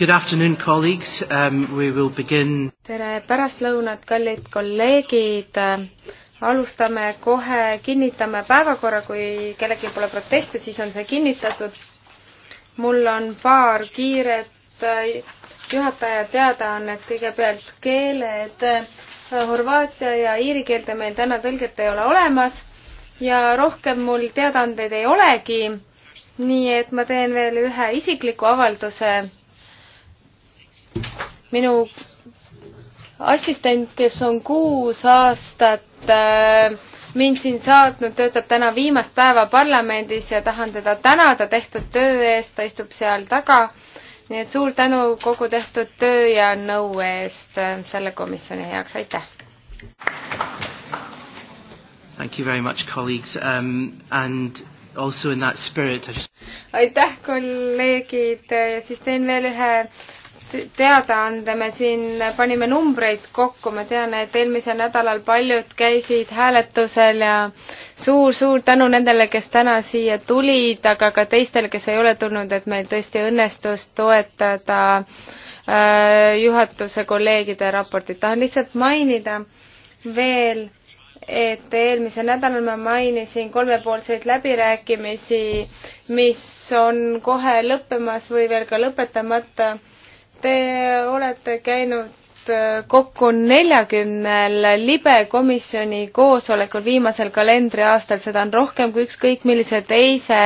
Good afternoon, colleagues. Um, we will begin. tere pärastlõunat, kallid kolleegid. alustame kohe, kinnitame päevakorra, kui kellelgi pole proteste, siis on see kinnitatud. mul on paar kiiret äh, juhataja teadaannet, kõigepealt keeled. Horvaatia ja iiri keelde meil täna tõlget ei ole olemas ja rohkem mul teadaandeid ei olegi. nii et ma teen veel ühe isikliku avalduse minu assistent, kes on kuus aastat äh, mind siin saatnud, töötab täna viimast päeva parlamendis ja tahan teda tänada tehtud töö eest, ta istub seal taga. nii et suur tänu kogu tehtud töö ja nõu eest äh, selle komisjoni heaks, aitäh! Thank you very much, colleagues um, and also in that spirit I just aitäh, kolleegid, siis teen veel ühe teadaande, me siin panime numbreid kokku, ma tean, et eelmisel nädalal paljud käisid hääletusel ja suur-suur tänu nendele, kes täna siia tulid, aga ka teistele, kes ei ole tulnud, et meil tõesti õnnestus toetada äh, juhatuse kolleegide raportit. tahan lihtsalt mainida veel, et eelmisel nädalal ma mainisin kolmepoolseid läbirääkimisi, mis on kohe lõppemas või veel ka lõpetamata Te olete käinud äh, kokku neljakümnel libe komisjoni koosolekul viimasel kalendriaastal, seda on rohkem kui ükskõik millise teise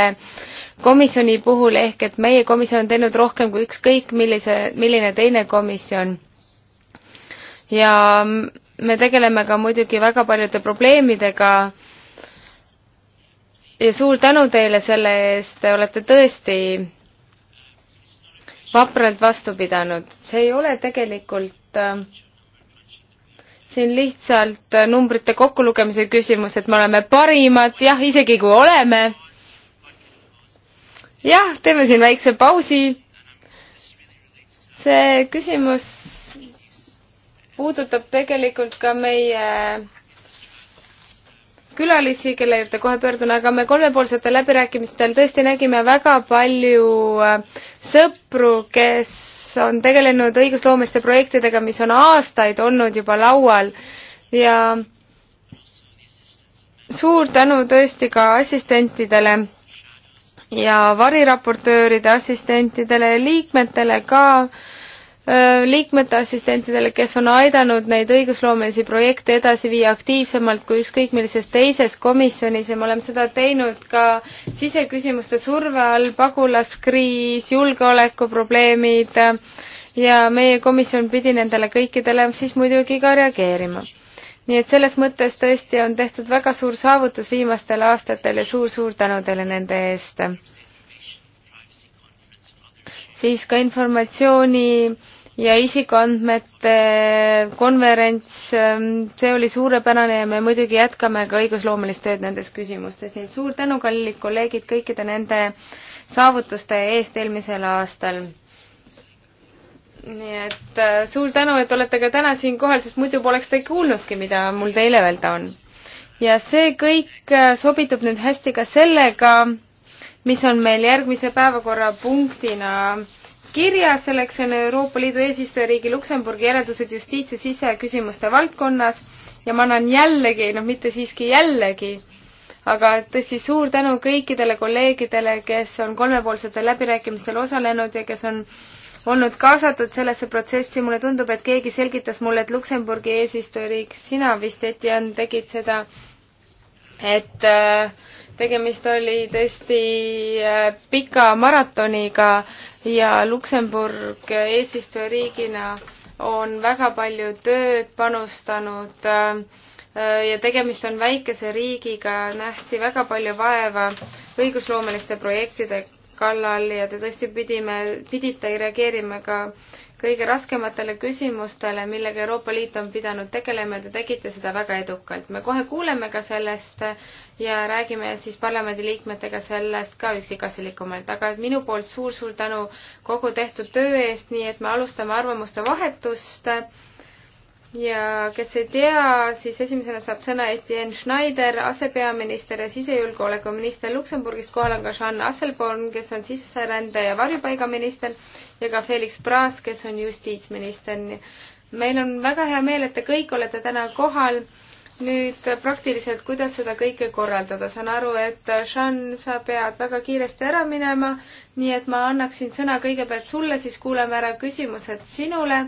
komisjoni puhul, ehk et meie komisjon on teinud rohkem kui ükskõik millise, milline teine komisjon. ja me tegeleme ka muidugi väga paljude probleemidega ja suur tänu teile selle eest, te olete tõesti vapralt vastu pidanud. see ei ole tegelikult äh, siin lihtsalt äh, numbrite kokkulugemise küsimus, et me oleme parimad, jah, isegi kui oleme. jah, teeme siin väikse pausi. see küsimus puudutab tegelikult ka meie külalisi, kelle juurde kohe pöördun, aga me kolmepoolsetel läbirääkimistel tõesti nägime väga palju äh, sõpru, kes on tegelenud õigusloomeste projektidega, mis on aastaid olnud juba laual ja suur tänu tõesti ka assistentidele ja variraportööride assistentidele ja liikmetele ka äh, liikmete assistentidele, kes on aidanud neid õigusloomelisi projekte edasi viia aktiivsemalt kui ükskõik millises teises komisjonis ja me oleme seda teinud ka siseküsimuste surve all, pagulaskriis, julgeolekuprobleemid äh, ja meie komisjon pidi nendele kõikidele siis muidugi ka reageerima. nii et selles mõttes tõesti on tehtud väga suur saavutus viimastel aastatel ja suur-suur tänu teile nende eest. siis ka informatsiooni ja isikuandmete konverents, ähm, see oli suurepärane ja me muidugi jätkame ka õigusloomelist tööd nendes küsimustes, nii et suur tänu, kallid kolleegid, kõikide nende saavutuste eest eelmisel aastal. nii et äh, suur tänu, et olete ka täna siin kohal, sest muidu poleks te kuulnudki, mida mul teile öelda on. ja see kõik äh, sobitub nüüd hästi ka sellega, mis on meil järgmise päevakorrapunktina kirjas, selleks on Euroopa Liidu eesistujariigi Luksemburgi järeldused justiits- ja siseküsimuste valdkonnas ja ma annan jällegi, noh mitte siiski jällegi, aga tõesti suur tänu kõikidele kolleegidele, kes on kolmepoolsetel läbirääkimistel osalenud ja kes on olnud kaasatud sellesse protsessi, mulle tundub, et keegi selgitas mulle, et Luksemburgi eesistujariik, sina vist, Etienne, tegid seda, et äh, tegemist oli tõesti äh, pika maratoniga ja Luksemburg eesistujariigina on väga palju tööd panustanud äh, ja tegemist on väikese riigiga, nähti väga palju vaeva õigusloomeliste projektide kallal ja te tõesti pidime, pidite reageerima ka kõige raskematele küsimustele, millega Euroopa Liit on pidanud tegelema ja te tegite seda väga edukalt. me kohe kuuleme ka sellest ja räägime siis parlamendiliikmetega sellest ka üksikasjalikumalt, aga minu poolt suur-suur tänu kogu tehtud töö eest, nii et me alustame arvamuste vahetust ja kes ei tea, siis esimesena saab sõna Etienne Schneider, asepeaminister ja sisejulgeolekuminister Luksemburgist. kohal on ka Jean Asselborn, kes on sisserände ja varjupaigaminister ja ka Felix Braas, kes on justiitsminister. meil on väga hea meel, et te kõik olete täna kohal. nüüd praktiliselt, kuidas seda kõike korraldada? saan aru, et Jean, sa pead väga kiiresti ära minema, nii et ma annaksin sõna kõigepealt sulle, siis kuulame ära küsimused sinule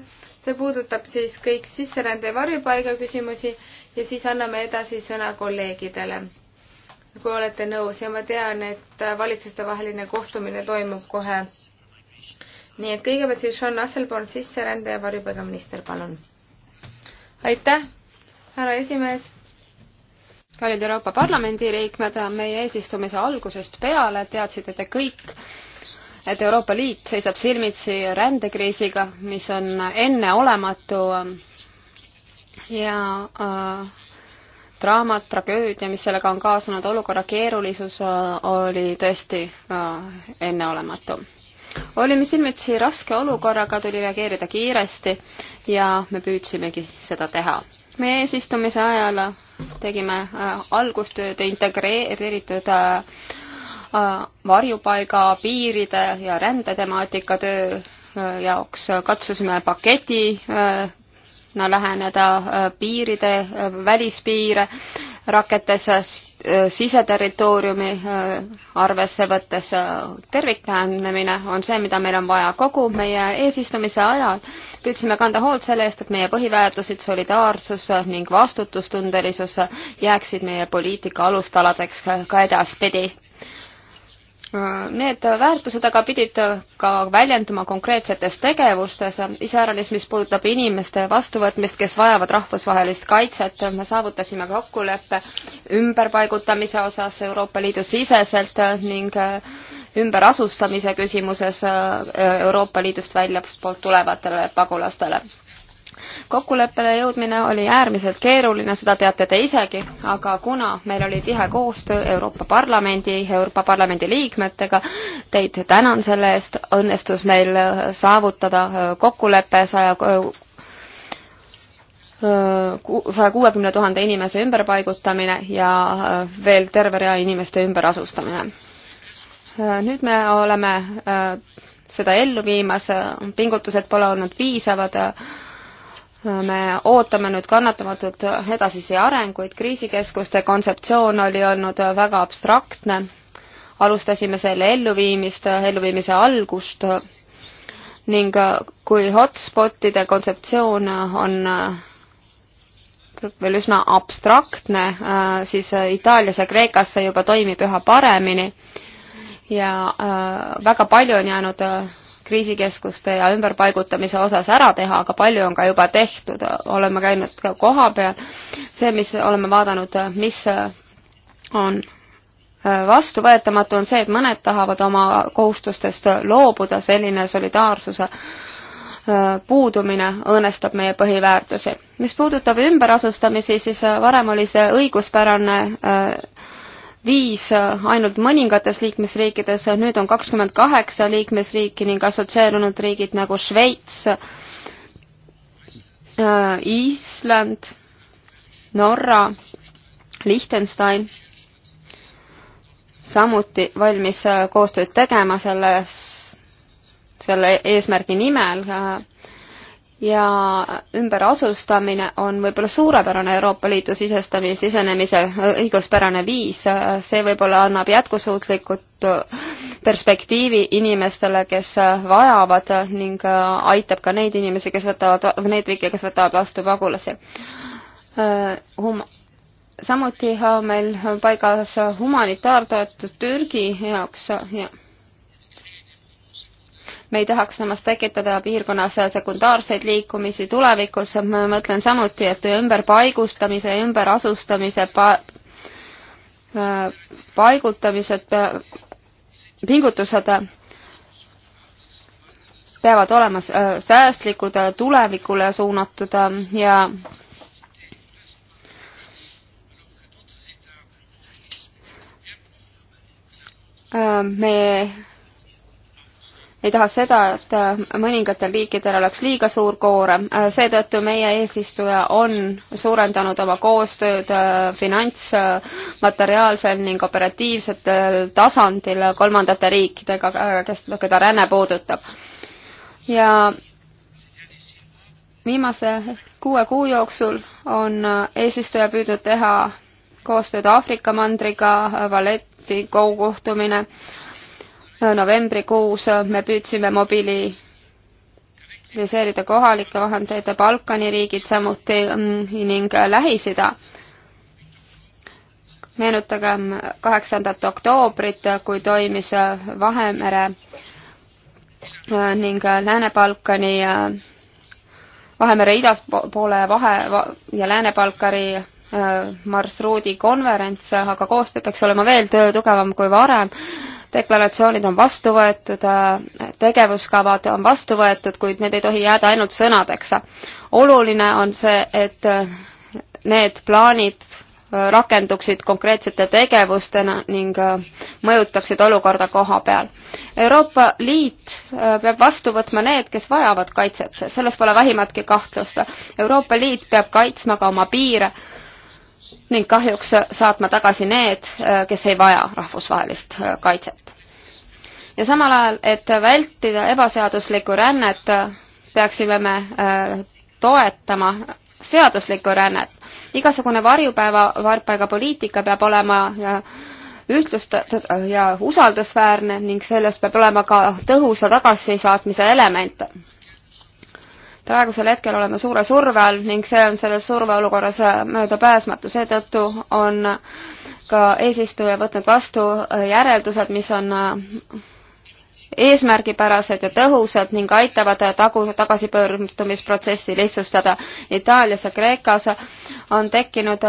see puudutab siis kõik sisserände ja varjupaiga küsimusi ja siis anname edasi sõna kolleegidele, kui olete nõus ja ma tean, et valitsustevaheline kohtumine toimub kohe. nii et kõigepealt siis Sean Asselborn, sisserände ja varjupaigaminister, palun. aitäh, härra esimees kallid Euroopa Parlamendi liikmed, meie eesistumise algusest peale teadsite te kõik, et Euroopa Liit seisab silmitsi rändekriisiga, mis on enneolematu ja äh, draama, tragöödia, mis sellega on kaasnenud, olukorra keerulisus äh, oli tõesti äh, enneolematu. olime silmitsi raske olukorraga, tuli reageerida kiiresti ja me püüdsimegi seda teha. meie eesistumise ajal tegime äh, algustööd integreeritud Äh, varjupaiga, piiride ja rändetemaatika töö äh, jaoks äh, katsusime paketi no, läheneda piiride, välispiire raketes siseterritooriumi arvesse võttes terviklähenemine on see, mida meil on vaja kogu meie eesistumise ajal. püüdsime kanda hoolt selle eest, et meie põhiväärtused, solidaarsus ning vastutustundelisus jääksid meie poliitika alustaladeks ka edaspidi. Need väärtused aga pidid ka väljenduma konkreetsetes tegevustes, iseäranis, mis puudutab inimeste vastuvõtmist, kes vajavad rahvusvahelist kaitset. me saavutasime kokkuleppe ümberpaigutamise osas Euroopa Liidu siseselt ning ümberasustamise küsimuses Euroopa Liidust väljaspoolt tulevatele pagulastele kokkuleppele jõudmine oli äärmiselt keeruline, seda teate te isegi, aga kuna meil oli tihe koostöö Euroopa Parlamendi, Euroopa Parlamendi liikmetega, teid tänan selle eest, õnnestus meil saavutada äh, kokkulepe saja äh, äh, saja kuuekümne tuhande inimese ümberpaigutamine ja veel terve rea inimeste ümberasustamine. nüüd me oleme seda ellu viimas, pingutused pole olnud piisavad me ootame nüüd kannatamatult edasisi arenguid, kriisikeskuste kontseptsioon oli olnud väga abstraktne, alustasime selle elluviimist, elluviimise algust ning kui hotspotide kontseptsioon on veel üsna abstraktne, siis Itaalias ja Kreekas see juba toimib üha paremini ja äh, väga palju on jäänud äh, kriisikeskuste ja ümberpaigutamise osas ära teha, aga palju on ka juba tehtud, oleme käinud ka koha peal. see, mis oleme vaadanud, mis on vastuvõetamatu, on see, et mõned tahavad oma kohustustest loobuda, selline solidaarsuse puudumine õõnestab meie põhiväärtusi. mis puudutab ümberasustamisi, siis varem oli see õiguspärane viis äh, ainult mõningates liikmesriikides, nüüd on kakskümmend kaheksa liikmesriiki ning assotsieerunud riigid nagu Šveits, äh, Island, Norra, Liechtenstein samuti valmis äh, koostööd tegema selles, selle eesmärgi nimel ja ümberasustamine on võib-olla suurepärane Euroopa Liitu sisestamise, sisenemise õiguspärane viis, see võib-olla annab jätkusuutlikud perspektiivi inimestele, kes vajavad ning aitab ka neid inimesi, kes võtavad, neid riike, kes võtavad vastu pagulasi. Hum-, samuti on meil paigas humanitaartoetus Türgi jaoks ja me ei tahaks samas tekitada piirkonnas sekundaarseid liikumisi tulevikus, ma mõtlen samuti, et ümberpaigustamise, ümberasustamise pa-, paigutamised, pingutused peavad olema säästlikud, tulevikule suunatud ja me ei taha seda, et äh, mõningatel riikidel oleks liiga suur koorem, äh, seetõttu meie eesistuja on suurendanud oma koostööd äh, finants, materiaalsel ning operatiivsetel tasandil kolmandate riikidega, kes, keda ränne puudutab. ja viimase kuue kuu jooksul on eesistuja püüdnud teha koostööd Aafrika mandriga, Valetti kohtumine, novembrikuus me püüdsime mobiliseerida kohalikke vahendeid ja Balkani riigid samuti mm, ning Lähis-Ida. meenutagem kaheksandat oktoobrit, kui toimis Vahemere äh, ning Lääne-Balkani, äh, Vahemere idapoole vahe ja Lääne-Balkani äh, marsruudi konverents, aga koostöö peaks olema veel tugevam kui varem deklaratsioonid on vastu võetud, äh, tegevuskavad on vastu võetud, kuid need ei tohi jääda ainult sõnadeks. oluline on see, et äh, need plaanid äh, rakenduksid konkreetsete tegevustena ning mõjutaksid olukorda koha peal. Euroopa Liit peab vastu võtma need, kes vajavad kaitset, selles pole vähimatki kahtlust. Euroopa Liit peab kaitsma ka oma piire ning kahjuks saatma tagasi need, äh, kes ei vaja rahvusvahelist äh, kaitset. ja samal ajal, et vältida ebaseaduslikku rännet, peaksime me äh, toetama seaduslikku rännet. igasugune varjupäeva, varjupaigapoliitika peab olema ühtlustatud ja usaldusväärne ning selles peab olema ka tõhusa tagasisaatmise elemente praegusel hetkel oleme suure surve all ning see on selles surveolukorras äh, möödapääsmatu, seetõttu on ka eesistuja võtnud vastu äh, järeldused, mis on äh, eesmärgipärased ja tõhusad ning aitavad tagu, tagasipöördumisprotsessi lihtsustada. Itaalias ja Kreekas on tekkinud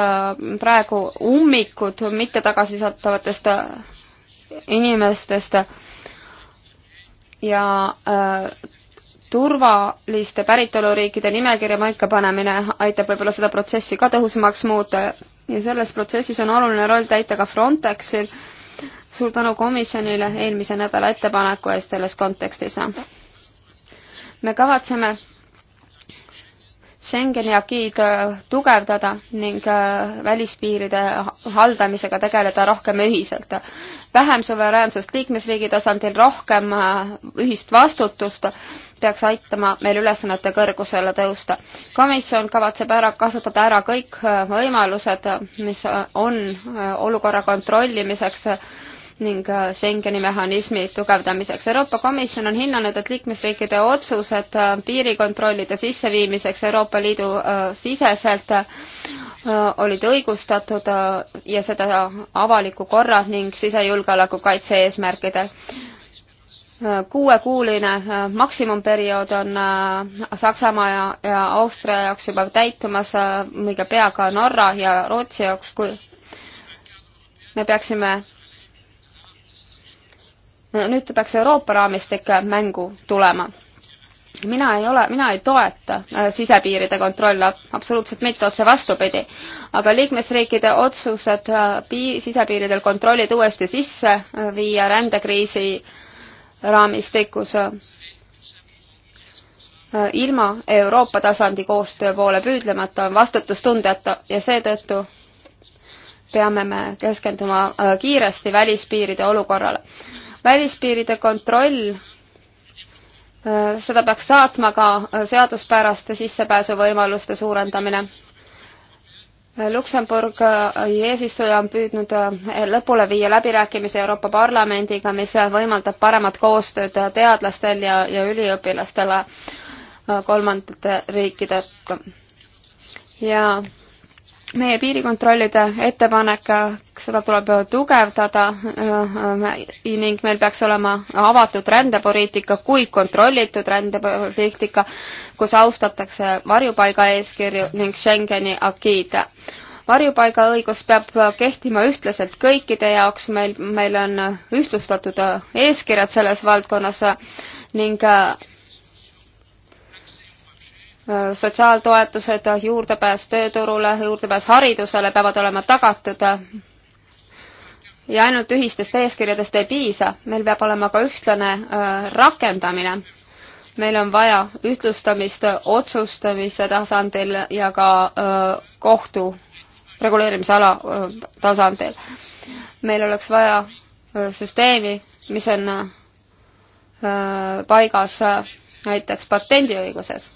praegu ummikud mitte tagasisaatavatest inimestest ja turvaliste päritoluriikide nimekirja paikapanemine aitab võib-olla seda protsessi ka tõhusamaks muuta ja selles protsessis on oluline roll täita ka Frontexil. suur tänu komisjonile eelmise nädala ettepaneku eest selles kontekstis. me kavatseme Schengeni agiid tugevdada ning äh, välispiiride haldamisega tegeleda rohkem ühiselt. vähem suveräänsust liikmesriigi tasandil, rohkem äh, ühist vastutust peaks aitama meil ülesannete kõrgusele tõusta. komisjon kavatseb ära kasutada ära kõik äh, võimalused, mis äh, on äh, olukorra kontrollimiseks ning Schengeni mehhanismi tugevdamiseks. Euroopa Komisjon on hinnanud, et liikmesriikide otsused piirikontrollide sisseviimiseks Euroopa Liidu siseselt olid õigustatud ja seda avaliku korra ning sisejulgeoleku kaitse eesmärkidel kuuekuuline äh, maksimumperiood on äh, Saksamaa ja, ja Austria jaoks juba täitumas, õige äh, pea ka Norra ja Rootsi jaoks, kui me peaksime, nüüd peaks Euroopa raamistik mängu tulema. mina ei ole, mina ei toeta sisepiiride kontrolle, absoluutselt mitte, otse vastupidi. aga liikmesriikide otsused pii-, sisepiiridel kontrollid uuesti sisse viia rändekriisi äh, raamistikus äh, ilma Euroopa tasandi koostöö poole püüdlemata on vastutustundeta ja seetõttu peame me keskenduma äh, kiiresti välispiiride olukorrale. välispiiride kontroll, äh, seda peaks saatma ka seaduspäraste sissepääsuvõimaluste suurendamine Luksemburg äh, eesistuja on püüdnud äh, lõpule viia läbirääkimisi Euroopa Parlamendiga, mis võimaldab paremat koostööd teadlastel ja, ja üliõpilastel äh, kolmandate riikidelt. ja meie piirikontrollide ettepanek, seda tuleb tugevdada äh, äh, ning meil peaks olema avatud rändepoliitika, kuid kontrollitud rändepoliitika, kus austatakse varjupaiga eeskirju ning Schengeni akiid. varjupaigaõigus peab kehtima ühtlaselt kõikide jaoks, meil, meil on ühtlustatud äh, eeskirjad selles valdkonnas ning sotsiaaltoetused, juurdepääs tööturule, juurdepääs haridusele peavad olema tagatud. ja ainult ühistest eeskirjadest ei piisa, meil peab olema ka ühtlane äh, rakendamine. meil on vaja ühtlustamist otsustamise tasandil ja ka äh, kohtu reguleerimisala äh, tasandil. meil oleks vaja süsteemi, mis on paigas näiteks patendiõiguses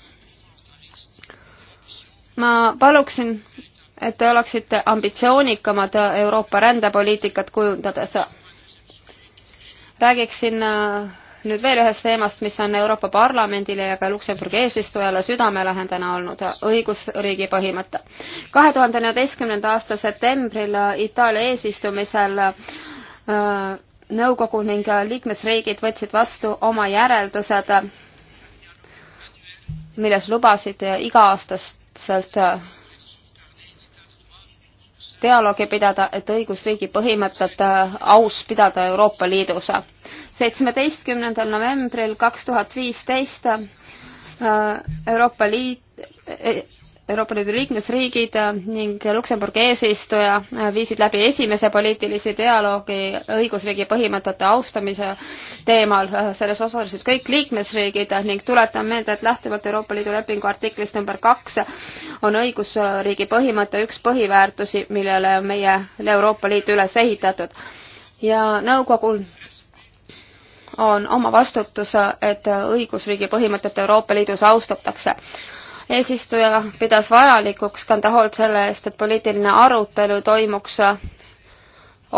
ma paluksin, et te oleksite ambitsioonikamad Euroopa rändepoliitikat kujundades. räägiksin äh, nüüd veel ühest teemast, mis on Euroopa Parlamendile ja ka Luksemburgi eesistujale südamelähendana olnud, õigusriigi põhimõte. kahe tuhande neljateistkümnenda aasta septembril Itaalia eesistumisel äh, nõukogu ning liikmesriigid võtsid vastu oma järeldused, milles lubasid iga-aastast sealt äh, dialoogi pidada, et õigusriigi põhimõtet äh, aus pidada Euroopa Liidus. seitsmeteistkümnendal novembril kaks tuhat viisteist äh, Euroopa Liit Euroopa Liidu liikmesriigid ning Luksemburgi eesistuja viisid läbi esimese poliitilise dialoogi õigusriigi põhimõtete austamise teemal. selles osalesid kõik liikmesriigid ning tuletan meelde, et lähtuvalt Euroopa Liidu lepingu artiklist number kaks on õigusriigi põhimõte üks põhiväärtusi, millele on meie Euroopa Liit üles ehitatud. ja nõukogul on oma vastutus, et õigusriigi põhimõtet Euroopa Liidus austatakse eesistuja pidas vajalikuks kanda hoolt selle eest, et poliitiline arutelu toimuks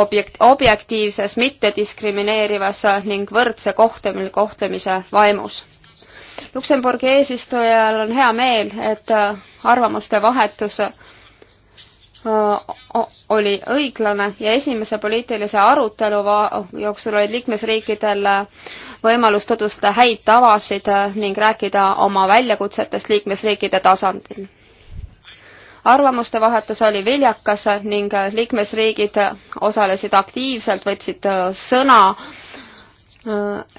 objekt-, objektiivses, mittediskrimineerivas ning võrdse kohtlemine, kohtlemise vaimus. Luksemburgi eesistujal on hea meel, et arvamuste vahetus oli õiglane ja esimese poliitilise arutelu jooksul olid liikmesriikidel võimalus tutvustada häid tavasid ning rääkida oma väljakutsetest liikmesriikide tasandil. arvamuste vahetus oli viljakas ning liikmesriigid osalesid aktiivselt, võtsid sõna,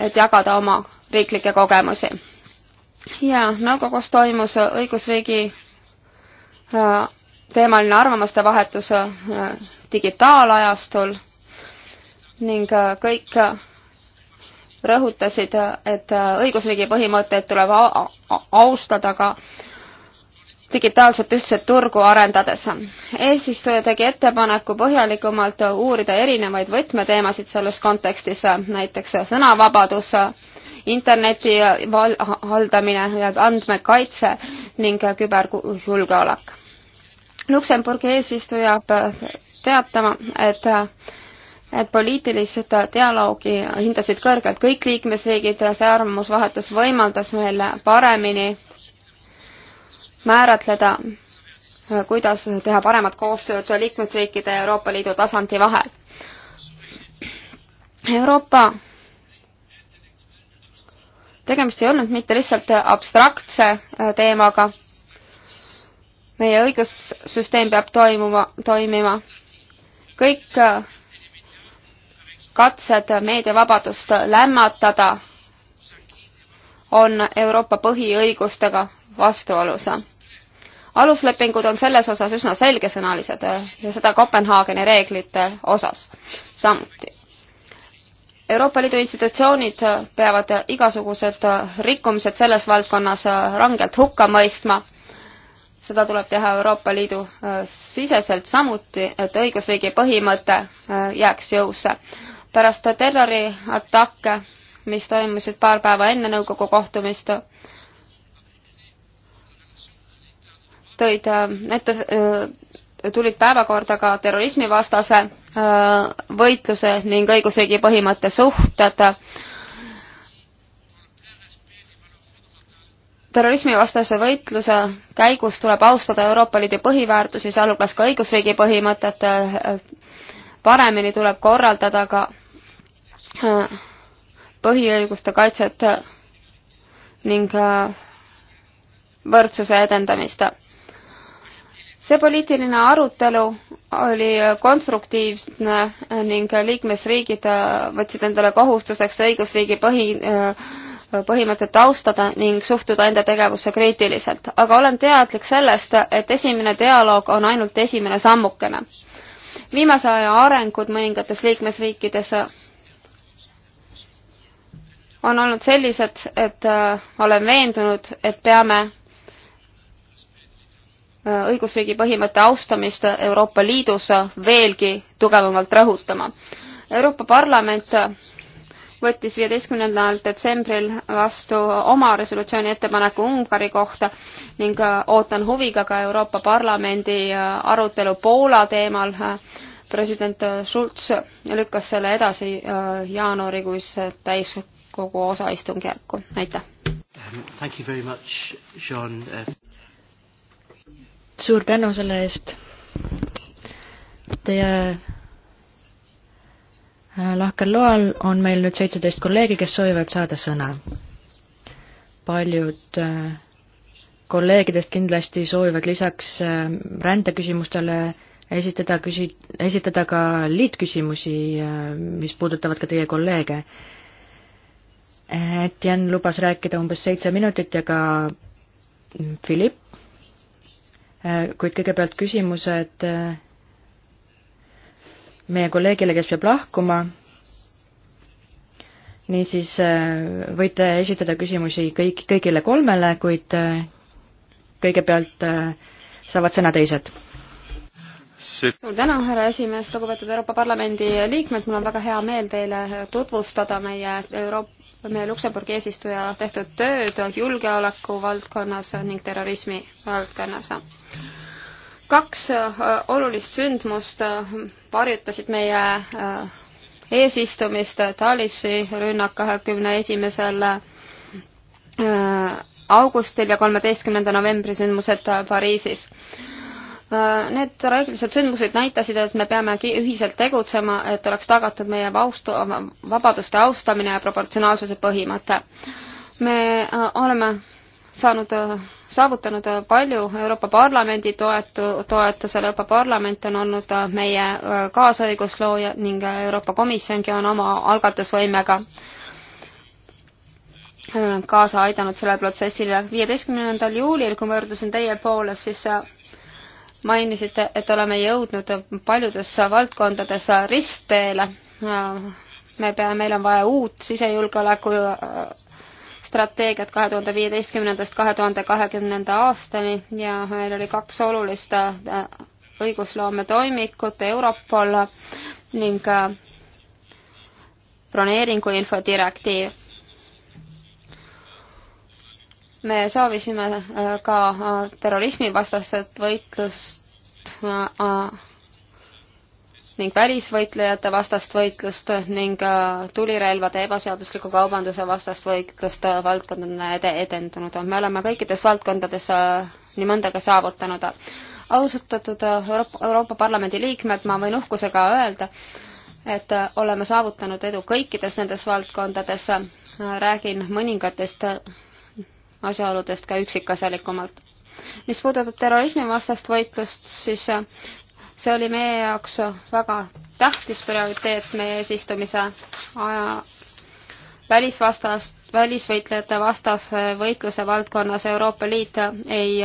et jagada oma riiklikke kogemusi. ja nõukogus toimus õigusriigi teemaline arvamuste vahetus äh, digitaalajastul ning äh, kõik äh, rõhutasid, et õigusriigi põhimõtteid tuleb austada ka digitaalset ühtset turgu arendades. eesistuja tegi ettepaneku põhjalikumalt uurida erinevaid võtmeteemasid selles kontekstis, näiteks sõnavabadus, interneti haldamine ja andmekaitse ning küberjulgeolek. Luksemburgi eesistuja peab teatama, et et poliitilist dialoogi hindasid kõrgelt kõik liikmesriigid ja see arvamusvahetus võimaldas meil paremini määratleda, kuidas teha paremat koostööd liikmesriikide ja Euroopa Liidu tasandi vahel. Euroopa tegemist ei olnud mitte lihtsalt abstraktse teemaga, meie õigussüsteem peab toimuma, toimima. kõik äh, katsed meediavabadust lämmatada on Euroopa põhiõigustega vastuolus. aluslepingud on selles osas üsna selgesõnalised äh, ja seda Kopenhaageni reeglite osas samuti. Euroopa Liidu institutsioonid äh, peavad igasugused rikkumised selles valdkonnas rangelt hukka mõistma seda tuleb teha Euroopa Liidu äh, siseselt samuti, et õigusriigi põhimõte äh, jääks jõusse. pärast terroriatakke, mis toimusid paar päeva enne nõukogu kohtumist, tõid äh, ette, tulid päevakorda ka terrorismivastase võitluse ning õigusriigi põhimõtte suhted terrorismivastase võitluse käigus tuleb austada Euroopa Liidu põhiväärtusi, sealhulgas ka õigusriigi põhimõtet, paremini tuleb korraldada ka äh, põhiõiguste kaitset ning äh, võrdsuse edendamist. see poliitiline arutelu oli konstruktiivne ning liikmesriigid võtsid endale kohustuseks õigusriigi põhi äh, põhimõtet austada ning suhtuda enda tegevusse kriitiliselt, aga olen teadlik sellest, et esimene dialoog on ainult esimene sammukene. viimase aja arengud mõningates liikmesriikides on olnud sellised, et äh, olen veendunud, et peame äh, õigusriigi põhimõtte austamist Euroopa Liidus äh, veelgi tugevamalt rõhutama. Euroopa Parlament võttis viieteistkümnendal detsembril vastu oma resolutsiooni ettepaneku Ungari kohta ning äh, ootan huviga ka Euroopa Parlamendi äh, arutelu Poola teemal. president äh, Schulz lükkas selle edasi jaanuarikuisse täiskogu osaistungjärku. aitäh! Uh, suur tänu selle eest! Teie Äh, lahkel loal on meil nüüd seitseteist kolleegi, kes soovivad saada sõna. paljud äh, kolleegidest kindlasti soovivad lisaks äh, rändeküsimustele esitada küsi-, esitada ka liitküsimusi, mis puudutavad ka teie kolleege. et Jan lubas rääkida umbes seitse minutit ja ka Philipp, kuid kõigepealt küsimused meie kolleegile, kes peab lahkuma. niisiis äh, võite esitada küsimusi kõik, kõigile kolmele, kuid äh, kõigepealt äh, saavad sõna teised suur tänu, härra esimees, lugupeetud Euroopa Parlamendi liikmed, mul on väga hea meel teile tutvustada meie Euroopa meie Luksemburgi eesistuja tehtud tööd julgeoleku valdkonnas ning terrorismi valdkonnas kaks äh, olulist sündmust äh, varjutasid meie äh, eesistumist, Talisi rünnak kahekümne esimesel augustil ja kolmeteistkümnenda novembri sündmused Pariisis. Need traagilised sündmused näitasid, et me peame ühiselt tegutsema, et oleks tagatud meie austu-, vabaduste austamine ja proportsionaalsuse põhimõte. me oleme saanud, saavutanud palju Euroopa Parlamendi toetu-, toetusel, Euroopa Parlament on olnud meie äh, kaasõiguslooja ning Euroopa Komisjongi on oma algatusvõimega äh, kaasa aidanud sellele protsessile. viieteistkümnendal juulil, kui ma pöördusin teie poole, siis äh, mainisite, et oleme jõudnud paljudes valdkondades ristteele. me peame, meil on vaja uut sisejulgeoleku strateegiat kahe tuhande viieteistkümnendast kahe tuhande kahekümnenda aastani ja meil oli kaks olulist äh, õigusloome toimikut, Europol ning äh, broneeringu infodirektiiv. me soovisime äh, ka terrorismivastast võitlust ning välisvõitlejate vastast võitlust ning äh, tulirelvade ebaseadusliku kaubanduse vastast võitlust äh, valdkondadena edendunud. me oleme kõikides valdkondades äh, nii mõndagi saavutanud. austatud Euroopa Parlamendi liikmed, ma võin uhkusega öelda, et oleme saavutanud edu kõikides nendes valdkondades. räägin mõningatest asjaoludest ka üksikasjalikumalt mis puudutab terrorismivastast võitlust, siis see oli meie jaoks väga tähtis prioriteet meie eesistumise aja välisvastast, välisvõitlejate vastase võitluse valdkonnas Euroopa Liit ei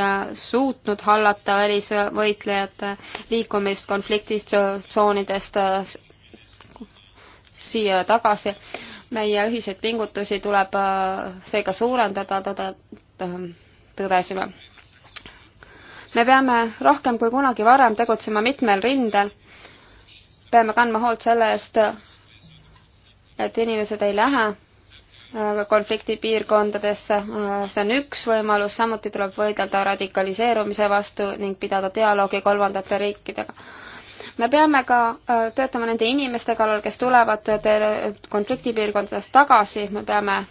suutnud hallata välisvõitlejate liikumist konfliktitsoonidest siia tagasi. meie ühiseid pingutusi tuleb seega suurendada, tõde, tõdesime me peame rohkem kui kunagi varem tegutsema mitmel rindel, peame kandma hoolt selle eest, et inimesed ei lähe äh, konfliktipiirkondadesse, äh, see on üks võimalus, samuti tuleb võidelda radikaliseerumise vastu ning pidada dialoogi kolmandate riikidega. me peame ka äh, töötama nende inimeste kallal, kes tulevad konfliktipiirkondadest tagasi, me peame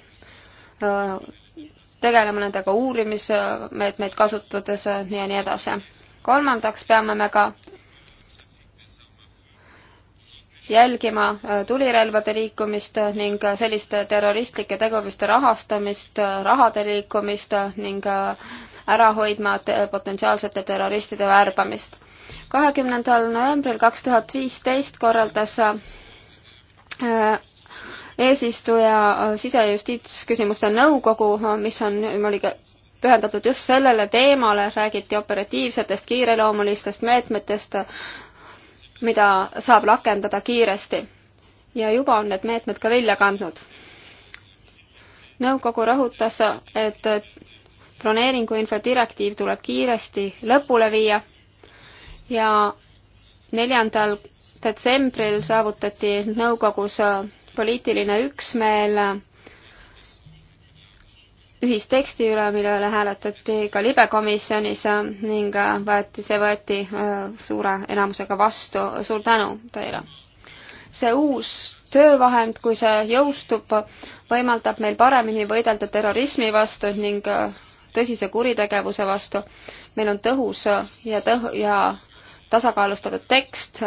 tegelema nendega uurimismeetmeid kasutades äh, ja nii edasi. kolmandaks peame me ka jälgima äh, tulirelvade liikumist ning äh, selliste terroristlike tegemiste rahastamist, rahade liikumist ning ära hoidma potentsiaalsete terroristide värbamist. kahekümnendal novembril kaks tuhat viisteist korraldas eesistuja äh, sise- ja justiitsküsimuste nõukogu, äh, mis on, oli ka pühendatud just sellele teemale, räägiti operatiivsetest kiireloomulistest meetmetest, mida saab rakendada kiiresti. ja juba on need meetmed ka vilja kandnud. nõukogu rõhutas, et broneeringuinfo direktiiv tuleb kiiresti lõpule viia ja neljandal detsembril saavutati nõukogus poliitiline üksmeel ühisteksti üle, mille üle hääletati ka libekomisjonis ning võeti, see võeti äh, suure enamusega vastu. suur tänu teile! see uus töövahend, kui see jõustub, võimaldab meil paremini võidelda terrorismi vastu ning äh, tõsise kuritegevuse vastu. meil on tõhus ja tõh- ja tasakaalustatud tekst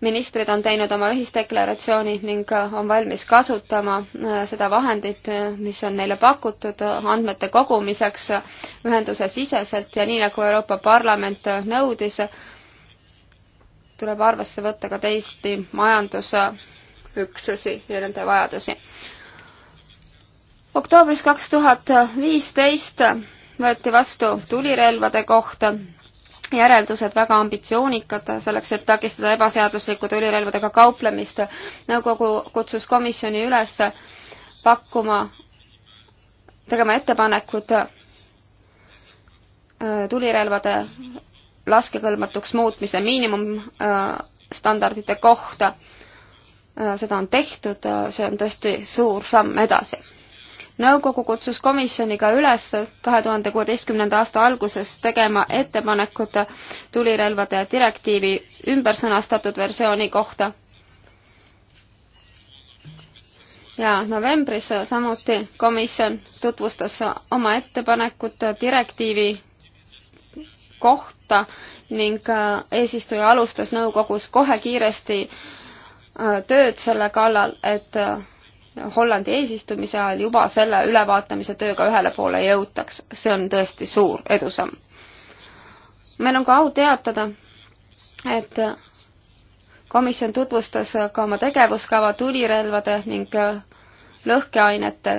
ministrid on teinud oma ühisdeklaratsiooni ning äh, on valmis kasutama äh, seda vahendit, äh, mis on neile pakutud andmete kogumiseks ühenduse siseselt ja nii, nagu Euroopa Parlament nõudis, tuleb arvesse võtta ka teisi majandusüksusi ja nende vajadusi. oktoobris kaks tuhat viisteist võeti vastu tulirelvade kohta järeldused väga ambitsioonikad selleks, et takistada ebaseaduslikku tulirelvadega kauplemist. nõukogu kutsus komisjoni üles pakkuma, tegema ettepanekud äh, tulirelvade laskekõlbmatuks muutmise miinimumstandardite äh, kohta. Äh, seda on tehtud, see on tõesti suur samm edasi nõukogu kutsus komisjoniga üles kahe tuhande kuueteistkümnenda aasta alguses tegema ettepanekut tulirelvade direktiivi ümbersõnastatud versiooni kohta. ja novembris samuti komisjon tutvustas oma ettepanekut direktiivi kohta ning eesistuja alustas nõukogus kohe kiiresti tööd selle kallal, et Hollandi eesistumise ajal juba selle ülevaatamise tööga ühele poole jõutaks. see on tõesti suur edusamm. meil on ka au teatada, et komisjon tutvustas ka oma tegevuskava tulirelvade ning lõhkeainete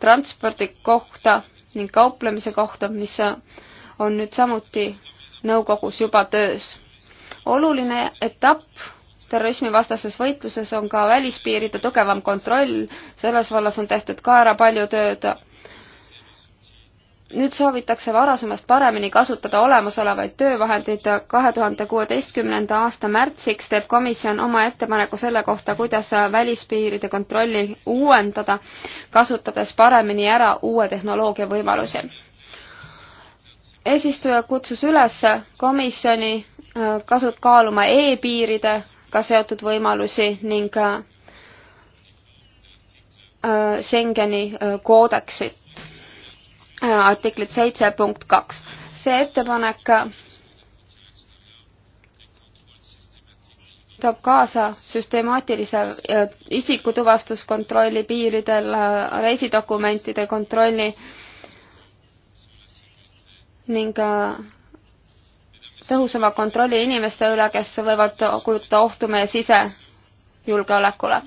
transpordi kohta ning kauplemise kohta, mis on nüüd samuti nõukogus juba töös. oluline etapp terrorismivastases võitluses on ka välispiiride tugevam kontroll, selles vallas on tehtud ka ära palju tööd. nüüd soovitakse varasemast paremini kasutada olemasolevaid töövahendeid. kahe tuhande kuueteistkümnenda aasta märtsiks teeb komisjon oma ettepaneku selle kohta, kuidas välispiiride kontrolli uuendada, kasutades paremini ära uue tehnoloogia võimalusi. eesistuja kutsus üles komisjoni äh, kasut-, kaaluma e-piiride ka seotud võimalusi ning äh, äh, Schengeni äh, koodeksit, artiklit seitse punkt kaks. see ettepanek toob kaasa süstemaatilise isikutuvastuskontrolli piiridel, reisidokumentide kontrolli ning tõhusama kontrolli inimeste üle, kes võivad kujutada ohtu meie sisejulgeolekule.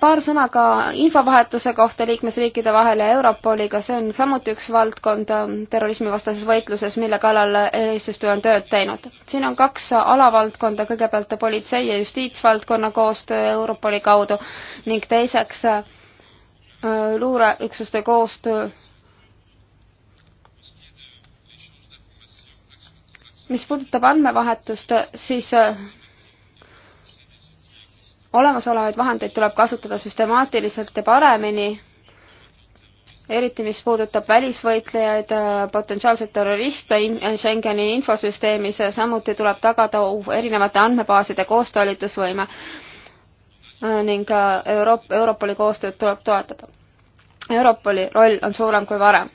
paar sõna ka infovahetuse kohta liikmesriikide vahel ja Europoliga, see on samuti üks valdkond ähm, terrorismivastases võitluses, mille kallal eesistuja on tööd teinud. siin on kaks alavaldkonda, kõigepealt politsei- ja justiitsvaldkonna koostöö Europoli kaudu ning teiseks äh, luureüksuste koostöö mis puudutab andmevahetust, siis äh, olemasolevaid vahendeid tuleb kasutada süstemaatiliselt ja paremini, eriti mis puudutab välisvõitlejaid, äh, potentsiaalseid terroriste Schengeni infosüsteemis, äh, samuti tuleb tagada erinevate andmebaaside koostalitusvõime ning Euroop-, Europoli koostööd tuleb toetada. Europoli roll on suurem kui varem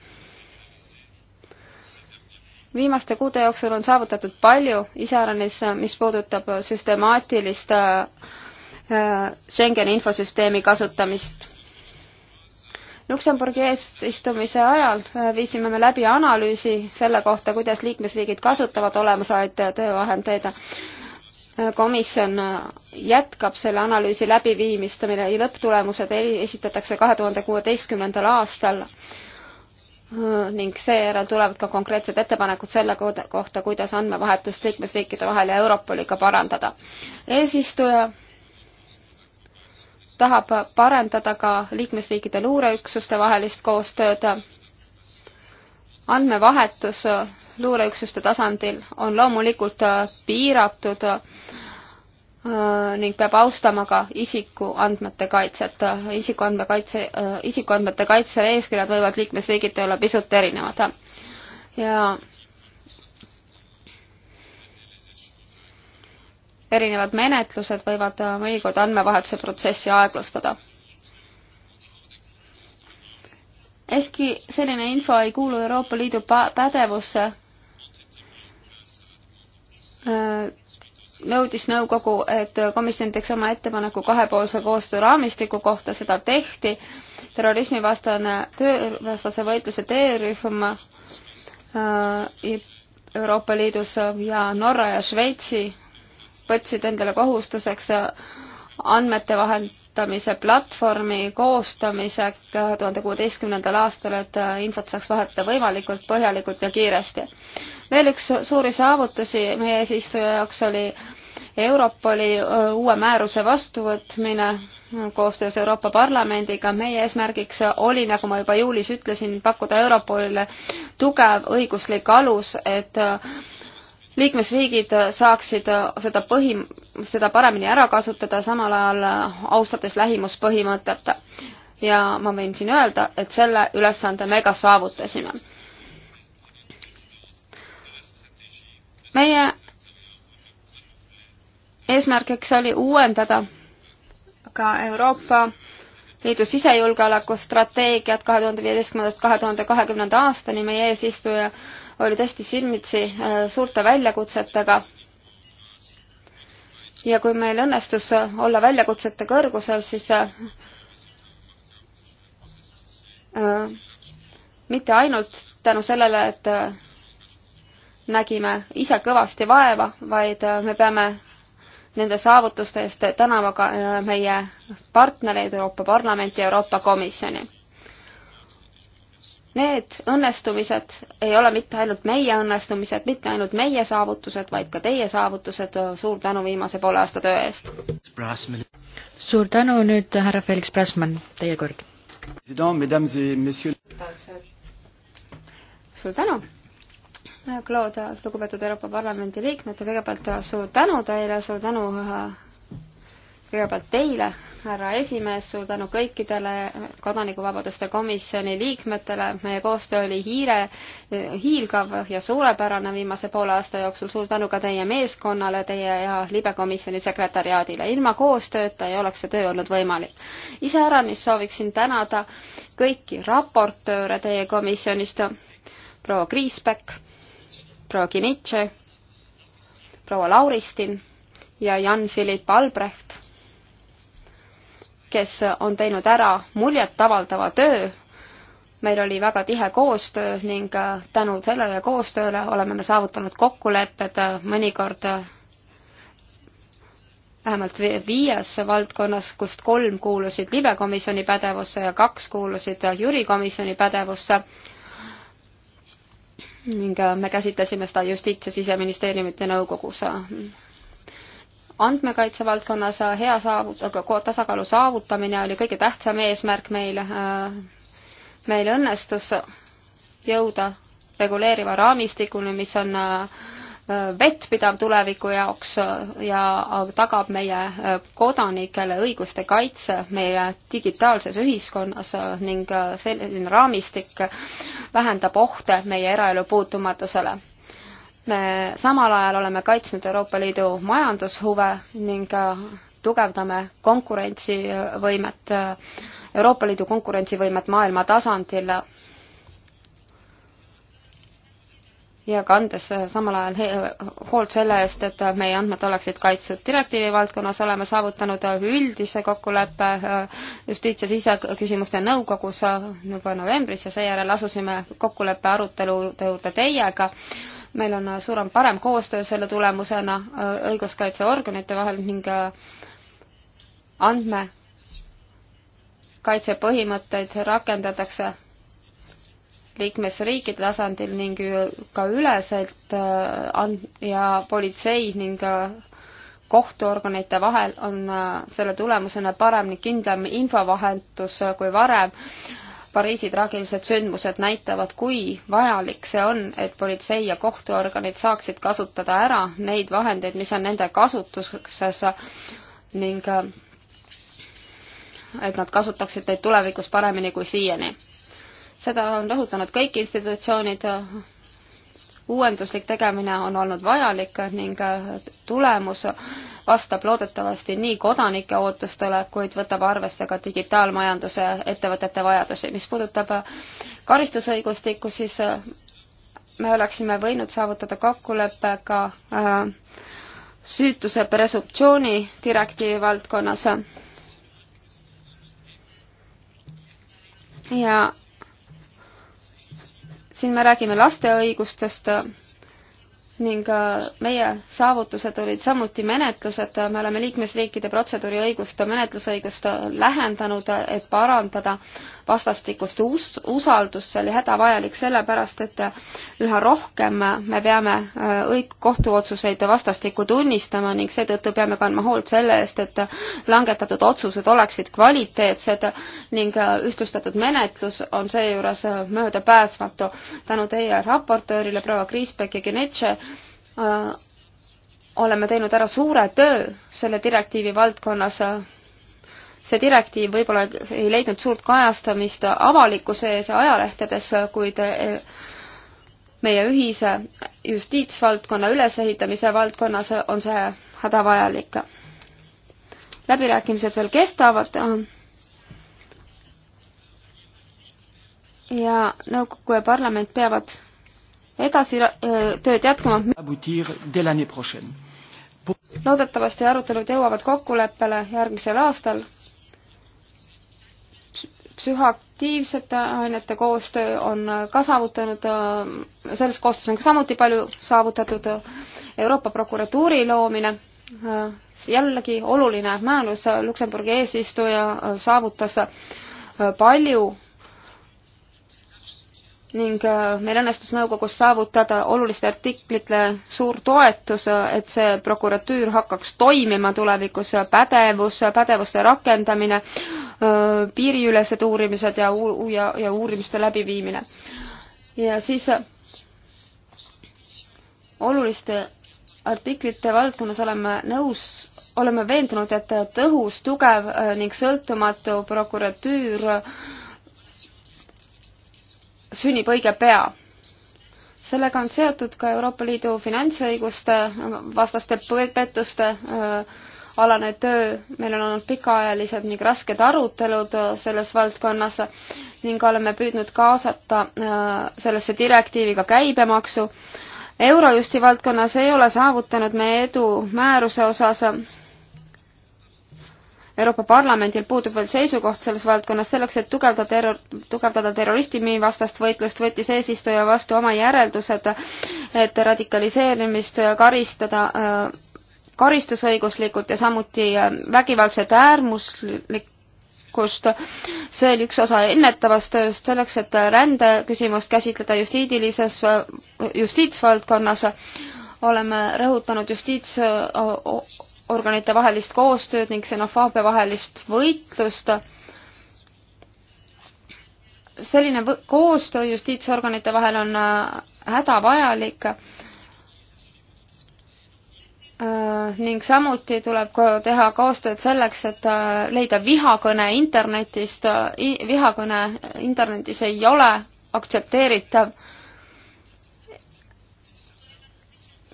viimaste kuude jooksul on saavutatud palju, iseäranis, äh, mis puudutab äh, süstemaatilist äh, Schengeni infosüsteemi kasutamist. Luksemburgi eesistumise ajal viisime me läbi analüüsi selle kohta, kuidas liikmesriigid kasutavad olemasolevaid töövahendeid. komisjon jätkab selle analüüsi läbiviimist, mille lõpptulemused esitatakse kahe tuhande kuueteistkümnendal aastal ning seejärel tulevad ka konkreetsed ettepanekud selle kohta, kuidas andmevahetust liikmesriikide vahel ja Europoliga parandada. eesistuja tahab parendada ka liikmesriikide luureüksuste vahelist koostööd. andmevahetus luureüksuste tasandil on loomulikult piiratud Äh, ning peab austama ka isikuandmete kaitset. Äh, isikuandmekaitse, äh, isikuandmete kaitse eeskirjad võivad liikmesriigiti olla pisut erinevad. ja erinevad menetlused võivad mõnikord andmevahetuse protsessi aeglustada. ehkki selline info ei kuulu Euroopa Liidu pädevusse, nõudis nõukogu, et komisjon teeks oma ettepaneku kahepoolse koostöö raamistiku kohta, seda tehti. terrorismivastane töö, vastase võitluse töörühm äh, Euroopa Liidus ja Norra ja Šveitsi võtsid endale kohustuseks andmete vahendamise platvormi koostamise tuhande kuueteistkümnendal aastal, et infot saaks vahetada võimalikult põhjalikult ja kiiresti veel üks suuri saavutusi meie eesistuja jaoks oli Europoli uue määruse vastuvõtmine koostöös Euroopa Parlamendiga. meie eesmärgiks oli, nagu ma juba juulis ütlesin, pakkuda Europolile tugev õiguslik alus, et liikmesriigid saaksid seda põhi, seda paremini ära kasutada, samal ajal austades lähimuspõhimõtet. ja ma võin siin öelda, et selle ülesande me ka saavutasime meie eesmärgiks oli uuendada ka Euroopa Liidu sisejulgeolekustrateegiat kahe tuhande viieteistkümnendast kahe tuhande kahekümnenda aastani, meie eesistuja oli tõesti silmitsi äh, suurte väljakutsetega. ja kui meil õnnestus olla väljakutsete kõrgusel, siis äh, mitte ainult tänu sellele, et äh, nägime ise kõvasti vaeva, vaid äh, me peame nende saavutuste eest tänama ka äh, meie partnereid Euroopa Parlamenti ja Euroopa Komisjoni. Need õnnestumised ei ole mitte ainult meie õnnestumised, mitte ainult meie saavutused, vaid ka teie saavutused, äh, suur tänu viimase poole aasta töö eest! suur tänu, nüüd härra Felix Brasman, teie kord. suur tänu! Claude, lugupeetud Euroopa Parlamendi liikmed, kõigepealt suur tänu teile, suur tänu äh, kõigepealt teile, härra esimees, suur tänu kõikidele Kodanikuvabaduste komisjoni liikmetele, meie koostöö oli hiire, äh, hiilgav ja suurepärane viimase poole aasta jooksul, suur tänu ka teie meeskonnale, teie ja libekomisjoni sekretäriaadile, ilma koostööta ei oleks see töö olnud võimalik. iseäranis sooviksin tänada kõiki raportööre teie komisjonist, proua Kriisbeck, proua Kinitše, proua Lauristin ja Jan-Philipp Albrecht, kes on teinud ära muljetavaldava töö. meil oli väga tihe koostöö ning äh, tänu sellele koostööle oleme me saavutanud kokkulepped äh, mõnikord äh, vähemalt viies valdkonnas, kust kolm kuulusid libekomisjoni pädevusse ja kaks kuulusid jurikomisjoni pädevusse ning äh, me käsitlesime seda Justiits- ja Siseministeeriumite nõukogus. andmekaitse valdkonnas äh, hea saavut-, äh, tasakaalu saavutamine oli kõige tähtsam eesmärk meil. meil õnnestus jõuda reguleeriva raamistikuni, mis on äh, Äh, vettpidav tuleviku jaoks äh, ja äh, tagab meie kodanikele õiguste kaitse meie digitaalses ühiskonnas ning selline raamistik vähendab ohte meie eraelu puutumatusele. me samal ajal oleme kaitsnud Euroopa Liidu majandushuve ning tugevdame konkurentsivõimet, Euroopa Liidu konkurentsivõimet maailma tasandil ja kandes samal ajal hoolt selle eest, et meie andmed oleksid kaitstud. direktiivi valdkonnas oleme saavutanud üldise kokkuleppe äh, justiits- ja siseküsimuste nõukogus äh, juba novembris ja seejärel asusime kokkuleppe arutelude juurde teiega. meil on äh, suurem, parem koostöö selle tulemusena õiguskaitseorganite vahel ning andmekaitse põhimõtteid rakendatakse liikmesriigi tasandil ning ka üleselt äh, ja politsei ning äh, kohtuorganite vahel on äh, selle tulemusena parem ning kindlam infovahetus kui varem. Pariisi traagilised sündmused näitavad, kui vajalik see on, et politsei ja kohtuorganid saaksid kasutada ära neid vahendeid, mis on nende kasutuses ning et nad kasutaksid neid tulevikus paremini kui siiani seda on rõhutanud kõik institutsioonid, uuenduslik tegemine on olnud vajalik ning tulemus vastab loodetavasti nii kodanike ootustele, kuid võtab arvesse ka digitaalmajanduse ettevõtete vajadusi. mis puudutab karistusõigustikku, siis me oleksime võinud saavutada kokkuleppe ka äh, süütuse presumptsiooni direktiivi valdkonnas ja siin me räägime laste õigustest ning äh, meie saavutused olid samuti menetlused, me oleme liikmesriikide protseduuriõigust, menetlusõigust äh, lähendanud, et parandada vastastikust us-, usaldust, see oli hädavajalik sellepärast, et äh, üha rohkem me peame õig-, kohtuotsuseid vastastikku tunnistama ning seetõttu peame kandma hoolt selle eest, et langetatud otsused oleksid kvaliteetsed ning ühtlustatud menetlus on seejuures möödapääsmatu. tänu teie raportöörile, proua Kriisbek ja Genetše, Äh, oleme teinud ära suure töö selle direktiivi valdkonnas. see direktiiv võib-olla ei leidnud suurt kajastamist avalikkuse ees ja ajalehtedes, kuid äh, meie ühise justiitsvaldkonna ülesehitamise valdkonnas on see hädavajalik. läbirääkimised veel kestavad ja nõukogu ja parlament peavad edasi tööd jätkama. loodetavasti arutelud jõuavad kokkuleppele järgmisel aastal. psühhoaktiivsete ainete koostöö on ka saavutanud, selles koostöös on ka samuti palju saavutatud Euroopa prokuratuuri loomine jällegi oluline määrus, Luksemburgi eesistuja saavutas palju ning äh, meil õnnestus nõukogus saavutada oluliste artiklite suur toetus, et see prokuratuur hakkaks toimima tulevikus, pädevus, pädevuste rakendamine, äh, piiriülesed uurimised ja, ja, ja uurimiste läbiviimine. ja siis äh, oluliste artiklite valdkonnas oleme nõus, oleme veendunud, et tõhus, tugev ning sõltumatu prokuratuur sünnib õige pea. sellega on seotud ka Euroopa Liidu finantsõiguste äh, vastaste pettuste äh, alane töö, meil on olnud pikaajalised ning rasked arutelud äh, selles valdkonnas ning oleme püüdnud kaasata sellesse direktiivi ka käibemaksu. Eurojusti valdkonnas ei ole saavutanud me edu määruse osas Euroopa Parlamendil puudub veel seisukoht selles valdkonnas, selleks et tugevda terror, tugevdada terrorismi vastast võitlust, võttis eesistuja vastu oma järeldused, et radikaliseerimist karistada äh, karistusõiguslikult ja samuti äh, vägivaldset äärmuslikkust. see oli üks osa ennetavast tööst selleks, et rändeküsimust käsitleda justiidilises, äh, justiitsvaldkonnas oleme rõhutanud justiitsorganite vahelist koostööd ning ksenofoobia vahelist võitlust. selline võ koostöö justiitsorganite vahel on äh, hädavajalik äh, ning samuti tuleb teha koostööd selleks, et äh, leida vihakõne internetist. vihakõne internetis ei ole aktsepteeritav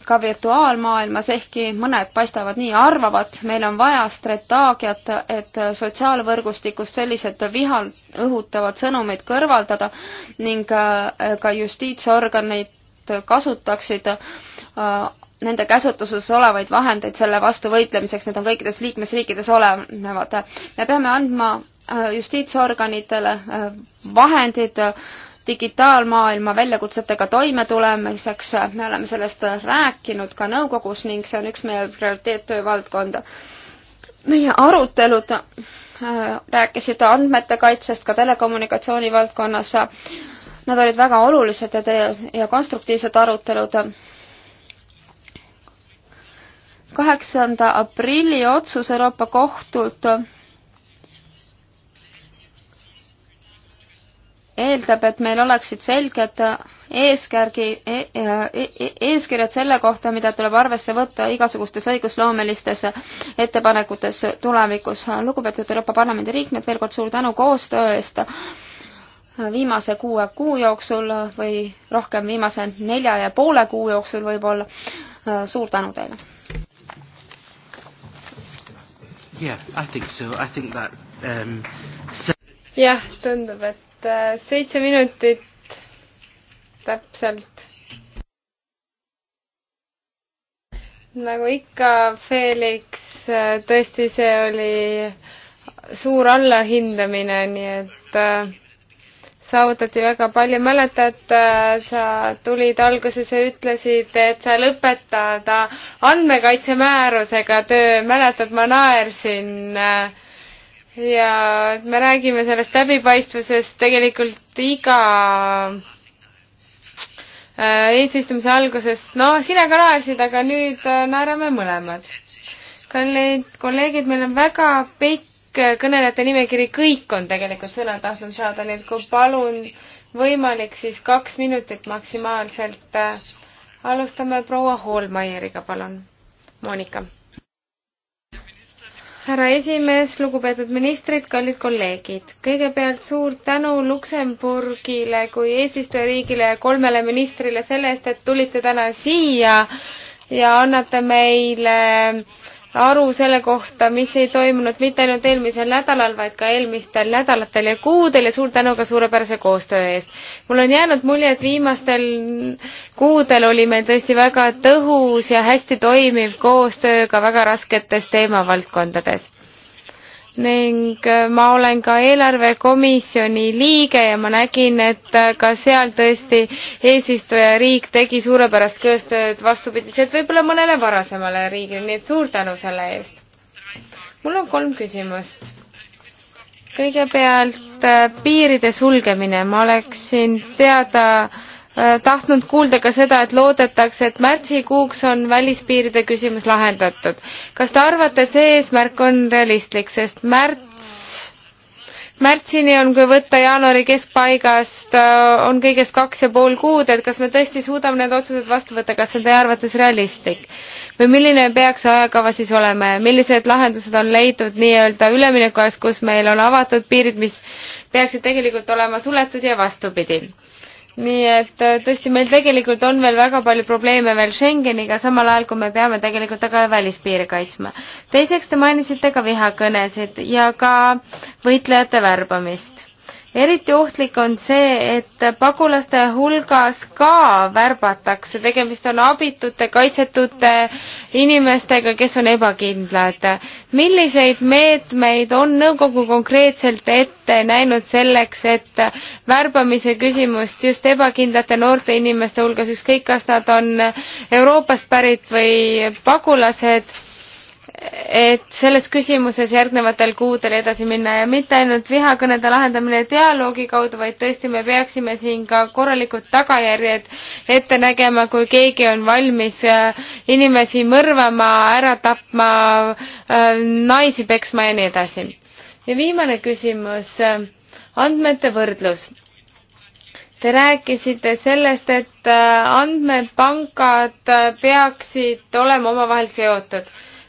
ka virtuaalmaailmas, ehkki mõned paistavad nii arvavat, meil on vaja strateegiat, et sotsiaalvõrgustikust sellised vihal õhutavad sõnumid kõrvaldada ning äh, ka justiitsorganid kasutaksid äh, nende käsutuses olevaid vahendeid selle vastu võitlemiseks, need on kõikides liikmesriikides olenevad. me peame andma äh, justiitsorganitele vahendid digitaalmaailma väljakutsetega toimetulemiseks, me oleme sellest rääkinud ka nõukogus ning see on üks meie prioriteettöövaldkonda. meie arutelud äh, rääkisid andmete kaitsest ka telekommunikatsiooni valdkonnas. Nad olid väga olulised ja, ja konstruktiivsed arutelud kaheksanda aprilli otsus Euroopa kohtult eeldab, et meil oleksid selged eeskärgi e-, e, e, e, eeskirjad selle kohta, mida tuleb arvesse võtta igasugustes õigusloomelistes ettepanekutes tulevikus. lugupeetud Euroopa Parlamendi liikmed, veel kord suur tänu koostöö eest viimase kuue kuu jooksul või rohkem viimase nelja ja poole kuu jooksul võib-olla. suur tänu teile! Um, jah, tundub, et Äh, seitse minutit täpselt. nagu ikka, Felix, äh, tõesti, see oli suur allahindamine, nii et äh, saavutati väga palju. mäletad, sa tulid alguses ja ütlesid, et sa lõpetad andmekaitsemäärusega töö. mäletad, ma naersin äh, ja me räägime sellest läbipaistvusest tegelikult iga äh, eesistumise alguses, no sina ka naersid, aga nüüd äh, naerame mõlemad. kallid kolleegid, meil on väga pikk äh, kõnelejate nimekiri, kõik on tegelikult sõna tahtnud saada, nii et kui palun võimalik, siis kaks minutit maksimaalselt. alustame proua Hoolmeieriga, palun. Monika härra esimees, lugupeetud ministrid, kallid kolleegid. kõigepealt suur tänu Luksemburgile kui eesistujariigile ja kolmele ministrile selle eest, et tulite täna siia ja annate meile aru selle kohta, mis ei toimunud mitte ainult eelmisel nädalal, vaid ka eelmistel nädalatel ja kuudel ja suur tänu ka suurepärase koostöö eest. mul on jäänud mulje, et viimastel kuudel oli meil tõesti väga tõhus ja hästi toimiv koostöö ka väga rasketes teemavaldkondades ning äh, ma olen ka eelarvekomisjoni liige ja ma nägin, et äh, ka seal tõesti eesistujariik tegi suurepärast koostööd vastupidiselt võib-olla mõnele varasemale riigile, nii et suur tänu selle eest. mul on kolm küsimust. kõigepealt äh, piiride sulgemine, ma oleksin teada äh, Äh, tahtnud kuulda ka seda, et loodetakse, et märtsikuuks on välispiiride küsimus lahendatud. kas te arvate, et see eesmärk on realistlik, sest märts, märtsini on, kui võtta jaanuari keskpaigast, äh, on kõigest kaks ja pool kuud, et kas me tõesti suudame need otsused vastu võtta, kas see on teie arvates realistlik? või milline peaks see ajakava siis olema ja millised lahendused on leitud nii-öelda üleminekuajas, kus meil on avatud piirid, mis peaksid tegelikult olema suletud ja vastupidi? nii et äh, tõesti, meil tegelikult on veel väga palju probleeme veel Schengeniga, samal ajal kui me peame tegelikult aga välispiiri kaitsma. teiseks te mainisite ka vihakõnesid ja ka võitlejate värbamist eriti ohtlik on see, et pagulaste hulgas ka värbatakse, tegemist on abitute, kaitsetute inimestega, kes on ebakindlad. milliseid meetmeid on nõukogu konkreetselt ette näinud selleks, et värbamise küsimust just ebakindlate noorte inimeste hulgas, ükskõik kas nad on Euroopast pärit või pagulased, et selles küsimuses järgnevatel kuudel edasi minna ja mitte ainult vihakõnede lahendamine dialoogi kaudu, vaid tõesti me peaksime siin ka korralikud tagajärjed ette nägema, kui keegi on valmis äh, inimesi mõrvama, ära tapma, äh, naisi peksma ja nii edasi. ja viimane küsimus, äh, andmete võrdlus. Te rääkisite sellest, et andmepangad peaksid olema omavahel seotud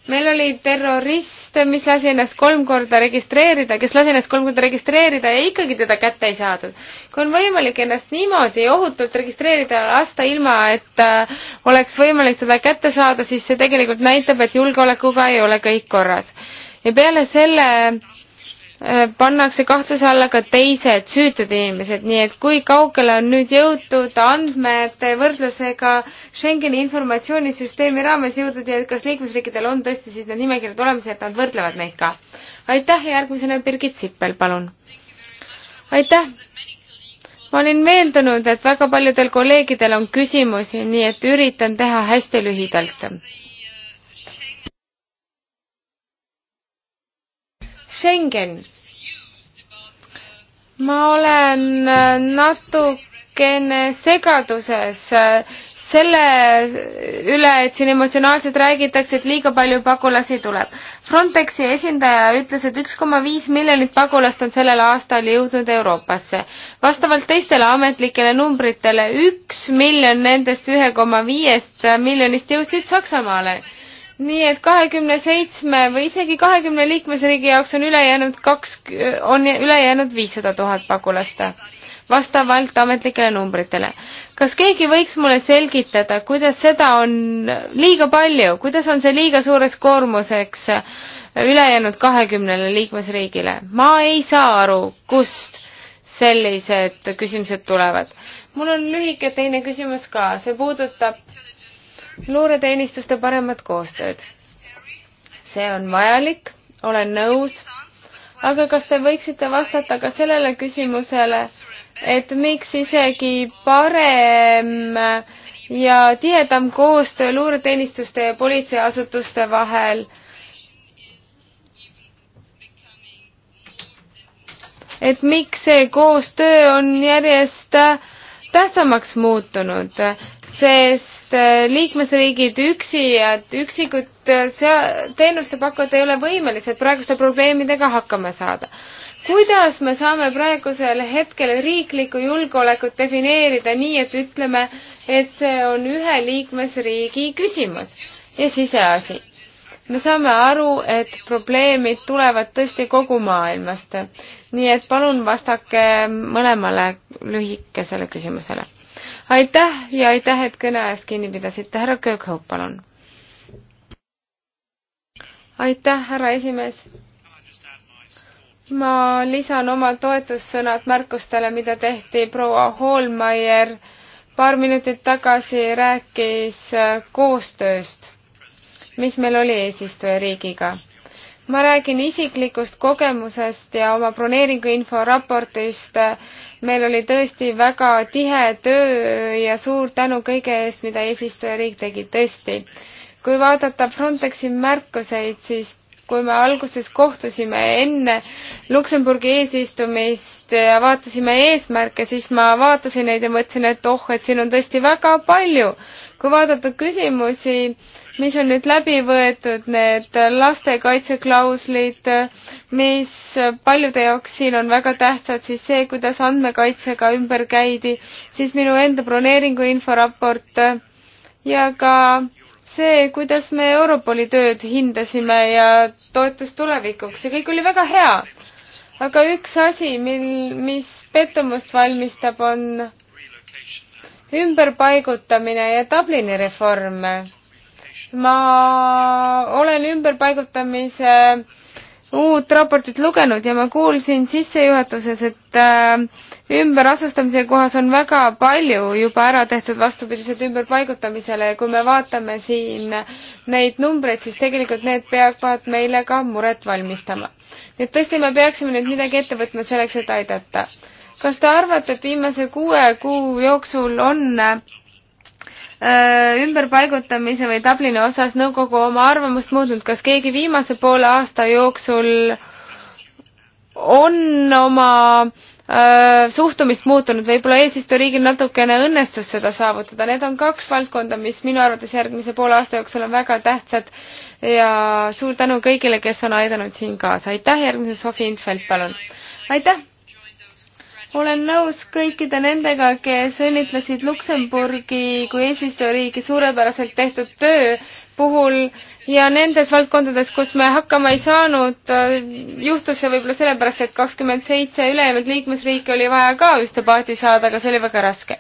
meil oli terrorist, mis lasi ennast kolm korda registreerida, kes lasi ennast kolm korda registreerida ja ikkagi teda kätte ei saadud. kui on võimalik ennast niimoodi ohutult registreerida, lasta ilma, et äh, oleks võimalik teda kätte saada, siis see tegelikult näitab, et julgeolekuga ei ole kõik korras. ja peale selle Äh, pannakse kahtluse alla ka teised süütud inimesed, nii et kui kaugele on nüüd jõutud andmete võrdlusega Schengeni informatsioonisüsteemi raames jõudnud ja kas liikmesriikidel on tõesti siis need nimekirjad olemas, et nad võrdlevad neid ka? aitäh, järgmisena Birgit Sippel, palun. aitäh! ma olin veendunud, et väga paljudel kolleegidel on küsimusi, nii et üritan teha hästi lühidalt Schengen. ma olen äh, natukene segaduses äh, selle üle, et siin emotsionaalselt räägitakse, et liiga palju pagulasi tuleb. Frontexi esindaja ütles, et üks koma viis miljonit pagulast on sellel aastal jõudnud Euroopasse. vastavalt teistele ametlikele numbritele üks miljon nendest ühe koma viiest miljonist jõudsid Saksamaale nii et kahekümne seitsme või isegi kahekümne liikmesriigi jaoks on ülejäänud kaks, on ülejäänud viissada tuhat pagulast vastavalt ametlikele numbritele. kas keegi võiks mulle selgitada, kuidas seda on liiga palju, kuidas on see liiga suureks koormuseks ülejäänud kahekümnele liikmesriigile? ma ei saa aru, kust sellised küsimused tulevad. mul on lühike teine küsimus ka, see puudutab luureteenistuste paremat koostööd. see on vajalik, olen nõus, aga kas te võiksite vastata ka sellele küsimusele, et miks isegi parem ja tihedam koostöö luureteenistuste ja politseiasutuste vahel et miks see koostöö on järjest tähtsamaks muutunud sest äh, liikmesriigid üksi ja üksikud äh, sea-, teenustepakkujad ei ole võimelised praeguste probleemidega hakkama saada. kuidas me saame praegusel hetkel riiklikku julgeolekut defineerida nii, et ütleme, et see on ühe liikmesriigi küsimus ja siseasi? me saame aru, et probleemid tulevad tõesti kogu maailmast. nii et palun vastake mõlemale lühikesele küsimusele aitäh ja aitäh, et kõne ajast kinni pidasite, härra Köökhoop, palun. aitäh, härra esimees. ma lisan oma toetussõnad märkustele, mida tehti proua Hoolmeier paar minutit tagasi rääkis äh, koostööst, mis meil oli eesistujariigiga. ma räägin isiklikust kogemusest ja oma broneeringuinfo raportist äh, meil oli tõesti väga tihe töö ja suur tänu kõige eest, mida eesistujariik tegi, tõesti. kui vaadata Frontexi märkuseid, siis kui me alguses kohtusime enne Luksemburgi eesistumist ja vaatasime eesmärke, siis ma vaatasin neid ja mõtlesin, et oh, et siin on tõesti väga palju kui vaadata küsimusi, mis on nüüd läbi võetud, need lastekaitseklauslid, mis paljude jaoks siin on väga tähtsad, siis see, kuidas andmekaitsega ümber käidi, siis minu enda broneeringu inforaport ja ka see, kuidas me Europoli tööd hindasime ja toetus tulevikuks, see kõik oli väga hea. aga üks asi, mil, mis pettumust valmistab, on ümberpaigutamine ja Dublini reform. ma olen ümberpaigutamise uut raportit lugenud ja ma kuulsin sissejuhatuses, et äh, ümberasustamise kohas on väga palju juba ära tehtud vastupidiselt ümberpaigutamisele ja kui me vaatame siin neid numbreid, siis tegelikult need peavad meile ka muret valmistama. nii et tõesti, me peaksime nüüd midagi ette võtma selleks, et aidata kas te arvate, et viimase kuue kuu jooksul on äh, ümberpaigutamise või Dublini osas nõukogu oma arvamust muutnud, kas keegi viimase poole aasta jooksul on oma äh, suhtumist muutunud, võib-olla eesistujariigil natukene õnnestus seda saavutada, need on kaks valdkonda, mis minu arvates järgmise poole aasta jooksul on väga tähtsad ja suur tänu kõigile, kes on aidanud siin kaasa, aitäh, järgmise Sofi Infeld, palun! aitäh! olen nõus kõikide nendega, kes õnnitlesid Luksemburgi kui eesistujariigi suurepäraselt tehtud töö puhul ja nendes valdkondades, kus me hakkama ei saanud, juhtus see võib-olla sellepärast, et kakskümmend seitse ülejäänud liikmesriiki oli vaja ka ühte paati saada, aga see oli väga raske.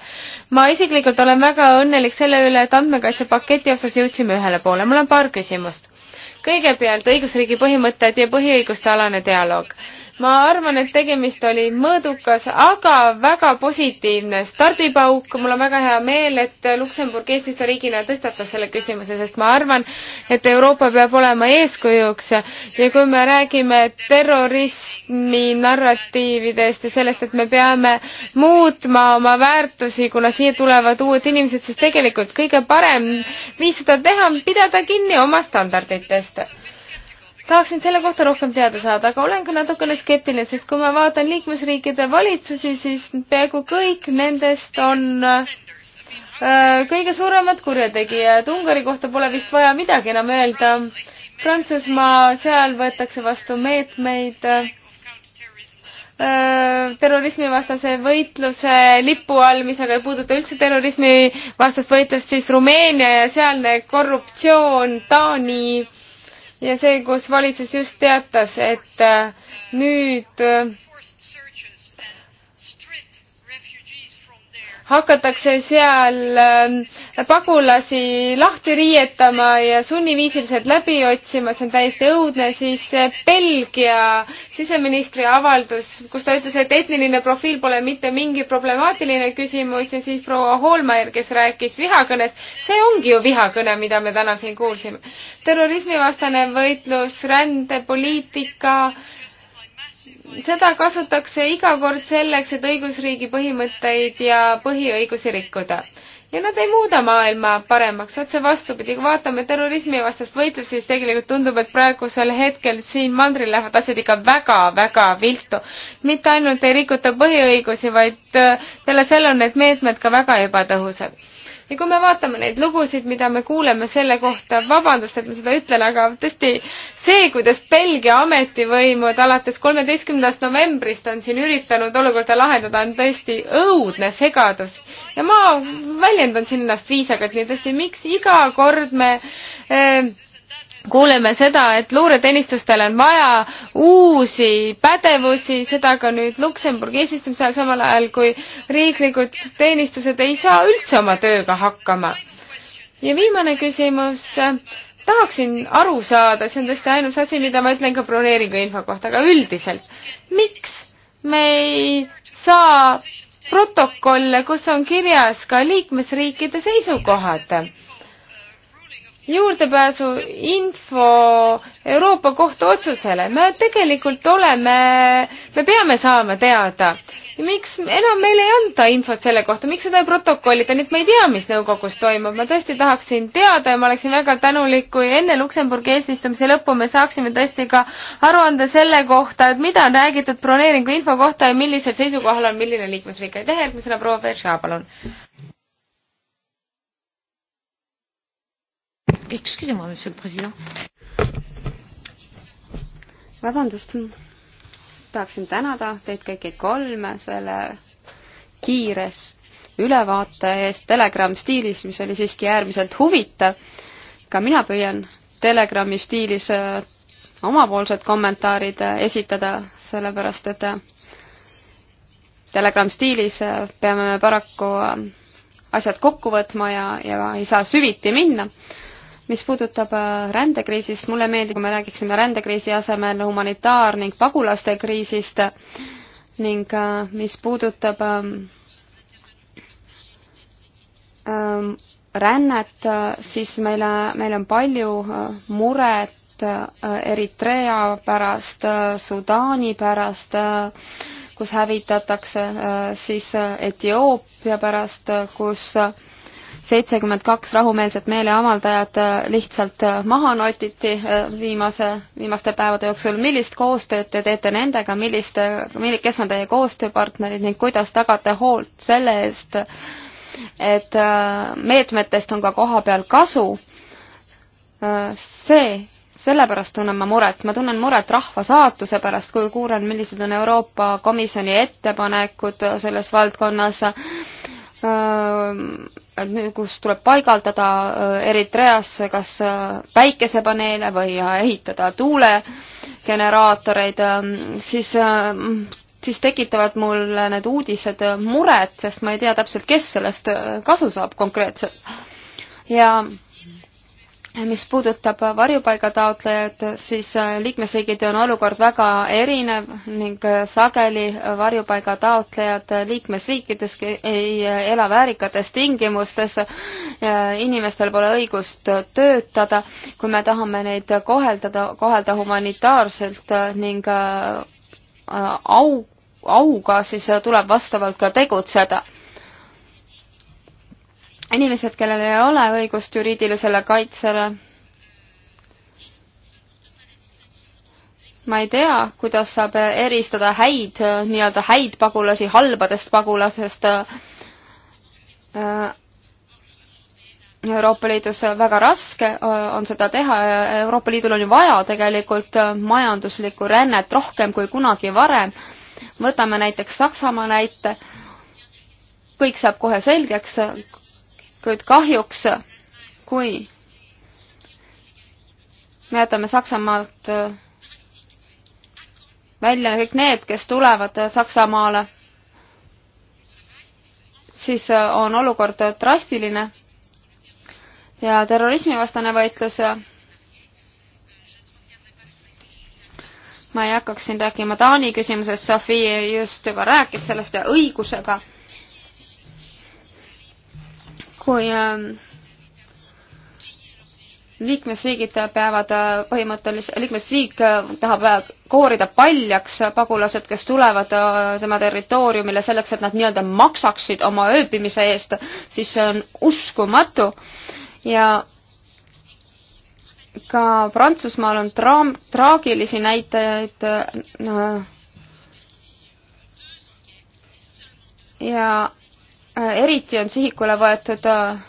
ma isiklikult olen väga õnnelik selle üle, et andmekaitsepaketi osas jõudsime ühele poole. mul on paar küsimust. kõigepealt õigusriigi põhimõtted ja põhiõiguste alane dialoog ma arvan, et tegemist oli mõõdukas, aga väga positiivne stardipauk. mul on väga hea meel, et Luksemburg eesistuja riigina tõstatas selle küsimuse, sest ma arvan, et Euroopa peab olema eeskujuks ja kui me räägime terrorismi narratiividest ja sellest, et me peame muutma oma väärtusi, kuna siia tulevad uued inimesed, siis tegelikult kõige parem viis seda teha on pidada kinni oma standarditest tahaksin selle kohta rohkem teada saada, aga olen ka natukene skeptiline, sest kui ma vaatan liikmesriikide valitsusi, siis peaaegu kõik nendest on äh, kõige suuremad kurjategijad. Ungari kohta pole vist vaja midagi enam öelda. Prantsusmaa, seal võetakse vastu meetmeid äh, terrorismivastase võitluse lipu all, mis aga ei puuduta üldse terrorismivastast võitlust, siis Rumeenia ja sealne korruptsioon, Taani äh, ja see, kus valitsus just teatas, et äh, nüüd äh, hakatakse seal ähm, pagulasi lahti riietama ja sunniviisiliselt läbi otsima, see on täiesti õudne, siis Belgia siseministri avaldus, kus ta ütles, et etniline profiil pole mitte mingi problemaatiline küsimus ja siis proua Hoolmeier, kes rääkis vihakõnest, see ongi ju vihakõne, mida me täna siin kuulsime. terrorismivastane võitlus, rändepoliitika seda kasutatakse iga kord selleks, et õigusriigi põhimõtteid ja põhiõigusi rikkuda. ja nad ei muuda maailma paremaks, otse vastupidi, kui vaatame terrorismivastast võitlust, siis tegelikult tundub, et praegusel hetkel siin mandril lähevad asjad ikka väga-väga viltu. mitte ainult ei rikuta põhiõigusi, vaid äh, peale selle on need meetmed ka väga ebatõhusad ja kui me vaatame neid lugusid, mida me kuuleme selle kohta, vabandust, et ma seda ütlen, aga tõesti see, kuidas Belgia ametivõimud alates kolmeteistkümnendast novembrist on siin üritanud olukorda lahendada, on tõesti õudne segadus. ja ma väljendan siin ennast viisakalt, nii tõesti, miks iga kord me äh, eh, kuuleme seda, et luureteenistustel on vaja uusi pädevusi, seda ka nüüd Luksemburgi eesistumise ajal, samal ajal kui riiklikud teenistused ei saa üldse oma tööga hakkama. ja viimane küsimus, tahaksin aru saada, see on tõesti ainus asi, mida ma ütlen ka broneeringu info kohta, aga üldiselt, miks me ei saa protokolle, kus on kirjas ka liikmesriikide seisukohad? juurdepääsu info Euroopa Kohtu otsusele. me tegelikult oleme, me peame saama teada, miks enam meile ei anta infot selle kohta, miks seda ei protokollita, nii et me ei tea, mis nõukogus toimub. ma tõesti tahaksin teada ja ma oleksin väga tänulik, kui enne Luksemburgi eesistumise lõppu me saaksime tõesti ka aru anda selle kohta, et mida on räägitud broneeringu info kohta ja millisel seisukohal on milline liikmesriik. aitäh, järgmisena proua Veržaa, palun! Excusez-moi, monsieur le president. vabandust, tahaksin tänada teid kõiki kolme selle kiires ülevaate eest Telegram stiilis, mis oli siiski äärmiselt huvitav. ka mina püüan Telegrami stiilis äh, omapoolsed kommentaarid äh, esitada, sellepärast et äh, Telegram stiilis peame me paraku asjad kokku võtma ja, ja ei saa süviti minna mis puudutab äh, rändekriisist, mulle meeldib, kui me räägiksime rändekriisi asemel humanitaar- ning pagulaste kriisist ning äh, mis puudutab ähm, ähm, rännet, äh, siis meil, meil on palju muret Eritrea pärast, Sudaani pärast, kus hävitatakse, siis Etioopia pärast, kus seitsekümmend kaks rahumeelset meeleavaldajat äh, lihtsalt äh, maha notiti äh, viimase, viimaste päevade jooksul. millist koostööd te teete nendega, millist, kes on teie koostööpartnerid ning kuidas tagate hoolt selle eest, et meetmetest on ka kohapeal kasu? see sellepärast tunnen ma muret, ma tunnen muret rahva saatuse pärast, kui kuulen, millised on Euroopa Komisjoni ettepanekud selles valdkonnas kus tuleb paigaldada äh, Eritreasse kas äh, päikesepaneele või äh, ehitada tuulegeneraatoreid, ähm, siis ähm, siis tekitavad mul need uudised muret, sest ma ei tea täpselt, kes sellest kasu saab konkreetselt. ja mis puudutab varjupaigataotlejaid, siis äh, liikmesriigiti on olukord väga erinev ning äh, sageli varjupaigataotlejad liikmesriikides ei äh, ela väärikates tingimustes. inimestel pole õigust töötada, kui me tahame neid koheldada, kohelda humanitaarselt ning au, auga, siis tuleb vastavalt ka tegutseda inimesed, kellel ei ole õigust juriidilisele kaitsele. ma ei tea, kuidas saab eristada häid, nii-öelda häid pagulasi halbadest pagulasest. Euroopa Liidus väga raske on seda teha ja Euroopa Liidul on ju vaja tegelikult majanduslikku rännet rohkem kui kunagi varem. võtame näiteks Saksamaa näite kõik saab kohe selgeks, kuid kahjuks, kui me jätame Saksamaalt äh, välja kõik need, kes tulevad äh, Saksamaale, siis äh, on olukord drastiline ja terrorismivastane võitlus ma ei hakkaks siin rääkima Taani küsimusest, Sofi just juba rääkis sellest ja õigusega kui ähm, liikmesriigid peavad äh, põhimõtteliselt, liikmesriik äh, tahab äh, koorida paljaks pagulased, kes tulevad tema territooriumile selleks, et nad nii-öelda maksaksid oma ööbimise eest, siis see on uskumatu ja ka Prantsusmaal on traam-, traagilisi näitajaid no, ja Äh, eriti on sihikule võetud äh,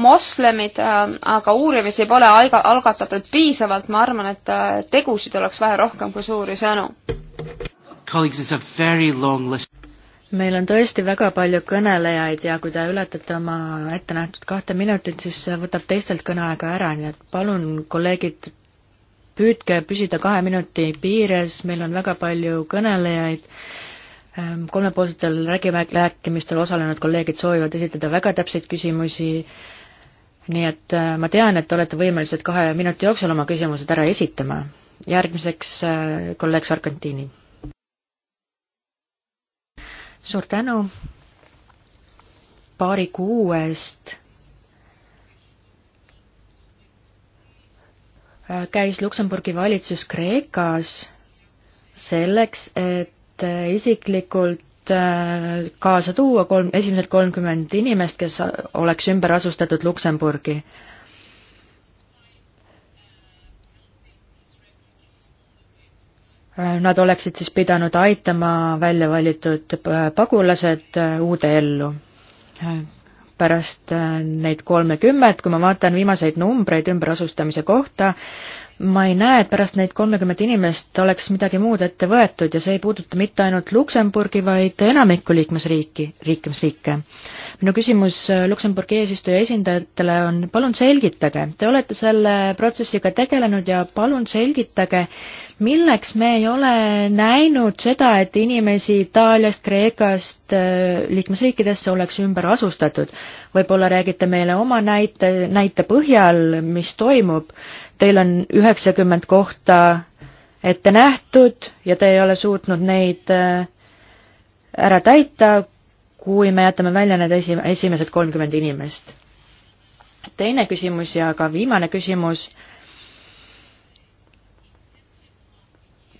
moslemid, äh, aga uurimisi pole alga-, algatatud piisavalt, ma arvan, et tegusid oleks vaja rohkem kui suuri sõnu. meil on tõesti väga palju kõnelejaid ja kui te ületate oma ettenähtud kahte minutit, siis see võtab teistelt kõneaega ära, nii et palun, kolleegid, püüdke püsida kahe minuti piires, meil on väga palju kõnelejaid Ehm, kolmepoolsetel rääkimistel osalenud kolleegid soovivad esitada väga täpseid küsimusi, nii et äh, ma tean, et te olete võimelised kahe minuti jooksul oma küsimused ära esitama. järgmiseks äh, kolleeg Sargentini. suur tänu. paari kuu eest äh, käis Luksemburgi valitsus Kreekas selleks, et Äh, isiklikult äh, kaasa tuua kolm, esimesed kolmkümmend inimest, kes oleks ümber asustatud Luksemburgi. Äh, nad oleksid siis pidanud aitama välja valitud pagulased uude ellu. pärast neid kolmekümmet, kui ma vaatan viimaseid numbreid ümberasustamise kohta, ma ei näe, et pärast neid kolmekümmet inimest oleks midagi muud ette võetud ja see ei puuduta mitte ainult Luksemburgi, vaid enamikku liikmesriiki, liikmesriike. minu küsimus äh, Luksemburgi eesistuja esindajatele on, palun selgitage, te olete selle protsessiga tegelenud ja palun selgitage, milleks me ei ole näinud seda, et inimesi Itaaliast, Kreekast, äh, liikmesriikidesse oleks ümber asustatud. võib-olla räägite meile oma näite, näite põhjal, mis toimub teil on üheksakümmend kohta ette nähtud ja te ei ole suutnud neid äh, ära täita, kui me jätame välja need esi, esimesed kolmkümmend inimest. teine küsimus ja ka viimane küsimus.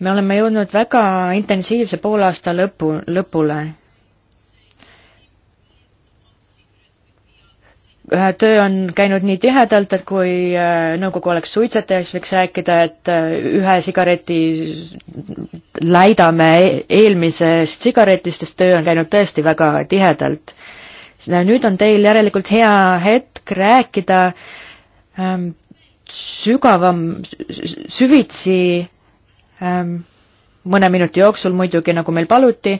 me oleme jõudnud väga intensiivse poolaasta lõpu, lõpule töö on käinud nii tihedalt, et kui äh, nõukogu oleks suitsetaja, siis võiks rääkida, et äh, ühe sigareti läidame e-, eelmisest sigaretist, sest töö on käinud tõesti väga tihedalt. nüüd on teil järelikult hea hetk rääkida ähm, sügavam, süvitsi ähm, mõne minuti jooksul muidugi, nagu meil paluti,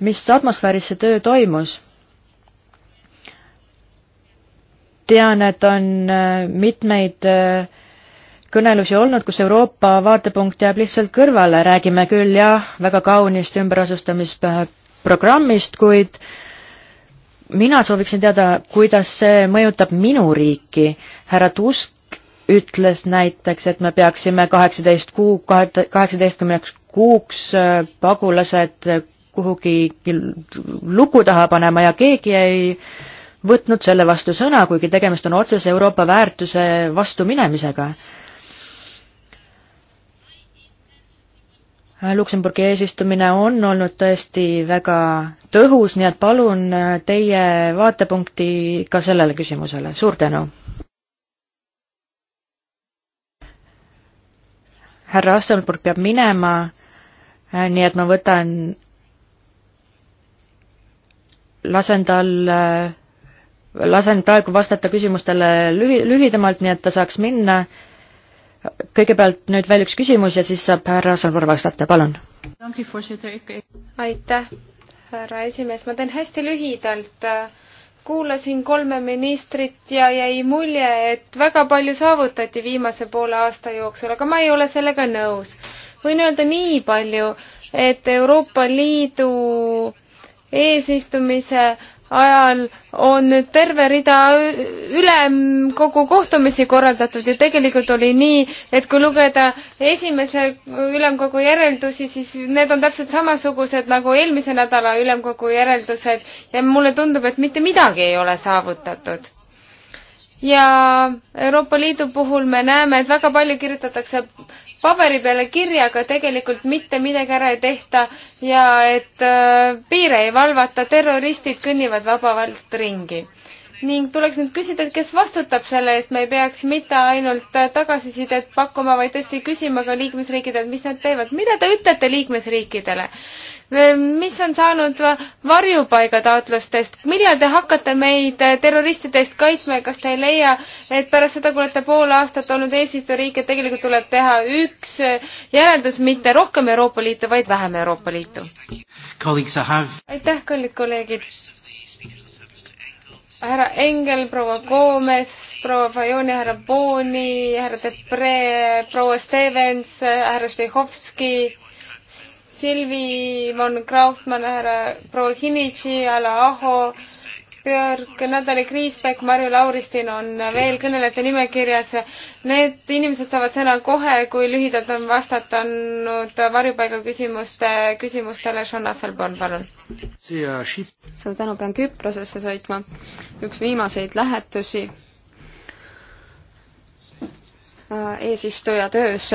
mis atmosfääris see töö toimus tean, et on äh, mitmeid äh, kõnelusi olnud, kus Euroopa vaatepunkt jääb lihtsalt kõrvale, räägime küll jah, väga kaunist ümberasustamisprogrammist, kuid mina sooviksin teada, kuidas see mõjutab minu riiki. härra Tusk ütles näiteks, et me peaksime kaheksateist kuu, kaheksateistkümneks kuuks äh, pagulased kuhugi luku taha panema ja keegi ei äh, võtnud selle vastu sõna, kuigi tegemist on otsese Euroopa väärtuse vastu minemisega. Luksemburgi eesistumine on olnud tõesti väga tõhus, nii et palun teie vaatepunkti ka sellele küsimusele, suur tänu! härra Asselburg peab minema, nii et ma võtan, lasen tal äh, lasen praegu vastata küsimustele lühi-, lühidamalt, nii et ta saaks minna. kõigepealt nüüd veel üks küsimus ja siis saab härra Sõnvur vastata, palun. aitäh, härra esimees, ma teen hästi lühidalt kuulasin kolme ministrit ja jäi mulje, et väga palju saavutati viimase poole aasta jooksul, aga ma ei ole sellega nõus. võin öelda nii palju, et Euroopa Liidu eesistumise ajal on nüüd terve rida ülemkogu kohtumisi korraldatud ja tegelikult oli nii, et kui lugeda esimese ülemkogu järeldusi, siis need on täpselt samasugused nagu eelmise nädala ülemkogu järeldused ja mulle tundub, et mitte midagi ei ole saavutatud. ja Euroopa Liidu puhul me näeme, et väga palju kirjutatakse paberi peale kirja, aga tegelikult mitte midagi ära ei tehta ja et äh, piire ei valvata, terroristid kõnnivad vabavalt ringi ning tuleks nüüd küsida, et kes vastutab selle eest, me ei peaks mitte ainult äh, tagasisidet pakkuma, vaid tõesti küsima ka liikmesriikidelt, mis nad teevad. mida te ütlete liikmesriikidele? mis on saanud varjupaigataotlustest, millal te hakkate meid terroristide eest kaitsma ja kas te ei leia, et pärast seda, kui olete pool aastat olnud eesistujariik, et tegelikult tuleb teha üks järeldus, mitte rohkem Euroopa Liitu, vaid vähem Euroopa Liitu? aitäh, kallid kolleegid! härra Engel, proua Gomes, proua Fajoni, härra Booni, härra Depre, proua Stevens, härra Štehovski Silvi von Krausmann, härra proua Hinitši, Ala Aho, Björk, Natali Kriisbeck, Marju Lauristin on veel kõnelejate nimekirjas. Need inimesed saavad sõna kohe, kui lühidalt on vastatanud varjupaiga küsimuste, küsimustele. Sean Asselborn, palun. suur tänu, pean Küprosesse sõitma. üks viimaseid lähetusi äh, eesistuja töös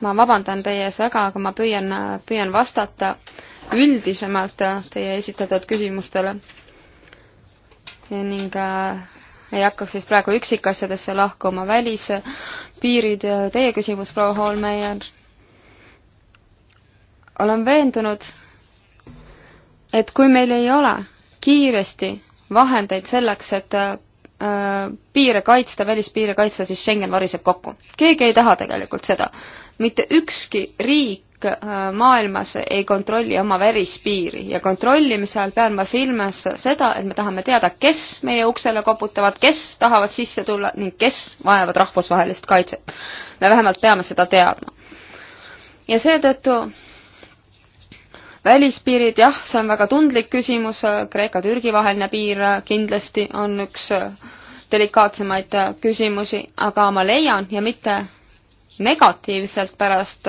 ma vabandan teie ees väga, aga ma püüan, püüan vastata üldisemalt teie esitatud küsimustele. ning äh, ei hakkaks siis praegu üksikasjadesse lahkuma, välispiirid, teie küsimus, proua Hoolmeier. olen veendunud, et kui meil ei ole kiiresti vahendeid selleks, et Äh, piire kaitsta, välispiire kaitsta, siis Schengen variseb kokku. keegi ei taha tegelikult seda. mitte ükski riik äh, maailmas ei kontrolli oma välispiiri ja kontrollimise all pean ma silmas seda, et me tahame teada, kes meie uksele koputavad, kes tahavad sisse tulla ning kes vajavad rahvusvahelist kaitset. me vähemalt peame seda teadma. ja seetõttu välispiirid, jah, see on väga tundlik küsimus, Kreeka-Türgi vaheline piir kindlasti on üks delikaatsemaid küsimusi, aga ma leian ja mitte negatiivselt pärast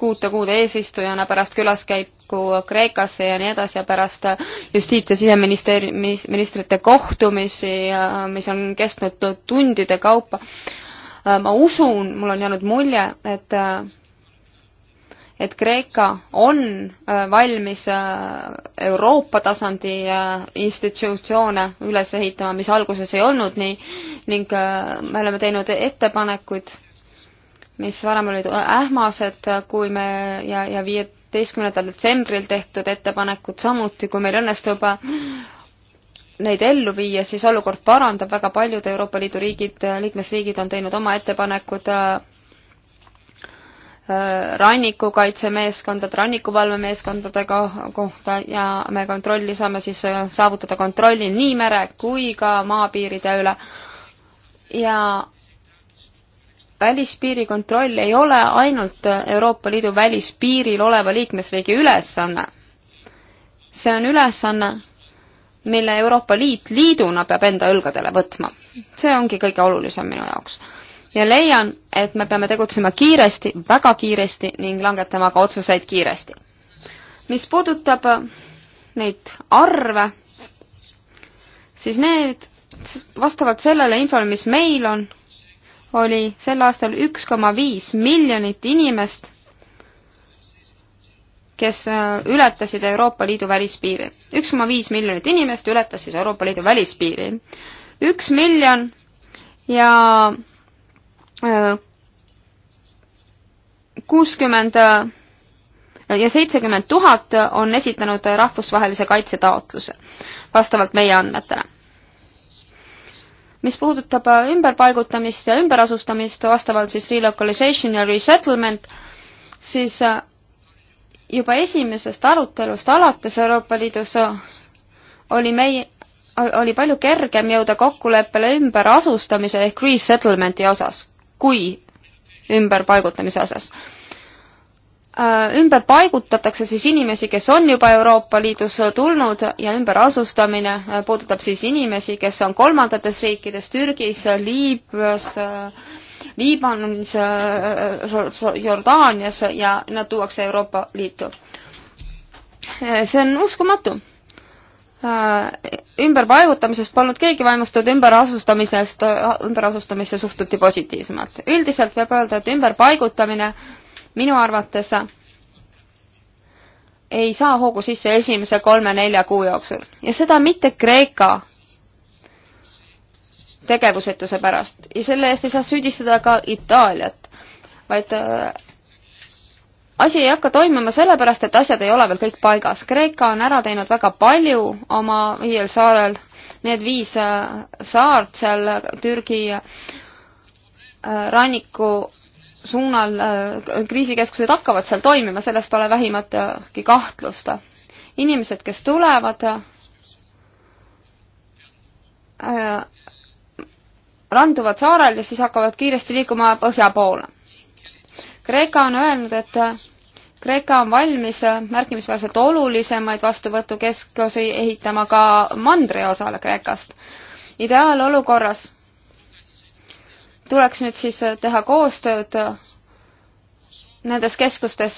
kuute kuud eesistujana, pärast külaskäiku Kreekasse ja nii edasi ja pärast justiits- ja siseministeeriumi ministrite kohtumisi, mis on kestnud tundide kaupa. ma usun, mul on jäänud mulje, et et Kreeka on äh, valmis äh, Euroopa tasandi äh, institutsioone üles ehitama, mis alguses ei olnud nii, ning me oleme teinud ettepanekuid, mis varem olid ähmased, kui me ja, ja viieteistkümnendal detsembril tehtud ettepanekud samuti, kui meil õnnestub neid ellu viia, siis olukord parandab, väga paljud Euroopa Liidu riigid, liikmesriigid on teinud oma ettepanekud äh, rannikukaitsemeeskondade, rannikuvalvemeeskondadega kohta ja me kontrolli saame siis äh, saavutada kontrolli nii mere kui ka maapiiride üle. ja välispiiri kontroll ei ole ainult Euroopa Liidu välispiiril oleva liikmesriigi ülesanne. see on ülesanne, mille Euroopa Liit liiduna peab enda õlgadele võtma. see ongi kõige olulisem minu jaoks ja leian, et me peame tegutsema kiiresti, väga kiiresti ning langetama ka otsuseid kiiresti. mis puudutab neid arve, siis need vastavalt sellele infole, mis meil on, oli sel aastal üks koma viis miljonit inimest, kes äh, ületasid Euroopa Liidu välispiiri. üks koma viis miljonit inimest ületas siis Euroopa Liidu välispiiri. üks miljon ja kuuskümmend äh, ja seitsekümmend tuhat on esitanud rahvusvahelise kaitse taotluse vastavalt meie andmetele. mis puudutab äh, ümberpaigutamist ja ümberasustamist vastavalt siis relocalization ja resettlement, siis äh, juba esimesest arutelust alates Euroopa Liidus oli meie, oli palju kergem jõuda kokkuleppele ümberasustamise ehk resettlement'i osas kui ümberpaigutamise osas. Äh, ümber paigutatakse siis inimesi, kes on juba Euroopa Liidus tulnud ja ümberasustamine äh, puudutab siis inimesi, kes on kolmandates riikides, Türgis, Liibüas, äh, Liibanonis, Jordaanias ja nad tuuakse Euroopa Liitu. see on uskumatu ümberpaigutamisest polnud keegi vaimustatud ümberasustamisest, ümberasustamisse suhtuti positiivsemalt. üldiselt võib öelda, et ümberpaigutamine minu arvates ei saa hoogu sisse esimese kolme-nelja kuu jooksul ja seda mitte Kreeka tegevusetuse pärast ja selle eest ei saa süüdistada ka Itaaliat, vaid asi ei hakka toimima sellepärast, et asjad ei ole veel kõik paigas. Kreeka on ära teinud väga palju oma viiel saarel, need viis äh, saart seal Türgi äh, ranniku suunal äh, kriisikeskused hakkavad seal toimima, selles pole vähimatki kahtlust. inimesed, kes tulevad randuvad saarel ja siis hakkavad kiiresti liikuma põhja poole Kreeka on öelnud, et Kreeka on valmis märkimisväärselt olulisemaid vastuvõtukeskusi ehitama ka mandri osale Kreekast. ideaalolukorras tuleks nüüd siis teha koostööd nendes keskustes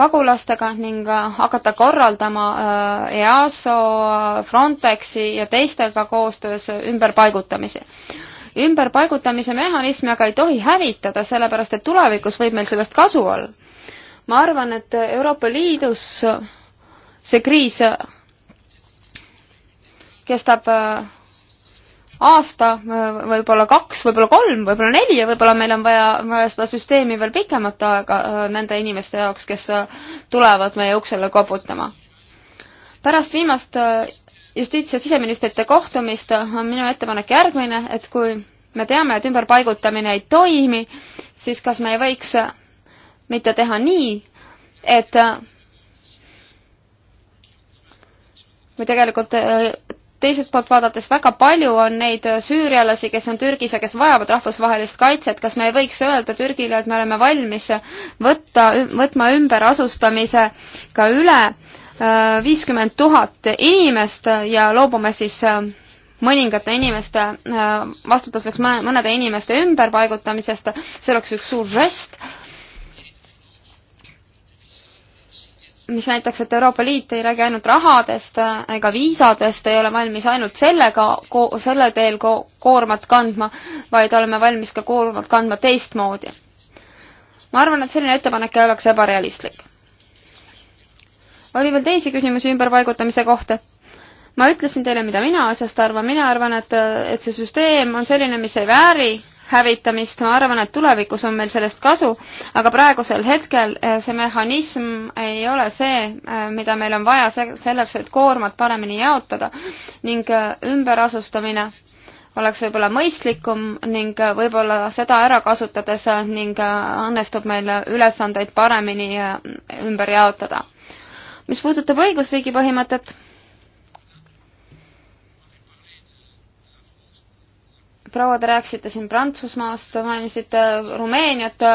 pagulastega ning hakata korraldama äh, EASO, Frontexi ja teistega koostöös ümberpaigutamisi ümberpaigutamise mehhanismi aga ei tohi hävitada, sellepärast et tulevikus võib meil sellest kasu olla. ma arvan, et Euroopa Liidus see kriis kestab äh, aasta, äh, võib-olla kaks, võib-olla kolm, võib-olla neli ja võib-olla meil on vaja, vaja seda süsteemi veel pikemat aega äh, nende inimeste jaoks, kes tulevad meie uksele koputama. pärast viimast justiits- ja siseministrite kohtumist on minu ettepanek järgmine, et kui me teame, et ümberpaigutamine ei toimi, siis kas me ei võiks mitte teha nii, et või tegelikult teiselt poolt vaadates väga palju on neid süürialasi, kes on Türgis ja kes vajavad rahvusvahelist kaitset, kas me ei võiks öelda Türgile, et me oleme valmis võtta, võtma ümberasustamisega üle viiskümmend tuhat inimest ja loobume siis äh, mõningate inimeste, äh, vastutuseks mõnede inimeste ümberpaigutamisest, see oleks üks suur žest, mis näitaks, et Euroopa Liit ei räägi ainult rahadest äh, ega viisadest, ei ole valmis ainult sellega, selle teel ko koormat kandma, vaid oleme valmis ka koormat kandma teistmoodi. ma arvan, et selline ettepanek ei oleks ebarealistlik oli veel teisi küsimusi ümberpaigutamise kohta? ma ütlesin teile, mida mina asjast arvan, mina arvan, et, et see süsteem on selline, mis ei vääri hävitamist, ma arvan, et tulevikus on meil sellest kasu, aga praegusel hetkel eh, see mehhanism ei ole see, eh, mida meil on vaja selleks, et koormat paremini jaotada ning eh, ümberasustamine oleks võib-olla mõistlikum ning võib-olla seda ära kasutades ning õnnestub meil ülesandeid paremini ümber jaotada mis puudutab õigusriigi põhimõtet, proua, te rääkisite siin Prantsusmaast, mainisite Rumeeniat, äh,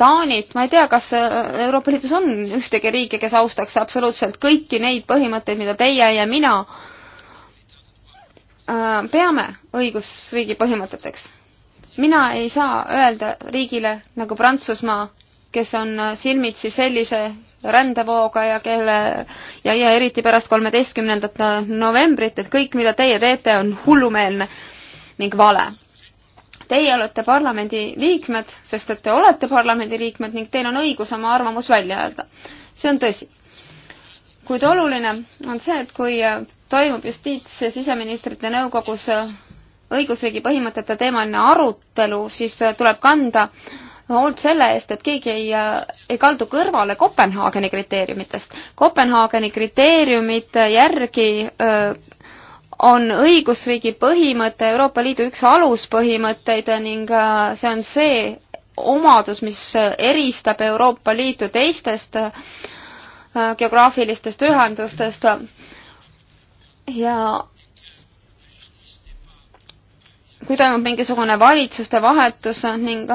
Taanit, ma ei tea, kas äh, Euroopa Liidus on ühtegi riiki, kes austaks absoluutselt kõiki neid põhimõtteid, mida teie ja mina äh, peame õigusriigi põhimõteteks. mina ei saa öelda riigile nagu Prantsusmaa, kes on silmitsi sellise rändevooga ja kelle ja, ja eriti pärast kolmeteistkümnendat novembrit, et kõik, mida teie teete, on hullumeelne ning vale. Teie olete parlamendi liikmed, sest et te olete parlamendi liikmed ning teil on õigus oma arvamus välja öelda. see on tõsi. kuid oluline on see, et kui toimub justiits- ja siseministrite nõukogus õigusriigi põhimõtete teemaline arutelu, siis tuleb kanda äh, hoolt selle eest, et keegi ei, äh, ei kaldu kõrvale Kopenhaageni kriteeriumitest. Kopenhaageni kriteeriumite järgi öö, äh, on õigusriigi põhimõte Euroopa Liidu üks aluspõhimõtteid ning äh, see on see omadus, mis eristab Euroopa Liitu teistest geograafilistest ühendustest ja kui toimub mingisugune valitsuste vahetus ning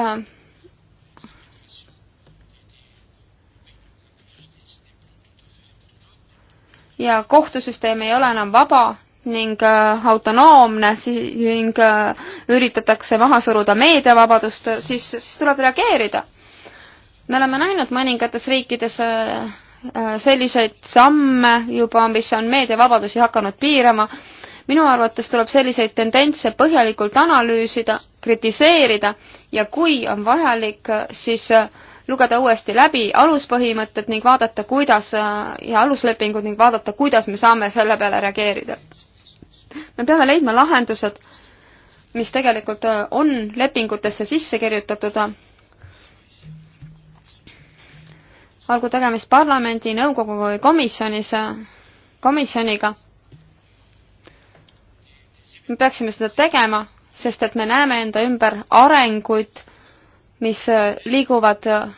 ja kohtusüsteem ei ole enam vaba ning äh, autonoomne ning äh, üritatakse maha suruda meediavabadust, siis, siis tuleb reageerida. me oleme näinud mõningates riikides äh, selliseid samme juba, mis on meediavabadusi hakanud piirama. minu arvates tuleb selliseid tendentse põhjalikult analüüsida, kritiseerida ja kui on vajalik, siis äh, lugeda uuesti läbi aluspõhimõtted ning vaadata, kuidas ja aluslepingud ning vaadata, kuidas me saame selle peale reageerida. me peame leidma lahendused, mis tegelikult on lepingutesse sisse kirjutatud. olgu tegemist parlamendi, nõukogu või komisjonis, komisjoniga. me peaksime seda tegema, sest et me näeme enda ümber arenguid mis äh, liiguvad äh,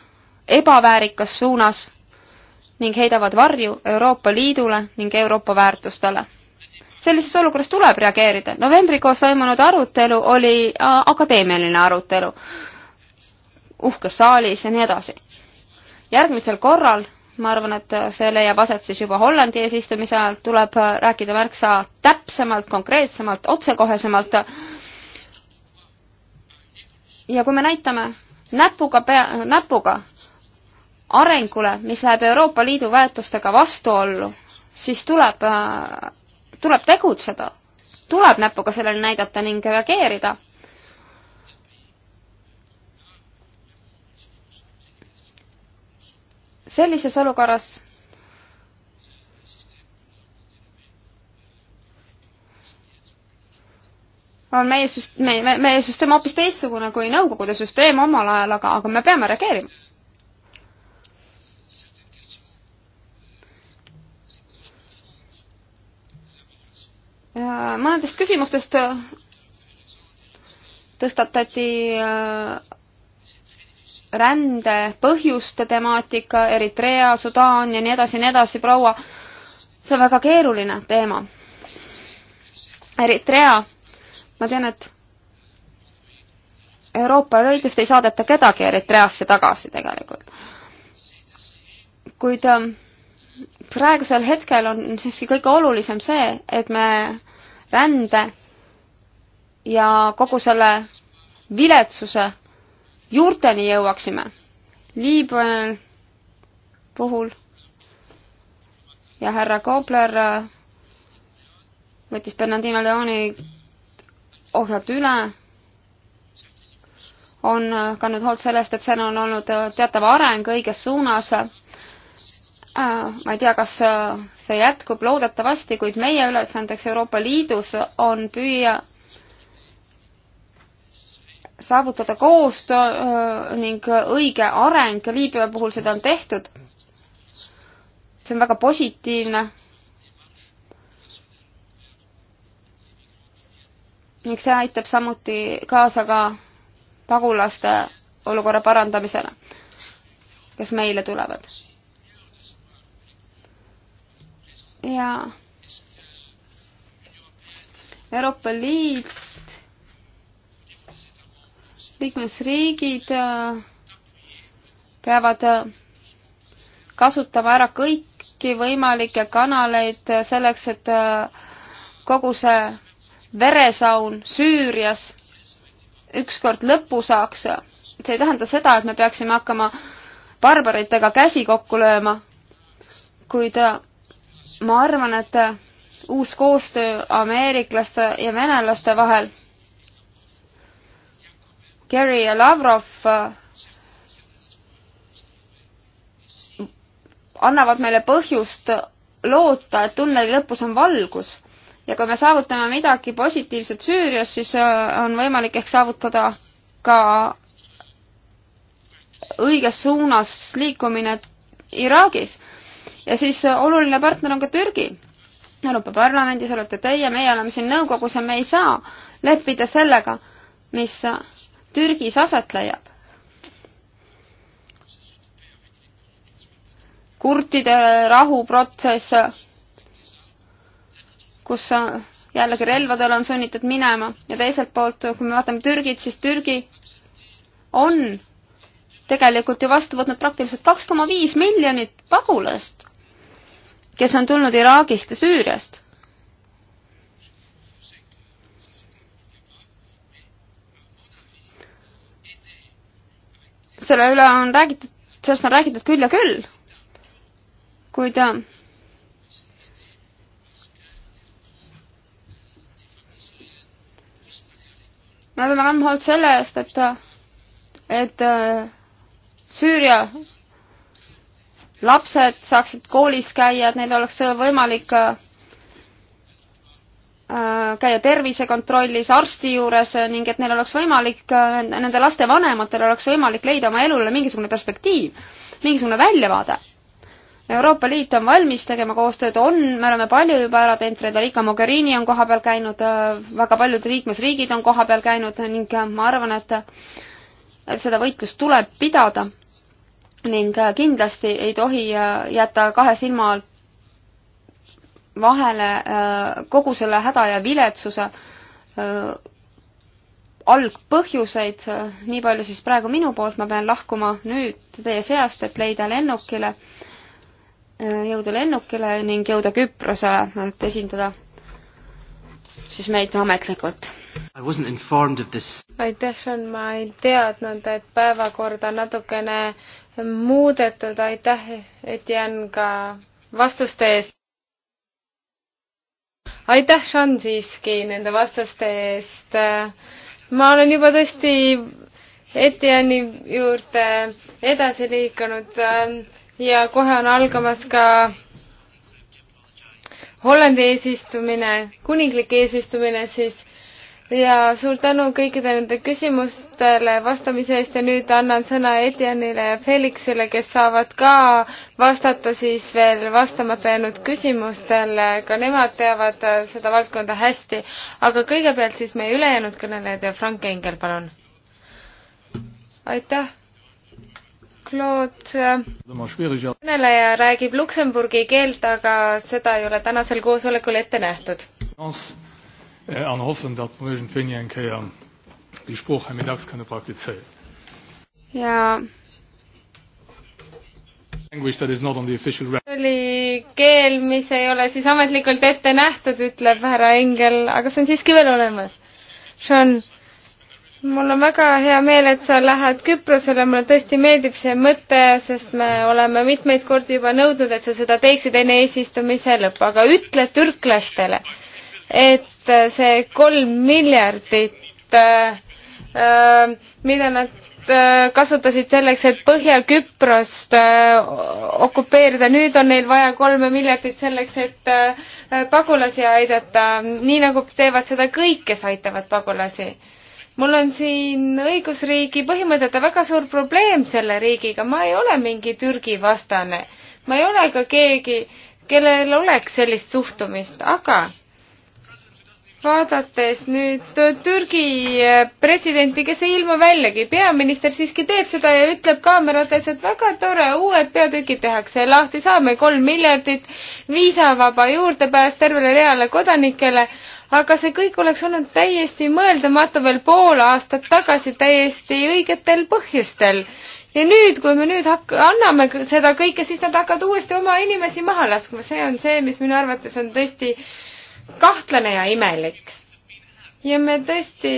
ebaväärikas suunas ning heidavad varju Euroopa Liidule ning Euroopa väärtustele. sellises olukorras tuleb reageerida. novembrikuus toimunud arutelu oli äh, akadeemiline arutelu uhkes saalis ja nii edasi. järgmisel korral, ma arvan, et see leiab aset siis juba Hollandi eesistumise ajal, tuleb rääkida märksa täpsemalt, konkreetsemalt, otsekohesemalt. ja kui me näitame näpuga pea, näpuga arengule, mis läheb Euroopa Liidu väärtustega vastuollu, siis tuleb, äh, tuleb tegutseda. tuleb näpuga sellele näidata ning reageerida. sellises olukorras on meie süst-, meie, meie süsteem hoopis teistsugune kui Nõukogude süsteem omal ajal, aga, aga me peame reageerima. mõnedest küsimustest äh, tõstatati äh, rände põhjuste temaatika, Eritrea, Sudaan ja nii edasi ja nii edasi, proua. see on väga keeruline teema. Eritrea ma tean, et Euroopa Liidust ei saadeta kedagi Eritreasse tagasi tegelikult. kuid ähm, praegusel hetkel on siiski kõige olulisem see, et me rände ja kogu selle viletsuse juurteni jõuaksime. Liibüani puhul ja härra Kobler äh, võttis Bernardino Leoni ohjad üle, on kandnud hoolt sellest, et seal on olnud teatav areng õiges suunas. ma ei tea, kas see jätkub, loodetavasti, kuid meie ülesandeks Euroopa Liidus on püüa saavutada koostöö äh, ning õige areng, Liibüa puhul seda on tehtud. see on väga positiivne ning see aitab samuti kaasa ka pagulaste olukorra parandamisele, kes meile tulevad. ja Euroopa Liit, liikmesriigid äh, peavad äh, kasutama ära kõiki võimalikke kanaleid selleks, et äh, kogu see veresaun Süürias ükskord lõpu saaks, see ei tähenda seda, et me peaksime hakkama barbaritega käsi kokku lööma, kuid äh, ma arvan, et äh, uus koostöö ameeriklaste ja venelaste vahel, Kerry ja Lavrov äh, annavad meile põhjust loota, et tunneli lõpus on valgus ja kui me saavutame midagi positiivset Süürias, siis äh, on võimalik ehk saavutada ka õiges suunas liikumine Iraagis. ja siis äh, oluline partner on ka Türgi. Euroopa Parlamendis olete teie, meie oleme siin nõukogus ja me ei saa leppida sellega, mis äh, Türgis aset leiab. kurtide rahuprotsess kus jällegi relvadel on sunnitud minema ja teiselt poolt, kui me vaatame Türgit, siis Türgi on tegelikult ju vastu võtnud praktiliselt kaks koma viis miljonit pagulast, kes on tulnud Iraagist ja Süüriast. selle üle on räägitud, sellest on räägitud küll ja küll, kuid äh, me peame kandma hoolt selle eest, et, et äh, Süüria lapsed saaksid koolis käia, et neil oleks võimalik äh, käia tervisekontrollis arsti juures ning et neil oleks võimalik, nende laste vanematel oleks võimalik leida oma elule mingisugune perspektiiv, mingisugune väljavaade Euroopa Liit on valmis tegema koostööd, on, me oleme palju juba ära teinud, Frederica Mogherini on kohapeal käinud, väga paljud liikmesriigid on kohapeal käinud ning ma arvan, et et seda võitlust tuleb pidada ning kindlasti ei tohi äh, jätta kahe silma alt vahele äh, kogu selle häda ja viletsuse äh, algpõhjuseid, nii palju siis praegu minu poolt, ma pean lahkuma nüüd teie seast, et leida lennukile äh, Äh, jõuda lennukile ning jõuda Küprosele, et esindada siis meid ametlikult. aitäh, Sean, ma ei teadnud, et päevakorda natukene muudetud, aitäh, Etienne, ka vastuste eest. aitäh, Sean, siiski nende vastuste eest. ma olen juba tõesti Etienne'i juurde edasi liikunud ja kohe on algamas ka Hollandi eesistumine, kuninglik eesistumine siis ja suur tänu kõikide nende küsimustele vastamise eest ja nüüd annan sõna Etianile ja Felixile, kes saavad ka vastata siis veel vastamata jäänud küsimustele, ka nemad teavad äh, seda valdkonda hästi. aga kõigepealt siis meie ülejäänud kõnelejad ja Frank Engel, palun. aitäh Claude, kõneleja räägib luksemburgi keelt, aga seda ei ole tänasel koosolekul ette nähtud. Um, ja oli keel, mis ei ole siis ametlikult ette nähtud, ütleb härra Engel, aga see on siiski veel olemas. Sean mul on väga hea meel, et sa lähed Küprosele, mulle tõesti meeldib see mõte, sest me oleme mitmeid kordi juba nõudnud, et sa seda teeksid enne eesistumise lõppu, aga ütle türklastele, et äh, see kolm miljardit äh,, äh, mida nad äh, kasutasid selleks, et Põhja-Küprost äh, okupeerida, nüüd on neil vaja kolme miljardit selleks, et äh, pagulasi aidata, nii nagu teevad seda kõik, kes aitavad pagulasi mul on siin õigusriigi põhimõtete väga suur probleem selle riigiga, ma ei ole mingi Türgi vastane. ma ei ole ka keegi, kellel oleks sellist suhtumist, aga vaadates nüüd Türgi eh, presidenti, kes ei ilmu väljagi, peaminister siiski teeb seda ja ütleb kaamerates, et väga tore, uued peatükid tehakse lahti, saame kolm miljardit, viisavaba juurdepääs tervele reale kodanikele, aga see kõik oleks olnud täiesti mõeldamatu veel pool aastat tagasi täiesti õigetel põhjustel. ja nüüd, kui me nüüd hak-, anname seda kõike, siis nad hakkavad uuesti oma inimesi maha laskma, see on see, mis minu arvates on tõesti kahtlane ja imelik. ja me tõesti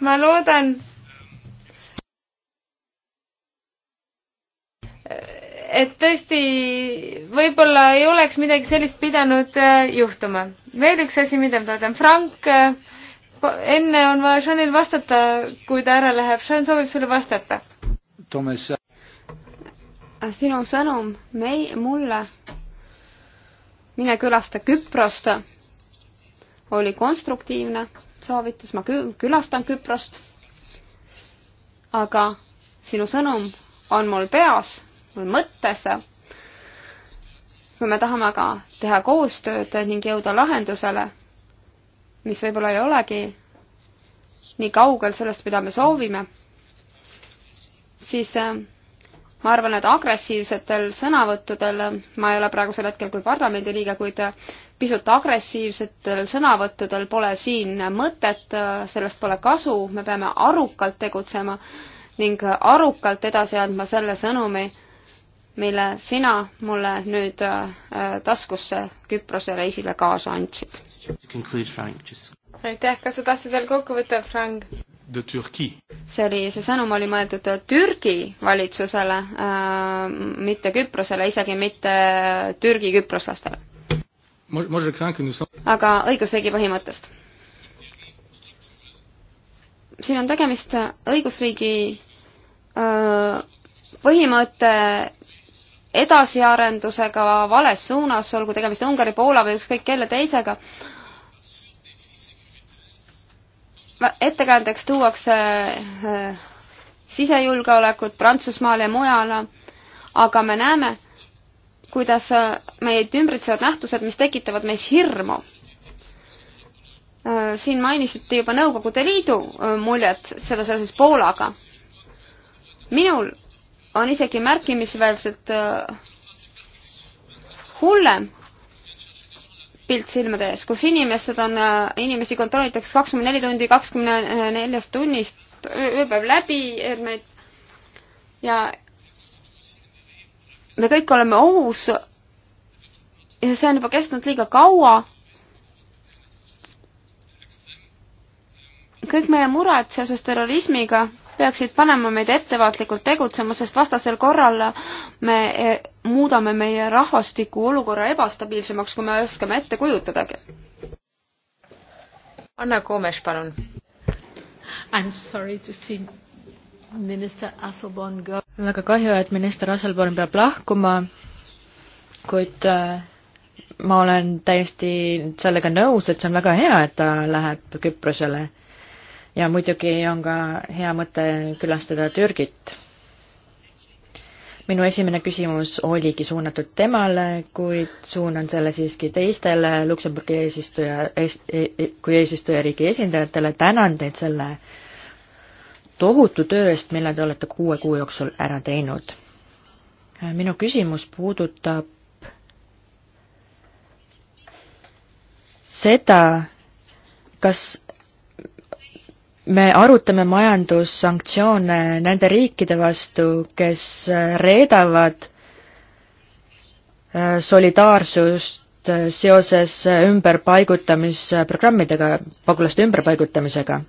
ma loodan et tõesti võib-olla ei oleks midagi sellist pidanud äh, juhtuma. veel üks asi, mida ma tahan, Frank, äh, enne on vaja Seanil vastata, kui ta ära läheb. Sean soovib sulle vastata. Toomas. Äh. Ah, sinu sõnum mei-, mulle, mine külasta Küprost, oli konstruktiivne soovitus, ma kü-, külastan Küprost, aga sinu sõnum on mul peas mul mõttes. kui me tahame aga teha koostööd ning jõuda lahendusele, mis võib-olla ei olegi nii kaugel sellest, mida me soovime, siis äh, ma arvan, et agressiivsetel sõnavõttudel, ma ei ole praegusel hetkel küll parlamendiliige, kuid äh, pisut agressiivsetel sõnavõttudel pole siin mõtet, äh, sellest pole kasu, me peame arukalt tegutsema ning arukalt edasi andma selle sõnumi, mille sina mulle nüüd äh, taskusse Küprose reisile kaasa andsid. aitäh, kas sa tahtsid veel kokku võtta, Frank? see oli, see sõnum oli mõeldud äh, Türgi valitsusele äh,, mitte Küprosele, isegi mitte äh, Türgi küproslastele. aga õigusriigi põhimõttest. siin on tegemist õigusriigi äh, põhimõtte edasiarendusega vales suunas, olgu tegemist Ungari, Poola või ükskõik kelle teisega, ettekäändeks tuuakse äh, sisejulgeolekut Prantsusmaal ja mujal, aga me näeme, kuidas äh, meid ümbritsevad nähtused, mis tekitavad meis hirmu. Äh, siin mainisite juba Nõukogude Liidu muljet selle seoses Poolaga. minul on isegi märkimisväärselt äh, hullem pilt silmade ees, kus inimesed on, äh, inimesi kontrollitakse kakskümmend neli tundi kakskümne neljast tunnist ööpäev läbi, et meid ja me kõik oleme ohus ja see on juba kestnud liiga kaua. kõik meie mured seoses terrorismiga peaksid panema meid ettevaatlikult tegutsema, sest vastasel korral me e, muudame meie rahvastiku olukorra ebastabiilsemaks, kui me oskame ette kujutadagi. Anna Koomes, palun. I am sorry to see minister Asselborn go. väga kahju, et minister Asselborn peab lahkuma, kuid äh, ma olen täiesti sellega nõus, et see on väga hea, et ta läheb Küprosele ja muidugi on ka hea mõte külastada Türgit. minu esimene küsimus oligi suunatud temale, kuid suunan selle siiski teistele Luksemburgi eesistuja, e, e, kui eesistujariigi esindajatele. tänan teid selle tohutu töö eest, mille te olete kuue kuu jooksul ära teinud. minu küsimus puudutab seda, kas me arutame majandussanktsioone nende riikide vastu, kes äh, reedavad äh, solidaarsust äh, seoses ümberpaigutamisprogrammidega, pagulaste ümberpaigutamisega.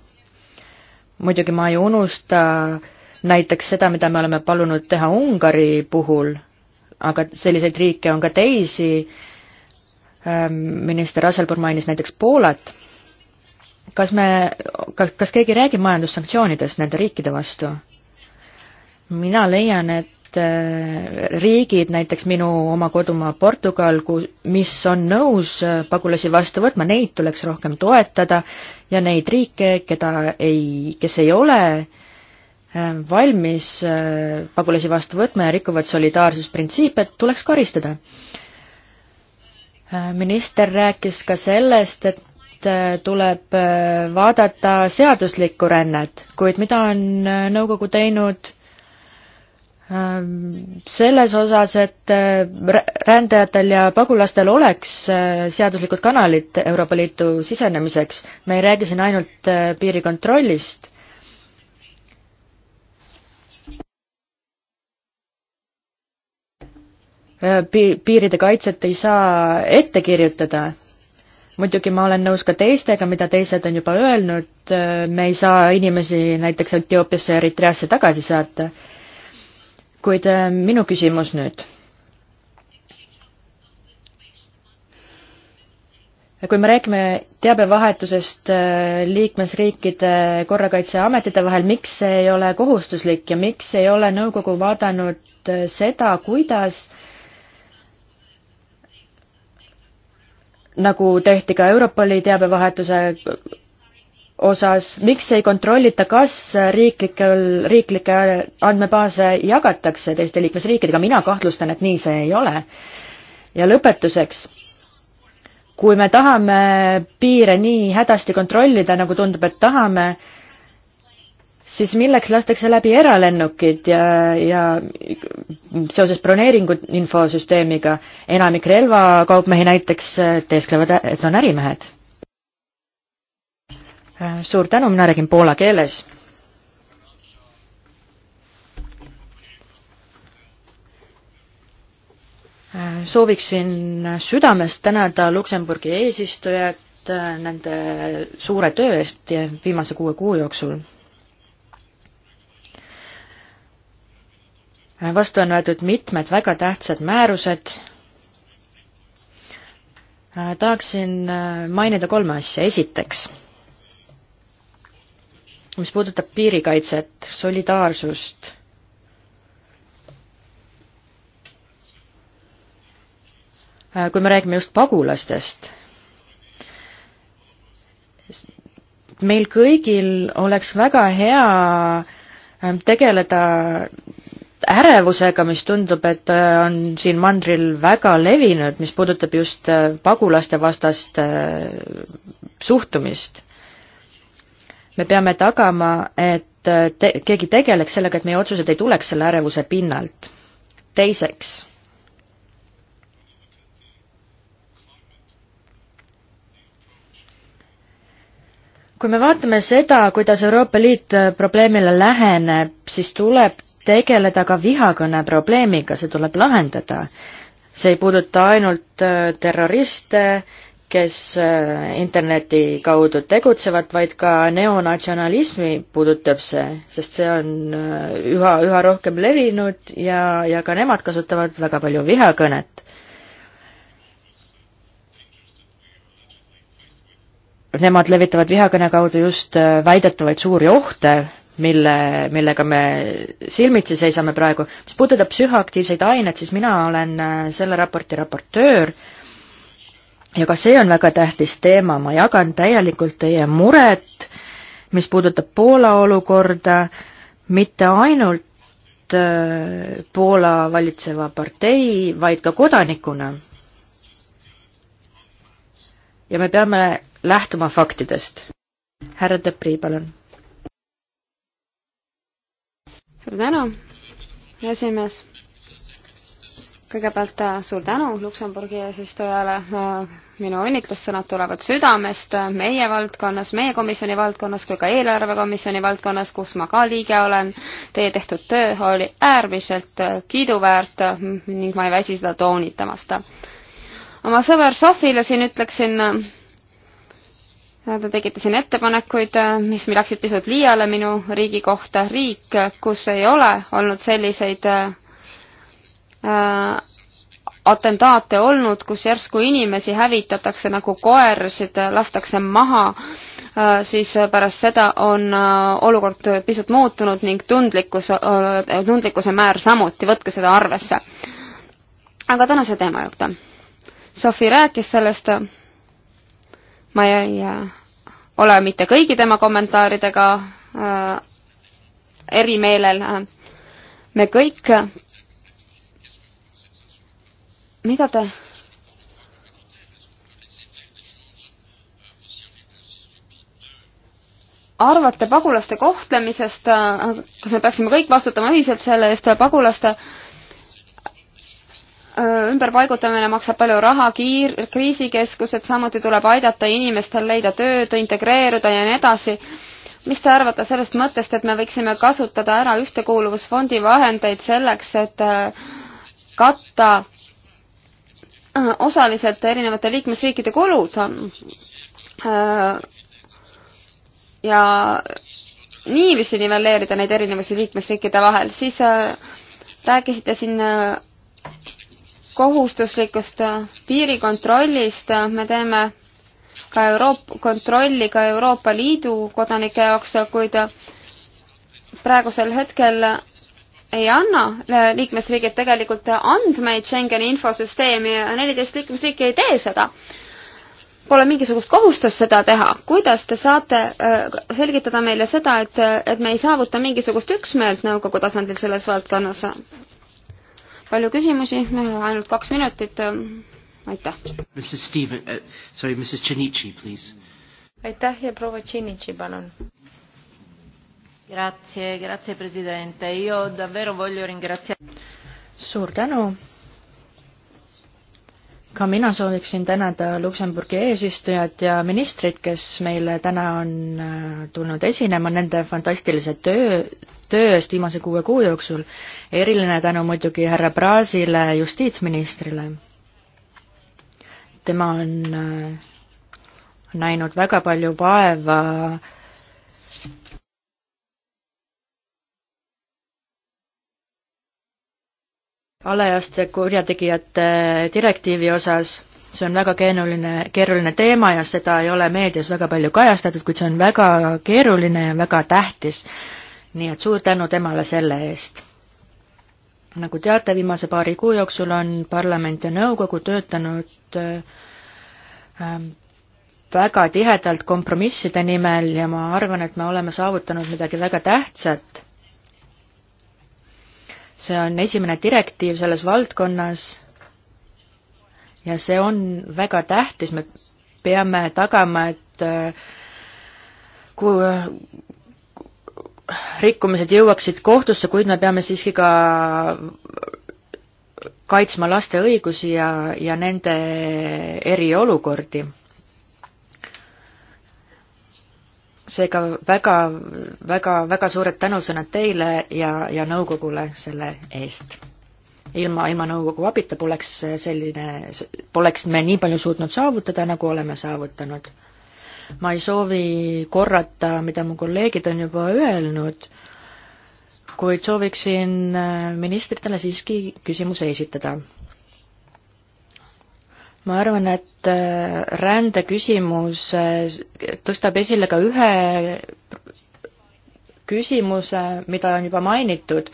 muidugi ma ei unusta näiteks seda, mida me oleme palunud teha Ungari puhul, aga selliseid riike on ka teisi, ähm, minister Asselborn mainis näiteks Poolat kas me, kas, kas keegi räägib majandussanktsioonidest nende riikide vastu? mina leian, et äh, riigid, näiteks minu oma kodumaa Portugal, mis on nõus äh, pagulasi vastu võtma, neid tuleks rohkem toetada ja neid riike, keda ei, kes ei ole äh, valmis pagulasi vastu võtma ja rikuvad solidaarsusprintsiipe, tuleks karistada. minister rääkis ka sellest, et et äh, tuleb äh, vaadata seaduslikku rännet, kuid mida on äh, nõukogu teinud ähm, selles osas, et rändajatel ja pagulastel oleks seaduslikud kanalid Euroopa Liitu sisenemiseks, me ei räägi siin ainult piirikontrollist. Pi-, piiride kaitset ei saa ette kirjutada muidugi ma olen nõus ka teistega, mida teised on juba öelnud, me ei saa inimesi näiteks Etioopiasse ja Eritreasse tagasi saata. kuid äh, minu küsimus nüüd. kui me räägime teabevahetusest äh, liikmesriikide korrakaitseametite vahel, miks see ei ole kohustuslik ja miks ei ole nõukogu vaadanud äh, seda, kuidas äh, nagu tehti ka Europoli teabevahetuse osas, miks ei kontrollita, kas riiklikel, riiklikke andmebaase jagatakse teiste liikmesriikidega, mina kahtlustan, et nii see ei ole. ja lõpetuseks, kui me tahame piire nii hädasti kontrollida, nagu tundub, et tahame, siis milleks lastakse läbi eralennukid ja, ja seoses broneeringu infosüsteemiga enamik relvakaupmehi näiteks äh, teesklevad, et on ärimehed? Äh, suur tänu, mina räägin poola keeles. Äh, sooviksin südamest tänada Luksemburgi eesistujat nende suure töö eest viimase kuue kuu jooksul vastu on võetud mitmed väga tähtsad määrused. Äh, tahaksin äh, mainida kolme asja. esiteks, mis puudutab piirikaitset, solidaarsust, äh, kui me räägime just pagulastest, meil kõigil oleks väga hea tegeleda ärevusega, mis tundub, et äh, on siin mandril väga levinud, mis puudutab just äh, pagulaste vastast äh, suhtumist. me peame tagama, et te-, keegi tegeleks sellega, et meie otsused ei tuleks selle ärevuse pinnalt. teiseks, kui me vaatame seda, kuidas Euroopa Liit probleemile läheneb, siis tuleb tegeleda ka vihakõne probleemiga, see tuleb lahendada. see ei puuduta ainult äh, terroriste, kes äh, interneti kaudu tegutsevad, vaid ka neonatsionalismi puudutab see, sest see on äh, üha, üha rohkem levinud ja, ja ka nemad kasutavad väga palju vihakõnet. Nemad levitavad vihakõne kaudu just väidetavaid suuri ohte mille, millega me silmitsi seisame praegu. mis puudutab psühhoaktiivseid aineid, siis mina olen äh, selle raporti raportöör ja ka see on väga tähtis teema, ma jagan täielikult teie muret, mis puudutab Poola olukorda, mitte ainult äh, Poola valitseva partei, vaid ka kodanikuna. ja me peame lähtuma faktidest. härra Depri, palun suur tänu, esimees. kõigepealt äh, suur tänu Luksemburgi eesistujale. Äh, minu õnnitlussõnad tulevad südamest äh, meie valdkonnas, meie komisjoni valdkonnas kui ka eelarvekomisjoni valdkonnas, kus ma ka liige olen. Teie tehtud töö oli äärmiselt kiiduväärt ning ma ei väsi seda toonitamast. oma sõber Sofile siin ütleksin Äh, Te tegite siin ettepanekuid, äh, mis läksid pisut liiale minu riigi kohta, riik, kus ei ole olnud selliseid äh, äh, atentaate olnud, kus järsku inimesi hävitatakse nagu koersid, lastakse maha äh,, siis pärast seda on äh, olukord pisut muutunud ning tundlikkus äh,, tundlikkuse määr samuti, võtke seda arvesse. aga tänase teema juurde. Sofi rääkis sellest äh, ma ei äh, ole mitte kõigi tema kommentaaridega äh, erimeelel. me kõik, mida te arvate pagulaste kohtlemisest, äh, kas me peaksime kõik vastutama ühiselt selle eest, pagulaste äh, ümberpaigutamine maksab palju raha, kiir-, kriisikeskused, samuti tuleb aidata inimestel leida tööd, integreeruda ja nii edasi. mis te arvate sellest mõttest, et me võiksime kasutada ära Ühtekuuluvusfondi vahendeid selleks, et katta osaliselt erinevate liikmesriikide kulud? ja niiviisi nivelleerida neid erinevusi liikmesriikide vahel, siis rääkisite siin kohustuslikust äh, piirikontrollist äh, me teeme ka Euroopa, kontrolli ka Euroopa Liidu kodanike jaoks, kuid äh, praegusel hetkel ei anna liikmesriigid tegelikult andmeid Schengeni infosüsteemi ja neliteist liikmesriiki ei tee seda. Pole mingisugust kohustust seda teha. kuidas te saate selgitada meile seda, et, et me ei saavuta mingisugust üksmeelt nõukogu tasandil selles valdkonnas? palju küsimusi, ainult kaks minutit, ähm, aitäh. Äh, aitäh ja proua Tšinitši, palun. Grazie, grazie presidente, io davvero voglio ringraziare. suur tänu. ka mina sooviksin tänada Luksemburgi eesistujat ja ministrit, kes meile täna on äh, tulnud esinema, nende fantastilise töö töö eest viimase kuue kuu jooksul. eriline tänu muidugi härra Braasile, justiitsministrile. tema on äh, näinud väga palju vaeva alaeaste kurjategijate direktiivi osas see on väga keeruline, keeruline teema ja seda ei ole meedias väga palju kajastatud, kuid see on väga keeruline ja väga tähtis nii et suur tänu temale selle eest. nagu teate, viimase paari kuu jooksul on parlament ja nõukogu töötanud äh, ähm, väga tihedalt kompromisside nimel ja ma arvan, et me oleme saavutanud midagi väga tähtsat. see on esimene direktiiv selles valdkonnas ja see on väga tähtis, me peame tagama, et äh, kui rikkumised jõuaksid kohtusse, kuid me peame siiski ka kaitsma laste õigusi ja, ja nende eriolukordi. seega väga, väga, väga suured tänusõnad teile ja, ja nõukogule selle eest. ilma, ilma nõukogu abita poleks selline, poleks me nii palju suutnud saavutada, nagu oleme saavutanud ma ei soovi korrata, mida mu kolleegid on juba öelnud, kuid sooviksin äh, ministritele siiski küsimuse esitada. ma arvan, et äh, rändeküsimus tõstab esile ka ühe küsimuse, mida on juba mainitud,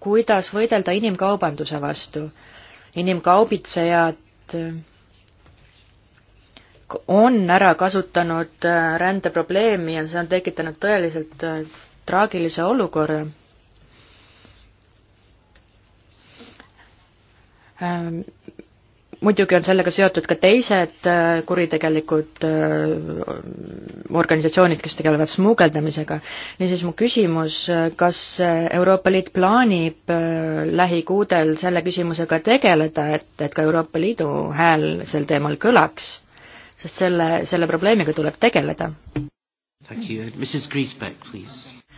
kuidas võidelda inimkaubanduse vastu. inimkaubitsejad kõik on ära kasutanud äh, rändeprobleemi ja see on tekitanud tõeliselt äh, traagilise olukorra. Ähm, muidugi on sellega seotud ka teised äh, kuritegelikud organisatsioonid, kes tegelevad smugeldamisega. niisiis mu küsimus, kas Euroopa Liit plaanib lähikuudel selle küsimusega tegeleda, et, et ka Euroopa Liidu hääl sel teemal kõlaks? sest selle, selle probleemiga tuleb tegeleda.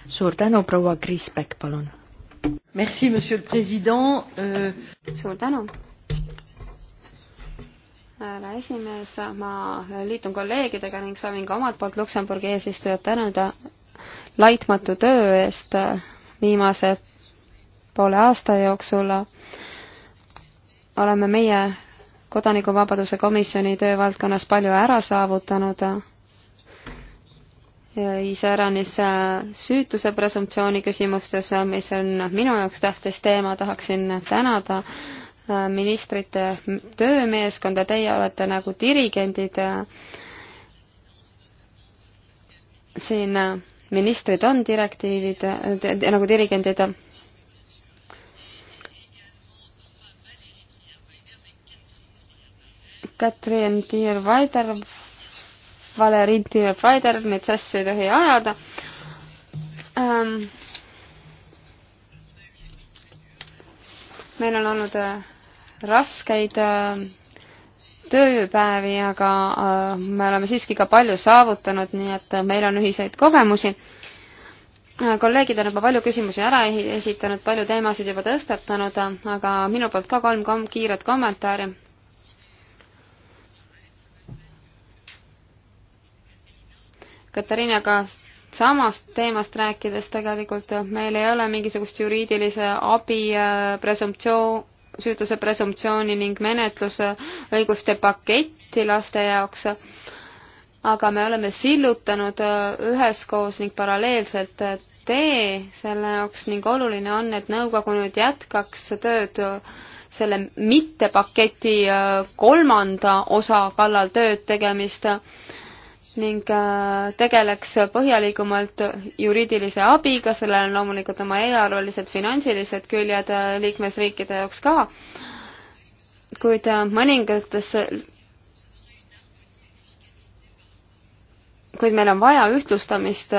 suur tänu, proua Kriisbeck, palun. Euh, suur tänu härra esimees, ma liitun kolleegidega ning soovin ka omalt poolt Luksemburgi eesistujat tänada laitmatu töö eest viimase poole aasta jooksul. oleme meie kodanikuvabaduse komisjoni töövaldkonnas palju ära saavutanud. iseäranis äh, süütuse presumptsiooni küsimustes, äh, mis on minu jaoks tähtis teema, tahaksin tänada äh, ministrite töömeeskonda, teie olete nagu dirigendid siin ministrid on direktiivid, nagu dirigendid Katrin Tiir-Vaider, Valerin Tiir-Vaider, neid sassi ei tohi ajada ähm,. meil on olnud äh, raskeid äh, tööpäevi, aga äh, me oleme siiski ka palju saavutanud, nii et äh, meil on ühiseid kogemusi äh,. kolleegid on juba palju küsimusi ära esitanud, palju teemasid juba tõstatanud, äh, aga minu poolt ka kolm kom kiiret kommentaari Katariinaga samast teemast rääkides tegelikult meil ei ole mingisugust juriidilise abi äh, presumptsioon, süütuse presumptsiooni ning menetlusõiguste paketti laste jaoks, aga me oleme sillutanud äh, üheskoos ning paralleelselt äh, tee selle jaoks ning oluline on, et nõukogu nüüd jätkaks tööd selle mittepaketi kolmanda osa kallal tööd tegemist ning äh, tegeleks põhjalikumalt juriidilise abiga, sellel on loomulikult oma eelarvelised finantsilised küljed äh, liikmesriikide jaoks ka, kuid äh, mõningates kuid meil on vaja ühtlustamist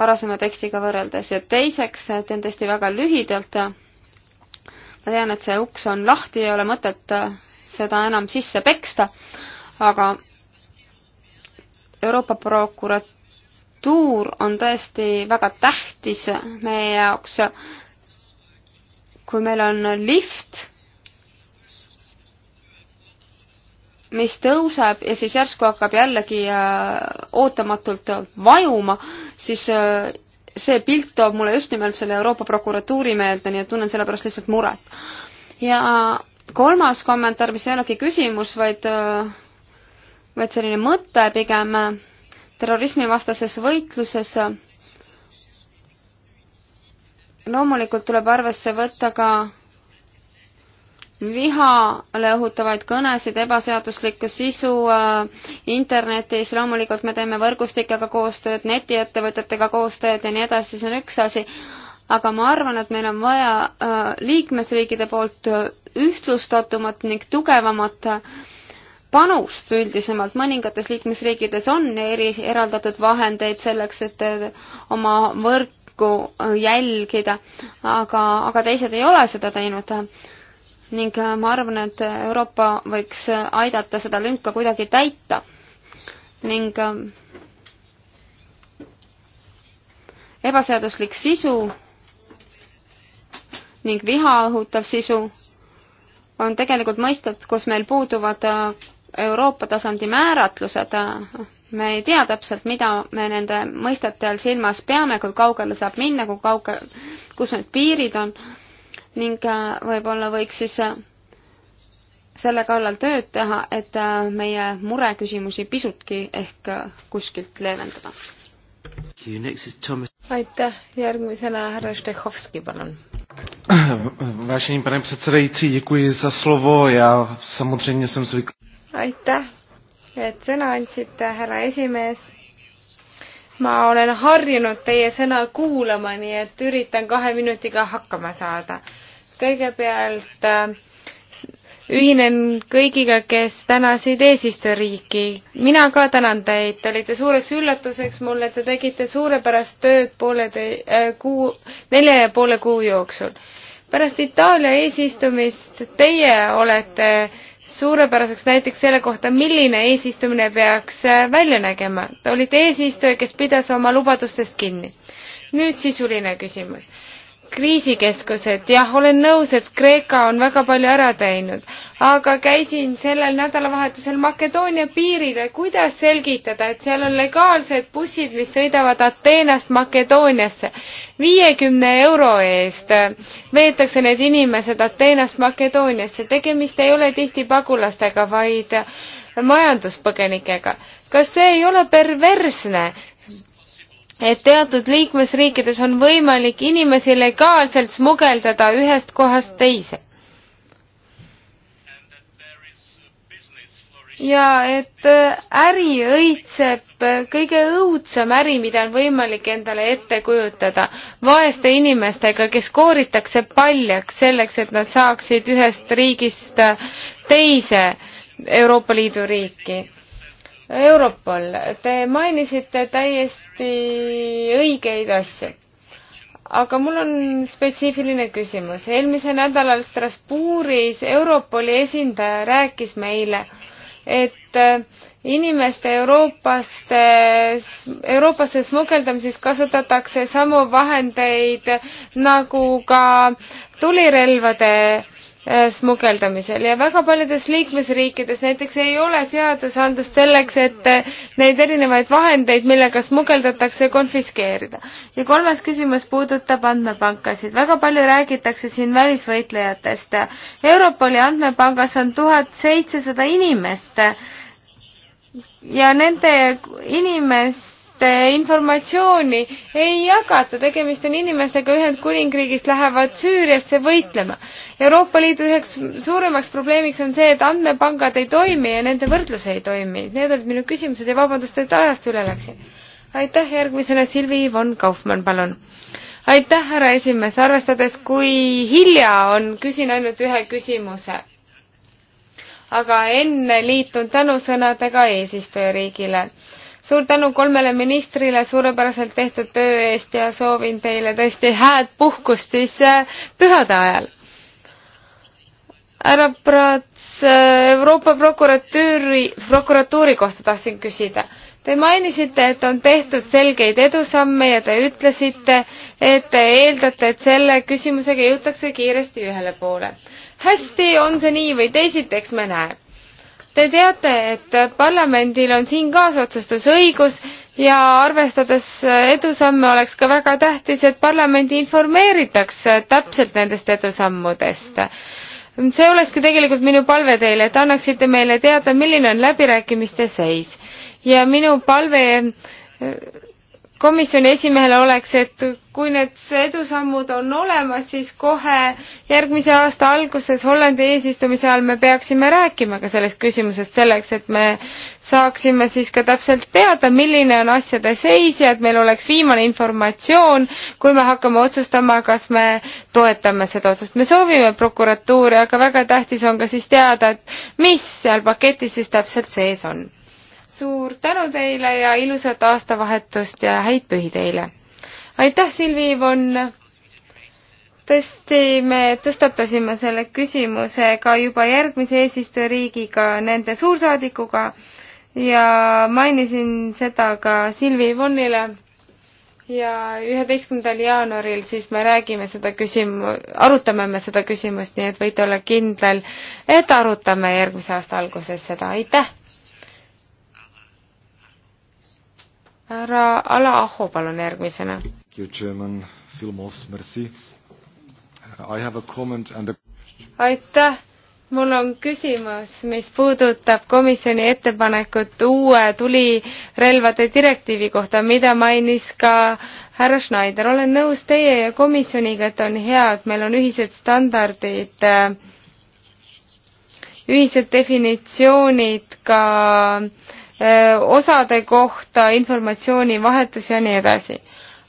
varasema tekstiga võrreldes ja teiseks, teen tõesti väga lühidalt, ma tean, et see uks on lahti, ei ole mõtet seda enam sisse peksta, aga Euroopa prokuratuur on tõesti väga tähtis meie jaoks. kui meil on lift, mis tõuseb ja siis järsku hakkab jällegi äh, ootamatult vajuma, siis äh, see pilt toob mulle just nimelt selle Euroopa prokuratuuri meelde, nii et tunnen selle pärast lihtsalt muret. ja kolmas kommentaar, mis ei olegi küsimus, vaid äh, vaid selline mõte pigem terrorismivastases võitluses. loomulikult tuleb arvesse võtta ka vihale õhutavaid kõnesid, ebaseaduslikku sisu äh, internetis, loomulikult me teeme võrgustikega koostööd, netiettevõtetega koostööd ja nii edasi, see on üks asi, aga ma arvan, et meil on vaja äh, liikmesriikide poolt ühtlustatumat ning tugevamat äh, panust üldisemalt, mõningates liikmesriikides on eri, eraldatud vahendeid selleks, et oma võrku jälgida, aga, aga teised ei ole seda teinud. ning ma arvan, et Euroopa võiks aidata seda lünka kuidagi täita ning äh, ebaseaduslik sisu ning viha õhutav sisu on tegelikult mõisted, kus meil puuduvad äh, Euroopa tasandi määratlused, me ei tea täpselt, mida me nende mõistete all silmas peame, kui kaugele saab minna, kui kauge, kus need piirid on ning äh, võib-olla võiks siis äh, selle kallal tööd teha, et äh, meie mureküsimusi pisutki ehk kuskilt leevendada. aitäh, järgmisena härra Štehhovski, palun. Vážený pane předsedající, děkuji za slovo. Já samozřejmě jsem zvyklý aitäh, et sõna andsite, härra esimees. ma olen harjunud teie sõna kuulama, nii et üritan kahe minutiga hakkama saada. kõigepealt äh, ühinen kõigiga, kes tänasid eesistujariiki. mina ka tänan teid, te olite suureks üllatuseks mulle, te tegite suurepärast tööd poole te-, äh, kuu, nelja ja poole kuu jooksul. pärast Itaalia eesistumist teie olete äh, suurepäraseks näiteks selle kohta, milline eesistumine peaks äh, välja nägema. Te olite eesistuja, kes pidas oma lubadustest kinni. nüüd sisuline küsimus kriisikeskused, jah, olen nõus, et Kreeka on väga palju ära teinud, aga käisin sellel nädalavahetusel Makedoonia piiril ja kuidas selgitada, et seal on legaalsed bussid, mis sõidavad Ateenast Makedooniasse. viiekümne euro eest veetakse need inimesed Ateenast Makedooniasse, tegemist ei ole tihti pagulastega, vaid majanduspõgenikega. kas see ei ole perversne, et teatud liikmesriikides on võimalik inimesi legaalselt smugeldada ühest kohast teise. ja et äh, äri õitseb äh, kõige õudsem äri, mida on võimalik endale ette kujutada, vaeste inimestega, kes kooritakse paljaks selleks, et nad saaksid ühest riigist äh, teise Euroopa Liidu riiki Europol, te mainisite täiesti õigeid asju. aga mul on spetsiifiline küsimus. eelmisel nädalal Strasbourgis Europoli esindaja rääkis meile, et inimeste Euroopast, Euroopasse smugeldamises kasutatakse samu vahendeid nagu ka tulirelvade Äh, smugeldamisel ja väga paljudes liikmesriikides näiteks ei ole seadusandlust selleks, et äh, neid erinevaid vahendeid, millega smugeldatakse, konfiskeerida. ja kolmas küsimus puudutab andmepankasid. väga palju räägitakse siin välisvõitlejatest. Europoli andmepangas on tuhat seitsesada inimest ja nende inimest informatsiooni ei jagata, tegemist on inimestega Ühendkuningriigist lähevad Süüriasse võitlema. Euroopa Liidu üheks suuremaks probleemiks on see, et andmepangad ei toimi ja nende võrdlus ei toimi. Need olid minu küsimused ja vabandust, et ajast üle läksin. aitäh, järgmisena Silvi von Kaufmann, palun aitäh, härra esimees, arvestades, kui hilja on, küsin ainult ühe küsimuse. aga enne liitun tänusõnadega eesistujariigile suur tänu kolmele ministrile suurepäraselt tehtud töö eest ja soovin teile tõesti head puhkust siis äh, pühade ajal. härra Prats, äh, Euroopa prokuratuuri, prokuratuuri kohta tahtsin küsida. Te mainisite, et on tehtud selgeid edusamme ja te ütlesite, et te eeldate, et selle küsimusega jõutakse kiiresti ühele poole. hästi, on see nii või teisiti, eks me näe Te teate, et parlamendil on siin kaasotsustusõigus ja arvestades edusamme oleks ka väga tähtis, et parlamendi informeeritaks täpselt nendest edusammudest. see olekski tegelikult minu palve teile, et annaksite meile teada, milline on läbirääkimiste seis ja minu palve komisjoni esimehele oleks, et kui need edusammud on olemas, siis kohe järgmise aasta alguses Hollandi eesistumise ajal me peaksime rääkima ka sellest küsimusest selleks, et me saaksime siis ka täpselt teada, milline on asjade seis ja et meil oleks viimane informatsioon, kui me hakkame otsustama, kas me toetame seda otsust. me soovime prokuratuuri, aga väga tähtis on ka siis teada, et mis seal paketis siis täpselt sees on suur tänu teile ja ilusat aastavahetust ja häid pühi teile! aitäh, Silvi Ivon! tõesti, me tõstatasime selle küsimuse ka juba järgmise eesistujariigiga, nende suursaadikuga ja mainisin seda ka Silvi Ivonile ja üheteistkümnendal jaanuaril siis me räägime seda küsimu-, arutame me seda küsimust, nii et võite olla kindel, et arutame järgmise aasta alguses seda, aitäh! härra Ala Aho, palun järgmisena. aitäh, mul on küsimus, mis puudutab komisjoni ettepanekut uue tulirelvade direktiivi kohta, mida mainis ka härra Schneider. olen nõus teie ja komisjoniga, et on hea, et meil on ühised standardid, ühised definitsioonid ka äh, osade kohta informatsioonivahetus ja nii edasi.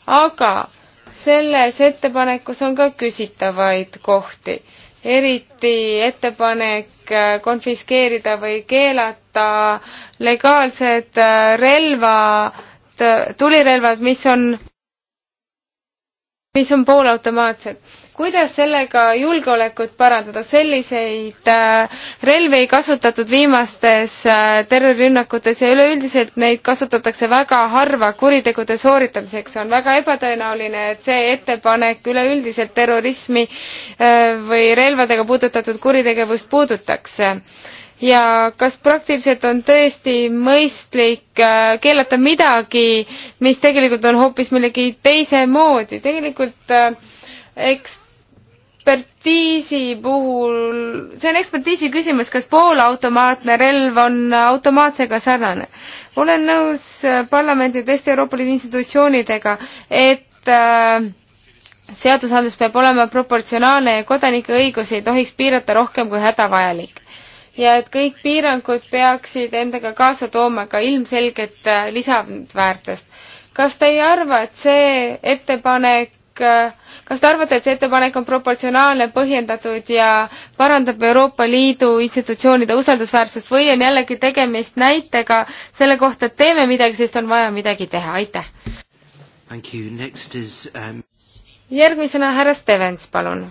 aga selles ettepanekus on ka küsitavaid kohti, eriti ettepanek konfiskeerida või keelata legaalsed relvad, tulirelvad, mis on, mis on poolautomaatsed kuidas sellega julgeolekut parandada, selliseid äh, relvi ei kasutatud viimastes äh, terrorirünnakutes ja üleüldiselt neid kasutatakse väga harva kuritegude sooritamiseks, on väga ebatõenäoline, et see ettepanek üleüldiselt terrorismi äh, või relvadega puudutatud kuritegevust puudutaks ja kas praktiliselt on tõesti mõistlik keelata midagi, mis tegelikult on hoopis millegi teise moodi, tegelikult eks ekspertiisi puhul, see on ekspertiisi küsimus, kas poolautomaatne relv on automaatsega sarnane. olen nõus äh, parlamendi ja teiste Euroopa Liidu institutsioonidega, et äh, seadusandlus peab olema proportsionaalne ja kodanike õigusi ei tohiks piirata rohkem kui hädavajalik. ja et kõik piirangud peaksid endaga kaasa tooma ka ilmselget äh, lisandväärtust. kas te ei arva, et see ettepanek äh, kas te arvate, et see ettepanek on proportsionaalne, põhjendatud ja parandab Euroopa Liidu institutsioonide usaldusväärsust või on jällegi tegemist näitega selle kohta, et teeme midagi, sest on vaja midagi teha, aitäh! Um... järgmisena härra Stevens, palun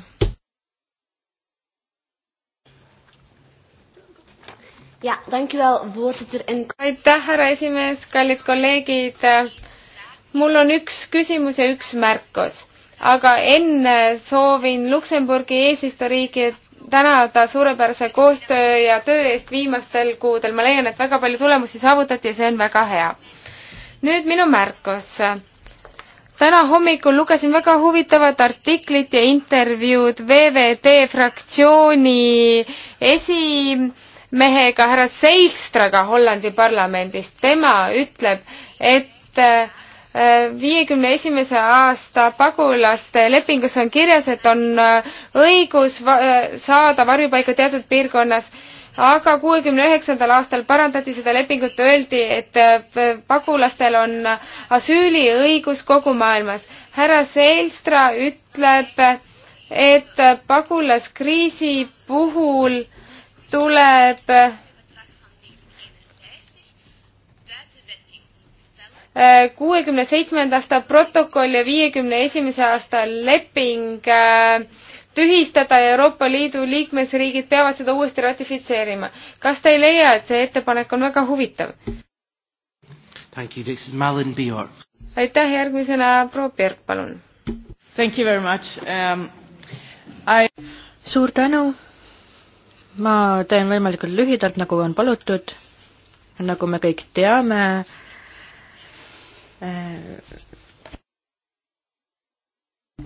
Ja, dank u wel, voorzitter. En... aitäh, härra esimees, kallid kolleegid. mul on üks küsimus ja üks märkus aga enne soovin Luksemburgi eesistujariigi tänada suurepärase koostöö ja töö eest viimastel kuudel. ma leian, et väga palju tulemusi saavutati ja see on väga hea. nüüd minu märkus. täna hommikul lugesin väga huvitavat artiklit ja intervjuud VVD fraktsiooni esimehega härra Seilstraga Hollandi parlamendist. tema ütleb, et viiekümne esimese aasta pagulaste lepingus on kirjas, et on äh, õigus äh, saada varjupaika teatud piirkonnas, aga kuuekümne üheksandal aastal parandati seda lepingut, öeldi, et äh, pagulastel on asüüliõigus kogu maailmas. härra Seelstra ütleb, et pagulaskriisi puhul tuleb kuuekümne seitsmenda aasta protokoll ja viiekümne esimese aasta leping äh, tühistada ja Euroopa Liidu liikmesriigid peavad seda uuesti ratifitseerima. kas te ei leia, et see ettepanek on väga huvitav? aitäh, järgmisena proua Björk, palun. Um, I... suur tänu. ma teen võimalikult lühidalt, nagu on palutud. nagu me kõik teame,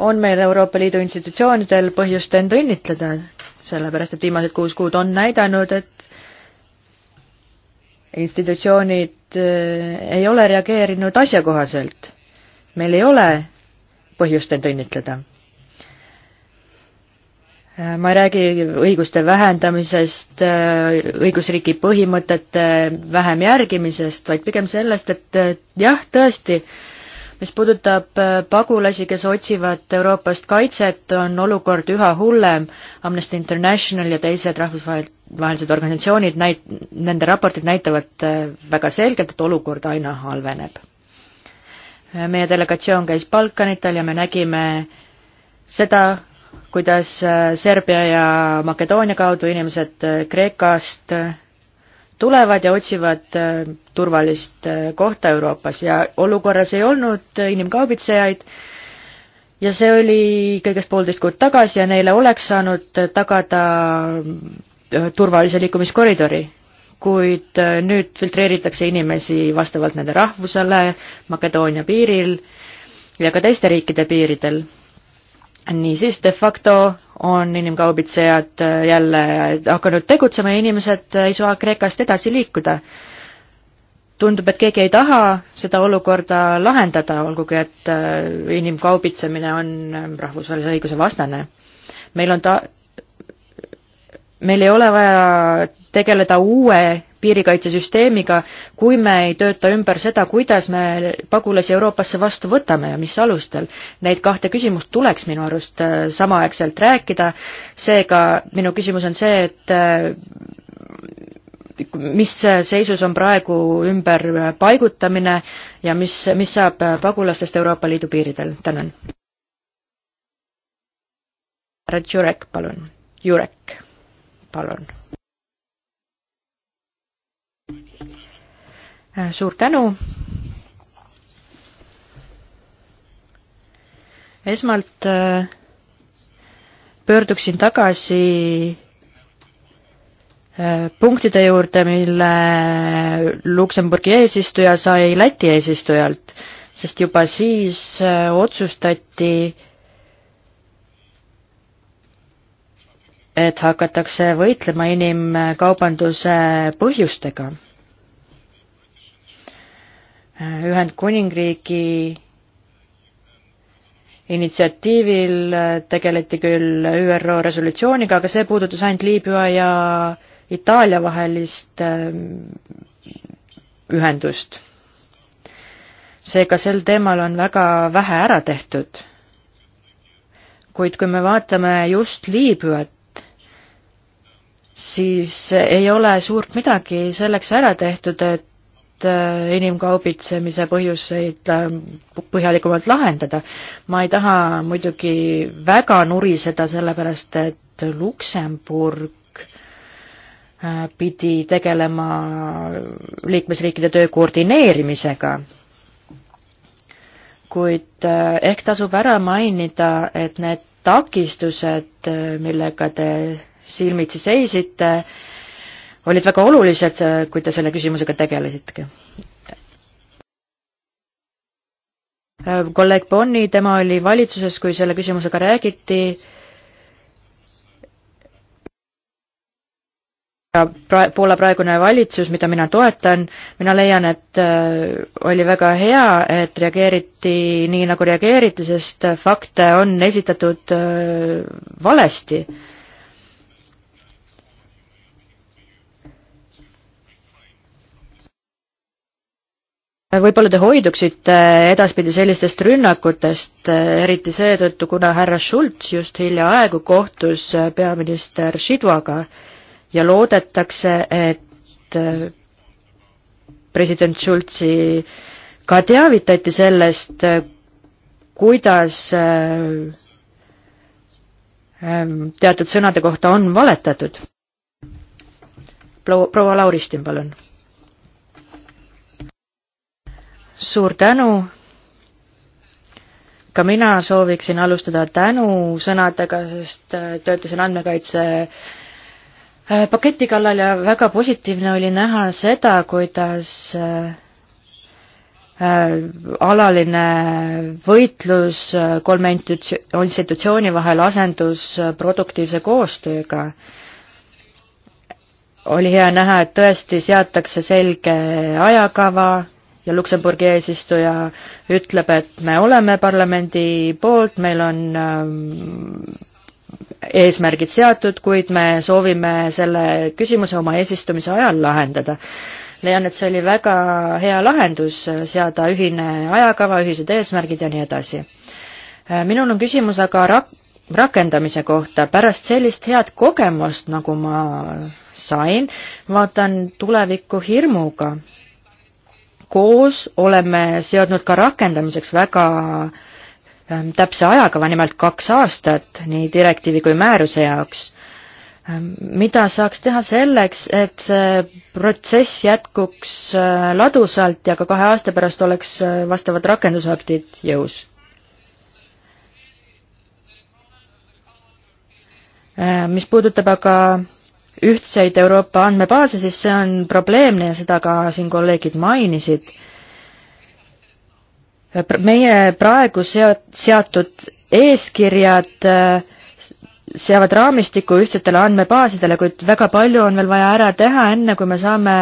on meil Euroopa Liidu institutsioonidel põhjust end õnnitleda, sellepärast et viimased kuus kuud on näidanud, et institutsioonid äh, ei ole reageerinud asjakohaselt. meil ei ole põhjust end õnnitleda ma ei räägi õiguste vähendamisest, õigusriigi põhimõtete vähem järgimisest, vaid pigem sellest, et jah, tõesti, mis puudutab äh, pagulasi, kes otsivad Euroopast kaitset, on olukord üha hullem. Amnesty International ja teised rahvusvahelised organisatsioonid näit-, nende raportid näitavad äh, väga selgelt, et olukord aina halveneb. Äh, meie delegatsioon käis Balkanitel ja me nägime seda, kuidas äh, Serbia ja Makedoonia kaudu inimesed äh, Kreekast äh, tulevad ja otsivad turvalist kohta Euroopas ja olukorras ei olnud inimkaubitsejaid ja see oli kõigest poolteist kuud tagasi ja neile oleks saanud tagada turvalise liikumiskoridori, kuid nüüd filtreeritakse inimesi vastavalt nende rahvusele Makedoonia piiril ja ka teiste riikide piiridel niisiis, de facto on inimkaubitsejad äh, jälle äh, hakanud tegutsema ja inimesed äh, ei saa Kreekast edasi liikuda. tundub, et keegi ei taha seda olukorda lahendada, olgugi et inimkaubitsemine on rahvusvahelise õiguse vastane. meil on ta-, meil ei ole vaja tegeleda uue piirikaitsesüsteemiga, kui me ei tööta ümber seda, kuidas me pagulasi Euroopasse vastu võtame ja mis alustel. Neid kahte küsimust tuleks minu arust äh, samaaegselt rääkida, seega minu küsimus on see, et äh, mis seisus on praegu ümberpaigutamine ja mis, mis saab pagulastest Euroopa Liidu piiridel, tänan. härra Jurek, palun, Jurek, palun Äh, suur tänu. esmalt äh, pöörduksin tagasi äh, punktide juurde, mille Luksemburgi eesistuja sai Läti eesistujalt, sest juba siis otsustati, et hakatakse võitlema inimkaubanduse põhjustega Ühendkuningriigi initsiatiivil tegeleti küll ÜRO resolutsiooniga, aga see puudutas ainult Liibüa ja Itaalia vahelist ähm, ühendust. seega sel teemal on väga vähe ära tehtud. kuid kui me vaatame just Liibüat, siis ei ole suurt midagi selleks ära tehtud, et Äh, inimkaubitsemise põhjuseid äh, põhjalikumalt lahendada. ma ei taha muidugi väga nuriseda, sellepärast et Luksemburg äh, pidi tegelema liikmesriikide töö koordineerimisega, kuid ehk tasub ära mainida, et need takistused, millega te silmitsi seisite, olid väga olulised, kui te selle küsimusega tegelesite. kolleeg Bonni, tema oli valitsuses, kui selle küsimusega räägiti pra-, Poola praegune valitsus, mida mina toetan, mina leian, et äh, oli väga hea, et reageeriti nii, nagu reageeriti, sest fakte on esitatud äh, valesti. võib-olla te hoiduksite edaspidi sellistest rünnakutest, eriti seetõttu, kuna härra Schulz just hiljaaegu kohtus peaminister Šidvaga ja loodetakse, et president Schulzi ka teavitati sellest, kuidas ähm, teatud sõnade kohta on valetatud. proua Lauristin, palun suur tänu. ka mina sooviksin alustada tänusõnadega, sest äh, töötasin andmekaitse äh, paketi kallal ja väga positiivne oli näha seda, kuidas äh, alaline võitlus kolme institutsiooni vahel asendus produktiivse koostööga. oli hea näha, et tõesti seatakse selge ajakava, ja Luksemburgi eesistuja ütleb, et me oleme parlamendi poolt, meil on ähm, eesmärgid seatud, kuid me soovime selle küsimuse oma eesistumise ajal lahendada. leian, et see oli väga hea lahendus, seada ühine ajakava, ühised eesmärgid ja nii edasi. Äh, minul on küsimus aga rak-, rakendamise kohta, pärast sellist head kogemust, nagu ma sain, vaatan tulevikku hirmuga koos oleme seadnud ka rakendamiseks väga ähm, täpse ajakava, nimelt kaks aastat nii direktiivi kui määruse jaoks. Ähm, mida saaks teha selleks, et see protsess jätkuks äh, ladusalt ja ka kahe aasta pärast oleks äh, vastavad rakendusaktid jõus? Äh, mis puudutab aga ühtseid Euroopa andmebaase, siis see on probleemne ja seda ka siin kolleegid mainisid. meie praegu seot-, seatud eeskirjad äh, seavad raamistiku ühtsetele andmebaasidele, kuid väga palju on veel vaja ära teha, enne kui me saame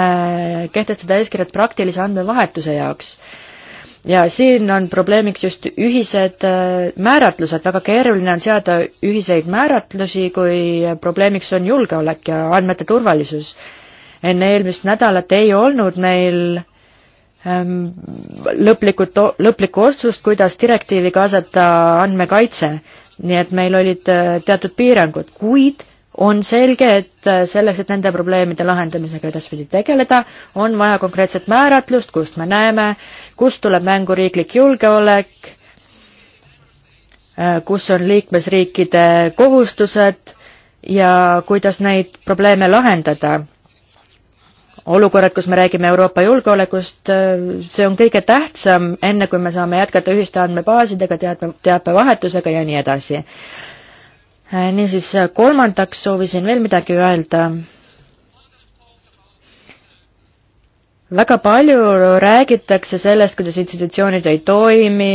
kehtestada eeskirjad praktilise andmevahetuse jaoks ja siin on probleemiks just ühised äh, määratlused, väga keeruline on seada ühiseid määratlusi, kui probleemiks on julgeolek ja andmete turvalisus. enne eelmist nädalat ei olnud meil ähm, lõplikut, lõplikku otsust, kuidas direktiivi kaasata andmekaitse. nii et meil olid äh, teatud piirangud, kuid on selge, et selleks, et nende probleemide lahendamisega edaspidi tegeleda, on vaja konkreetset määratlust, kust me näeme, kust tuleb mängu riiklik julgeolek, kus on liikmesriikide kohustused ja kuidas neid probleeme lahendada. olukorrad, kus me räägime Euroopa julgeolekust, see on kõige tähtsam, enne kui me saame jätkata ühiste andmebaasidega, teadme, teabevahetusega ja nii edasi Äh, niisiis, äh, kolmandaks soovisin veel midagi öelda. väga palju räägitakse sellest, kuidas institutsioonid ei toimi,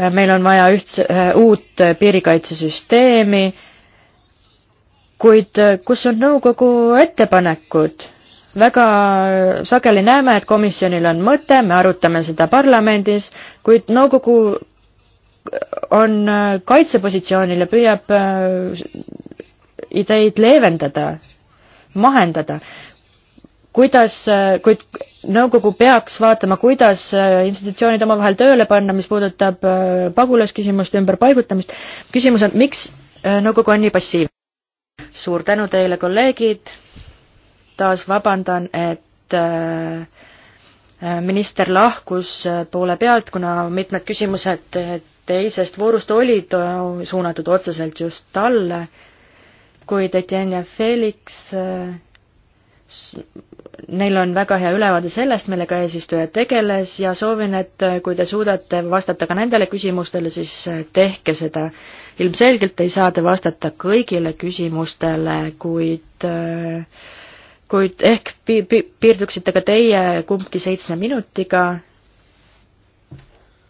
äh, meil on vaja ühtse, uut piirikaitsesüsteemi, kuid kus on nõukogu ettepanekud? väga sageli näeme, et komisjonil on mõte, me arutame seda parlamendis, kuid nõukogu on äh, kaitsepositsioonil ja püüab äh, ideid leevendada, mahendada. kuidas, äh, kuid nõukogu peaks vaatama, kuidas institutsioonid omavahel tööle panna, mis puudutab pagulasküsimust, ümberpaigutamist. küsimus on, miks nõukogu on nii passiivne? suur tänu teile, kolleegid. taas vabandan, et minister lahkus poole pealt, kuna mitmed küsimused teisest voorust olid suunatud otseselt just talle, kuid Etienne ja Felix, äh, neil on väga hea ülevaade sellest, millega eesistuja tegeles ja soovin, et äh, kui te suudate vastata ka nendele küsimustele, siis äh, tehke seda. ilmselgelt ei saa te vastata kõigile küsimustele, kuid kuid ehk pi-, pi-, piirduksite ka teie kumbki seitsme minutiga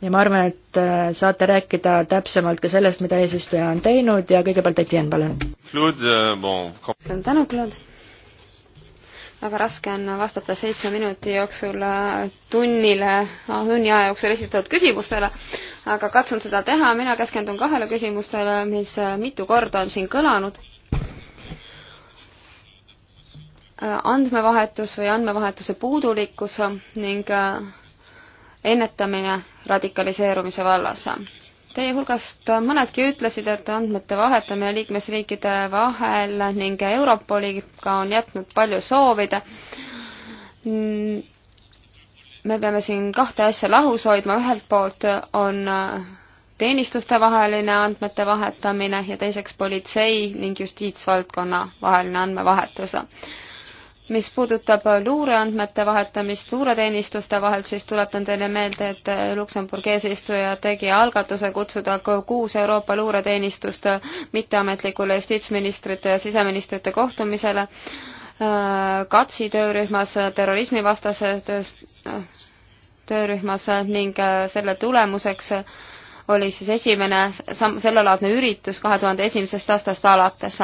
ja ma arvan, et äh, saate rääkida täpsemalt ka sellest, mida eesistuja on teinud ja kõigepealt Etienne, palun. Euh, suur tänu, Claude väga raske on vastata seitsme minuti jooksul äh, tunnile, äh, tunni aja jooksul esitatud küsimustele, aga katsun seda teha, mina keskendun kahele küsimusele, mis mitu korda on siin kõlanud. andmevahetus või andmevahetuse puudulikkus ning ennetamine radikaliseerumise vallas. Teie hulgast mõnedki ütlesid, et andmete vahetamine liikmesriikide vahel ning Europoliga on jätnud palju soovida. Mm, me peame siin kahte asja lahus hoidma, ühelt poolt on teenistustevaheline andmete vahetamine ja teiseks politsei ning justiitsvaldkonna vaheline andmevahetus mis puudutab luureandmete vahetamist luureteenistuste vahel, siis tuletan teile meelde, et Luksemburgi eesistuja tegi algatuse kutsuda kuus Euroopa luureteenistust mitteametlikule justiitsministrite ja siseministrite kohtumisele äh, Katsi töörühmas terrorismivastase töörühmas ning äh, selle tulemuseks oli siis esimene samm, sellelaadne üritus kahe tuhande esimesest aastast alates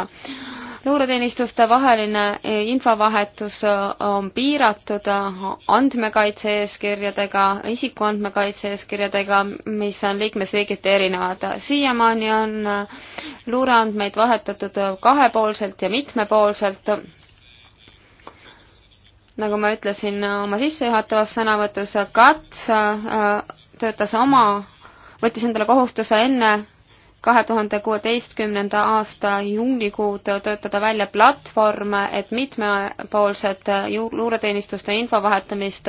luureteenistuste vaheline eh, infovahetus eh, on piiratud eh, andmekaitse eeskirjadega, isikuandmekaitse eeskirjadega, mis on liikmesriigiti erinevad. siiamaani on luureandmeid vahetatud kahepoolselt ja mitmepoolselt nagu ma ütlesin oma sissejuhatavas sõnavõtus, Kats töötas oma, võttis endale kohustuse enne kahe tuhande kuueteistkümnenda aasta juunikuud töötada välja platvorm, et mitmepoolset luureteenistuste info vahetamist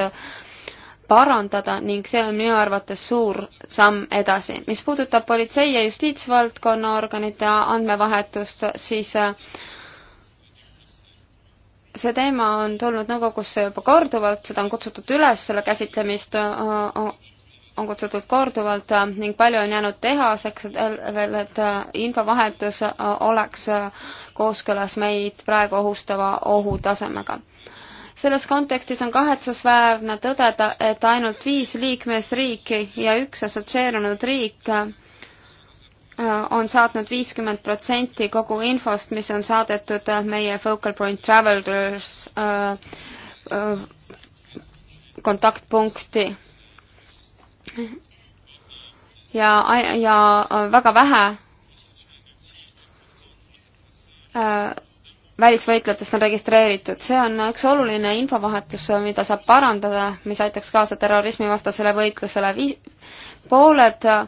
parandada ning see on minu arvates suur samm edasi. mis puudutab politsei ja justiitsvaldkonna organite andmevahetust, siis äh, see teema on tulnud nõukogusse juba korduvalt, seda on kutsutud üles, selle käsitlemist äh, on kutsutud korduvalt äh, ning palju on jäänud teha selleks, et äh, veel, et äh, infovahetus oleks kooskõlas meid praegu ohustava ohutasemega. selles kontekstis on kahetsusväärne tõdeda, et ainult viis liikmesriiki ja üks assotsieerunud riik on saatnud viiskümmend protsenti kogu infost, mis on saadetud meie Focal Point Travelers kontaktpunkti ja, ja äh, väga vähe äh, välisvõitlejatest on registreeritud. see on üks oluline infovahetus, mida saab parandada, mis aitaks kaasa terrorismivastasele võitlusele. pooled äh,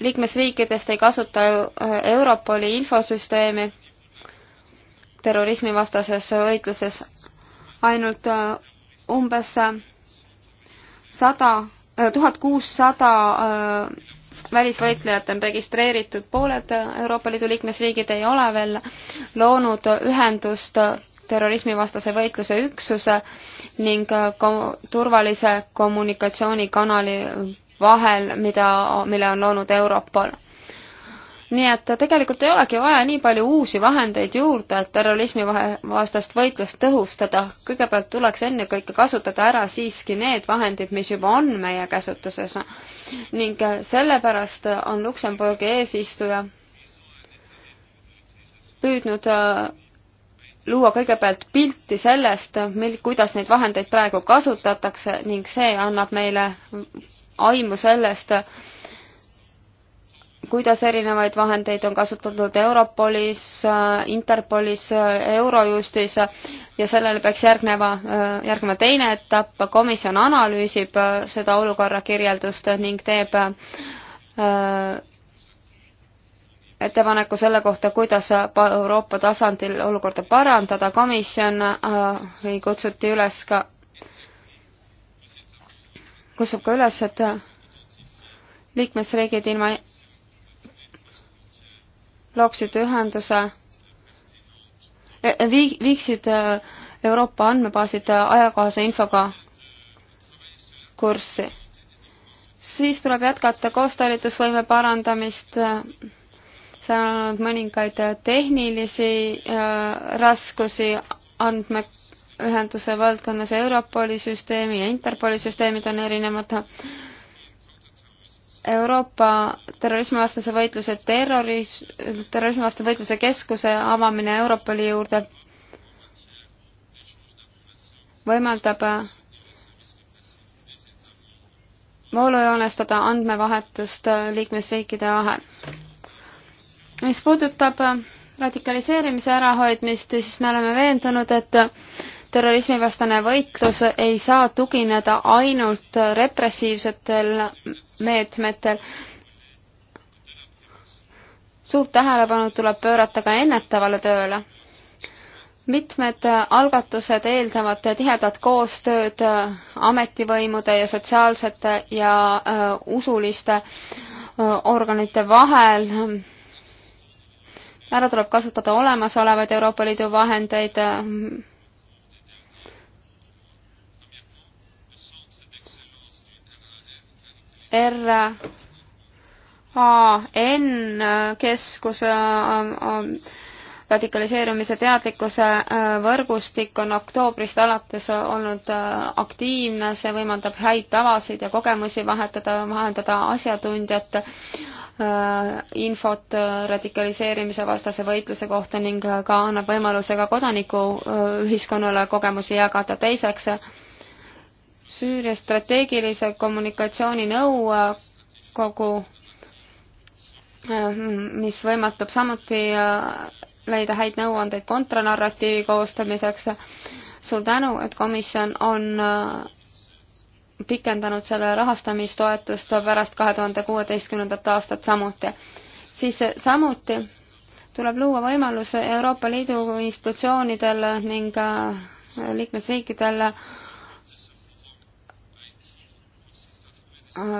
liikmesriikidest ei kasuta Europoli infosüsteemi terrorismivastases võitluses. ainult umbes sada tuhat kuussada äh, välisvõitlejat on registreeritud, pooled Euroopa Liidu liikmesriigid ei ole veel loonud ühendust terrorismivastase võitluse üksuse ning äh, kom turvalise kommunikatsioonikanali vahel, mida, mille on loonud Europol nii et tegelikult ei olegi vaja nii palju uusi vahendeid juurde, et terrorismi vastast võitlust tõhustada. kõigepealt tuleks ennekõike kasutada ära siiski need vahendid, mis juba on meie käsutuses. ning sellepärast on Luksemburgi eesistuja püüdnud äh, luua kõigepealt pilti sellest, mil-, kuidas neid vahendeid praegu kasutatakse ning see annab meile aimu sellest, kuidas erinevaid vahendeid on kasutatud Europolis, äh, Interpolis, äh, Eurojustis ja sellele peaks järgneva, äh, järgnema teine etapp, komisjon analüüsib seda olukorra kirjeldust ning teeb ettepaneku selle kohta, kuidas Euroopa tasandil olukorda parandada, komisjon kutsuti üles ka, kutsub ka üles, et liikmesriigid ilma looksid ühenduse, eh, viiksid eh, Euroopa andmebaasid eh, ajakohase infoga kurssi. siis tuleb jätkata koostalitusvõime parandamist, seal on olnud mõningaid tehnilisi raskusi andmeühenduse valdkonnas, Europoli süsteemi ja Interpoli süsteemid on erinevad Euroopa terrorismivastase võitluse terroris-, terrorismivastase võitluse keskuse avamine Europoli juurde võimaldab voolujoonestada andmevahetust liikmesriikide vahel. mis puudutab radikaliseerimise ärahoidmist, siis me oleme veendunud, et terrorismivastane võitlus ei saa tugineda ainult repressiivsetel meetmetel. suurt tähelepanu tuleb pöörata ka ennetavale tööle. mitmed algatused eeldavad tihedat koostööd ametivõimude ja sotsiaalsete ja äh, usuliste äh, organite vahel ära tuleb kasutada olemasolevaid Euroopa Liidu vahendeid, äh, RAN keskus äh, äh, radikaliseerumise teadlikkuse äh, võrgustik on oktoobrist alates olnud aktiivne, see võimaldab häid tavasid ja kogemusi vahetada, vahendada asjatundjate infot radikaliseerimise vastase võitluse kohta ning ka annab võimaluse ka kodanikuühiskonnale kogemusi jagada. teiseks Süüria strateegilise kommunikatsiooni nõukogu, äh, mis võimatab samuti äh, leida häid nõuandeid kontranarratiivi koostamiseks. suur tänu, et komisjon on äh, pikendanud selle rahastamistoetust pärast kahe tuhande kuueteistkümnendat aastat samuti. siis samuti tuleb luua võimalus Euroopa Liidu institutsioonidel ning liikmesriikidel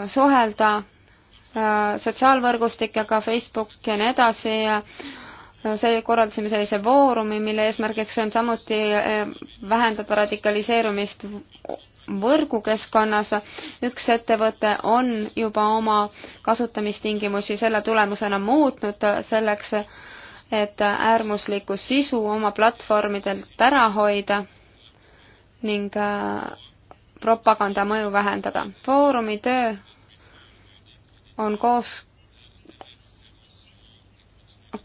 suhelda äh, sotsiaalvõrgustikega, Facebook ja nii edasi ja see, korraldasime sellise foorumi, mille eesmärgiks on samuti äh, vähendada radikaliseerumist võrgukeskkonnas. üks ettevõte on juba oma kasutamistingimusi selle tulemusena muutnud selleks, et äärmuslikku sisu oma platvormidelt ära hoida ning äh, propaganda mõju vähendada. Foorumi töö on koos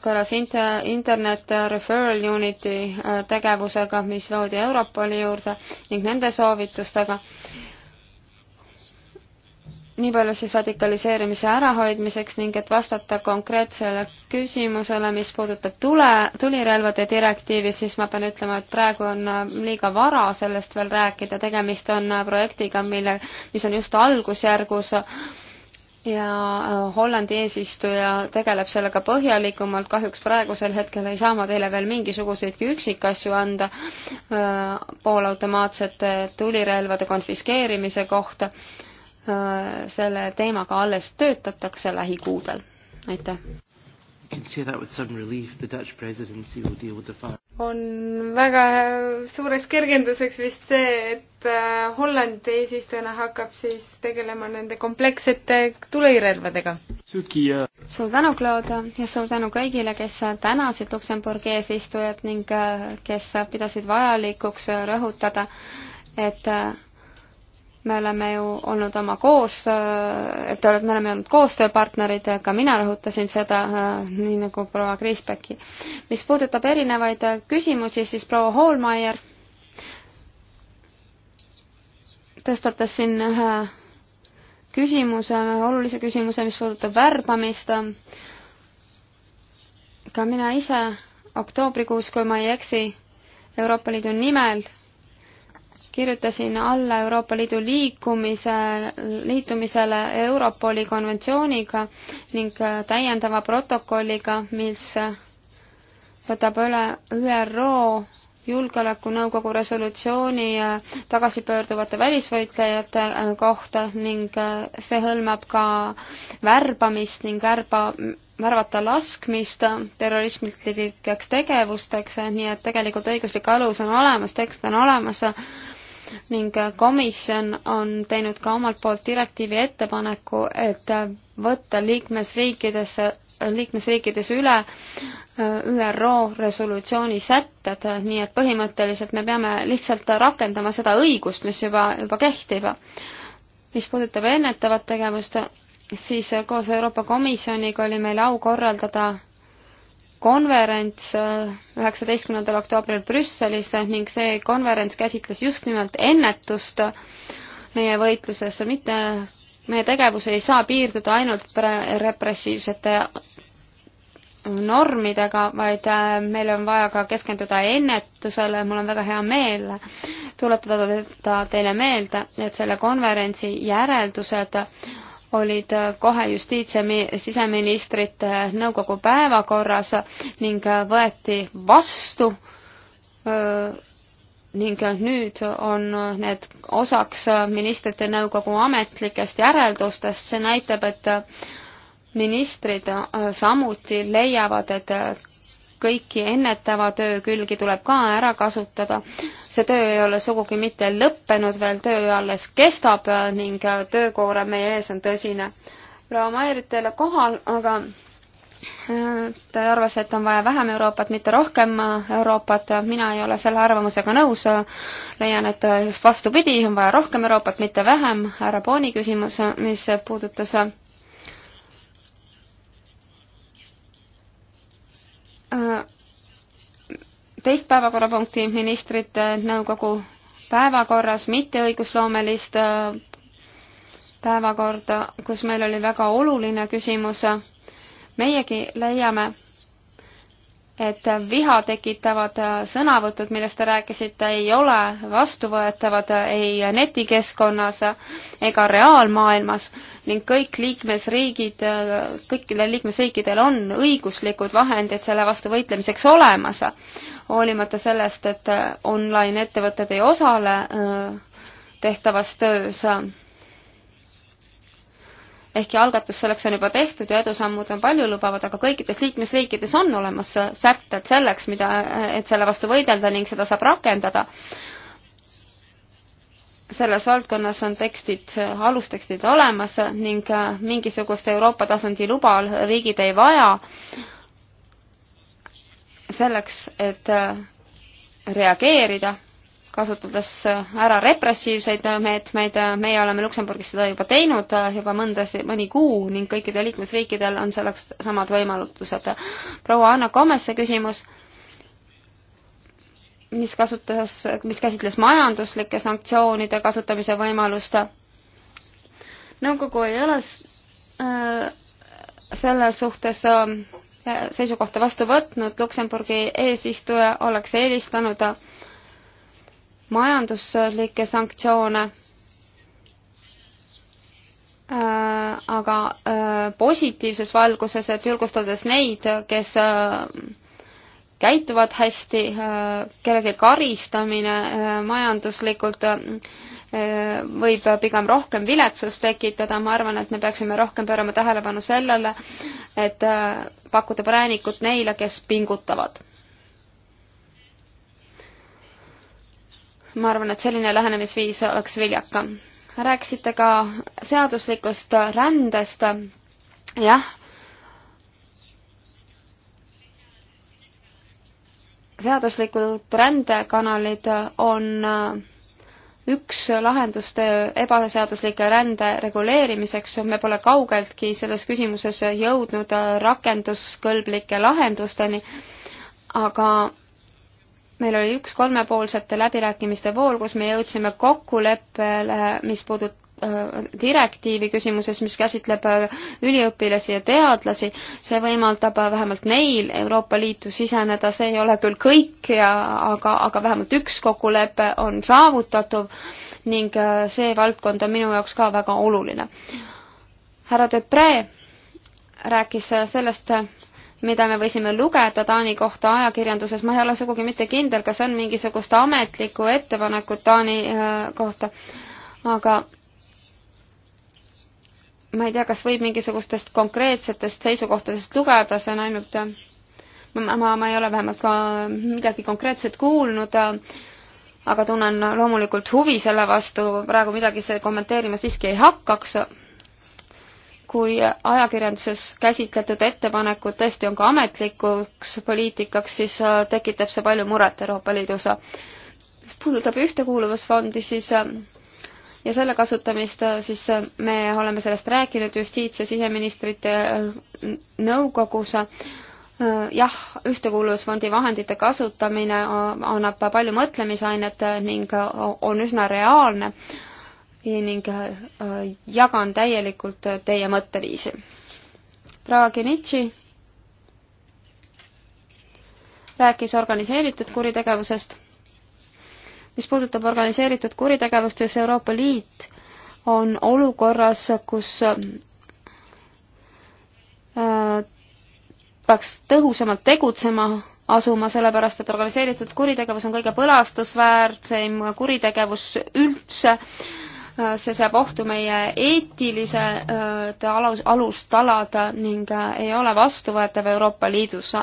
kõlas inter, Internet Referral Unity äh, tegevusega, mis loodi Europoli juurde ning nende soovitustega nii palju siis radikaliseerimise ärahoidmiseks ning et vastata konkreetsele küsimusele, mis puudutab tule, tulirelvade direktiivi, siis ma pean ütlema, et praegu on äh, liiga vara sellest veel rääkida, tegemist on äh, projektiga, mille, mis on just algusjärgus ja äh, Hollandi eesistuja tegeleb sellega põhjalikumalt, kahjuks praegusel hetkel ei saa ma teile veel mingisuguseidki üksikasju anda poolautomaatsete tulirelvade konfiskeerimise kohta Äh, selle teemaga alles töötatakse lähikuudel. aitäh! on väga suureks kergenduseks vist see, et äh, Hollandi eesistujana hakkab siis tegelema nende komplekssete tulirelvadega. suur tänu, Claude, ja suur tänu kõigile, kes tänasid Luksemburgi eesistujat ning äh, kes pidasid vajalikuks rõhutada, et me oleme ju olnud oma koos, äh, et te olete, me oleme olnud koostööpartnerid, ka mina rõhutasin seda, äh, nii nagu proua Kriisbecki. mis puudutab erinevaid äh, küsimusi, siis proua Hallmeier tõstatas siin ühe küsimuse, olulise küsimuse, mis puudutab värbamist. ka mina ise oktoobrikuus, kui ma ei eksi, Euroopa Liidu nimel kirjutasin alla Euroopa Liidu liikumise, liitumisele Europoli konventsiooniga ning äh, täiendava protokolliga, mis äh, võtab üle ÜRO julgeolekunõukogu resolutsiooni äh, tagasipöörduvate välisvõitlejate äh, kohta ning äh, see hõlmab ka värbamist ning värba, värvata laskmist terrorismilikeks tegevusteks, nii et tegelikult õiguslik alus on olemas, tekst on olemas ning komisjon on teinud ka omalt poolt direktiivi ettepaneku, et võtta liikmesriikides, liikmesriikides üle äh, ÜRO resolutsiooni sätted, nii et põhimõtteliselt me peame lihtsalt rakendama seda õigust, mis juba, juba kehtib. mis puudutab ennetavat tegevust, siis koos Euroopa Komisjoniga oli meil au korraldada konverents äh, üheksateistkümnendal oktoobril Brüsselis ning see konverents käsitles just nimelt ennetust meie võitluses, mitte meie tegevus ei saa piirduda ainult repressiivsete normidega, vaid äh, meil on vaja ka keskenduda ennetusele, mul on väga hea meel tuletada teile meelde, et selle konverentsi järeldused olid kohe justiits- ja siseministrite nõukogu päevakorras ning võeti vastu öö, äh, ning nüüd on need osaks ministrite nõukogu ametlikest järeldustest, see näitab, et ministrid samuti leiavad, et kõiki ennetava töö külgi tuleb ka ära kasutada. see töö ei ole sugugi mitte lõppenud veel, töö alles kestab ning töökoorem meie ees on tõsine. proua Mairit teile kohal, aga ta arvas, et on vaja vähem Euroopat, mitte rohkem Euroopat, mina ei ole selle arvamusega nõus, leian, et just vastupidi, on vaja rohkem Euroopat, mitte vähem, härra Booni küsimus, mis puudutas teist päevakorrapunkti ministrite nõukogu päevakorras, mitteõigusloomelist päevakorda, kus meil oli väga oluline küsimus meiegi leiame, et viha tekitavad sõnavõtud, millest te rääkisite, ei ole vastuvõetavad ei netikeskkonnas ega reaalmaailmas ning kõik liikmesriigid, kõikidel liikmesriikidel on õiguslikud vahendid selle vastu võitlemiseks olemas, hoolimata sellest, et online ettevõtted ei osale äh, tehtavas töös ehkki algatus selleks on juba tehtud ja edusammud on paljulubavad, aga kõikides liikmesriikides on olemas sätted selleks, mida, et selle vastu võidelda ning seda saab rakendada. selles valdkonnas on tekstid, alustekstid olemas ning mingisugust Euroopa tasandi luba riigid ei vaja selleks, et reageerida kasutades äh, ära repressiivseid äh, meetmeid, äh, meie oleme Luksemburgis seda juba teinud juba mõnda, mõni kuu ning kõikidel liikmesriikidel on selleks samad võimalused. proua Anna Komese küsimus, mis kasutas, mis käsitles majanduslike sanktsioonide kasutamise võimalust. nõukogu ei ole äh, selles suhtes äh, seisukohta vastu võtnud, Luksemburgi eesistuja oleks eelistanud äh, majanduslikke sanktsioone äh, aga äh, positiivses valguses, et julgustades neid, kes äh, käituvad hästi, kellegi karistamine majanduslikult võib pigem rohkem viletsust tekitada, ma arvan, et me peaksime rohkem pöörama tähelepanu sellele, et pakkuda präänikut neile, kes pingutavad ma arvan, et selline lähenemisviis oleks viljakam. rääkisite ka seaduslikust rändest, jah, seaduslikud rändekanalid on üks lahendus ebaseaduslike rände reguleerimiseks, me pole kaugeltki selles küsimuses jõudnud rakenduskõlblike lahendusteni, aga meil oli üks kolmepoolsete läbirääkimiste voor, kus me jõudsime kokkuleppele, mis puudutab äh, direktiivi küsimuses, mis käsitleb äh, üliõpilasi ja teadlasi, see võimaldab äh, vähemalt neil Euroopa Liitu siseneda, see ei ole küll kõik ja aga, aga vähemalt üks kokkulepe on saavutatav ning see valdkond on minu jaoks ka väga oluline. härra Depre rääkis sellest, mida me võisime lugeda Taani kohta ajakirjanduses, ma ei ole sugugi mitte kindel, kas on mingisugust ametlikku ettepanekut Taani äh, kohta, aga ma ei tea, kas võib mingisugustest konkreetsetest seisukohtadest lugeda, see on ainult, äh, ma, ma, ma ei ole vähemalt ka midagi konkreetset kuulnud, äh, aga tunnen loomulikult huvi selle vastu, praegu midagi kommenteerima siiski ei hakkaks kui ajakirjanduses käsitletud ettepanekud tõesti on ka ametlikuks poliitikaks, siis äh, tekitab see palju muret Euroopa Liidus. mis puudutab Ühtekuuluvusfondi, siis äh, ja selle kasutamist, äh, siis me oleme sellest rääkinud justiits- ja siseministrite nõukogus. jah, Ühtekuuluvusfondi vahendite kasutamine annab palju mõtlemisainet ning on üsna reaalne ning äh, jagan täielikult teie mõtteviisi. Draginitši rääkis organiseeritud kuritegevusest. mis puudutab organiseeritud kuritegevust, siis Euroopa Liit on olukorras, kus äh, peaks tõhusamalt tegutsema asuma, sellepärast et organiseeritud kuritegevus on kõige põlastusväärseim kuritegevus üldse see seab ohtu meie eetilised äh, alus, alustalad ning äh, ei ole vastuvõetav Euroopa Liidus.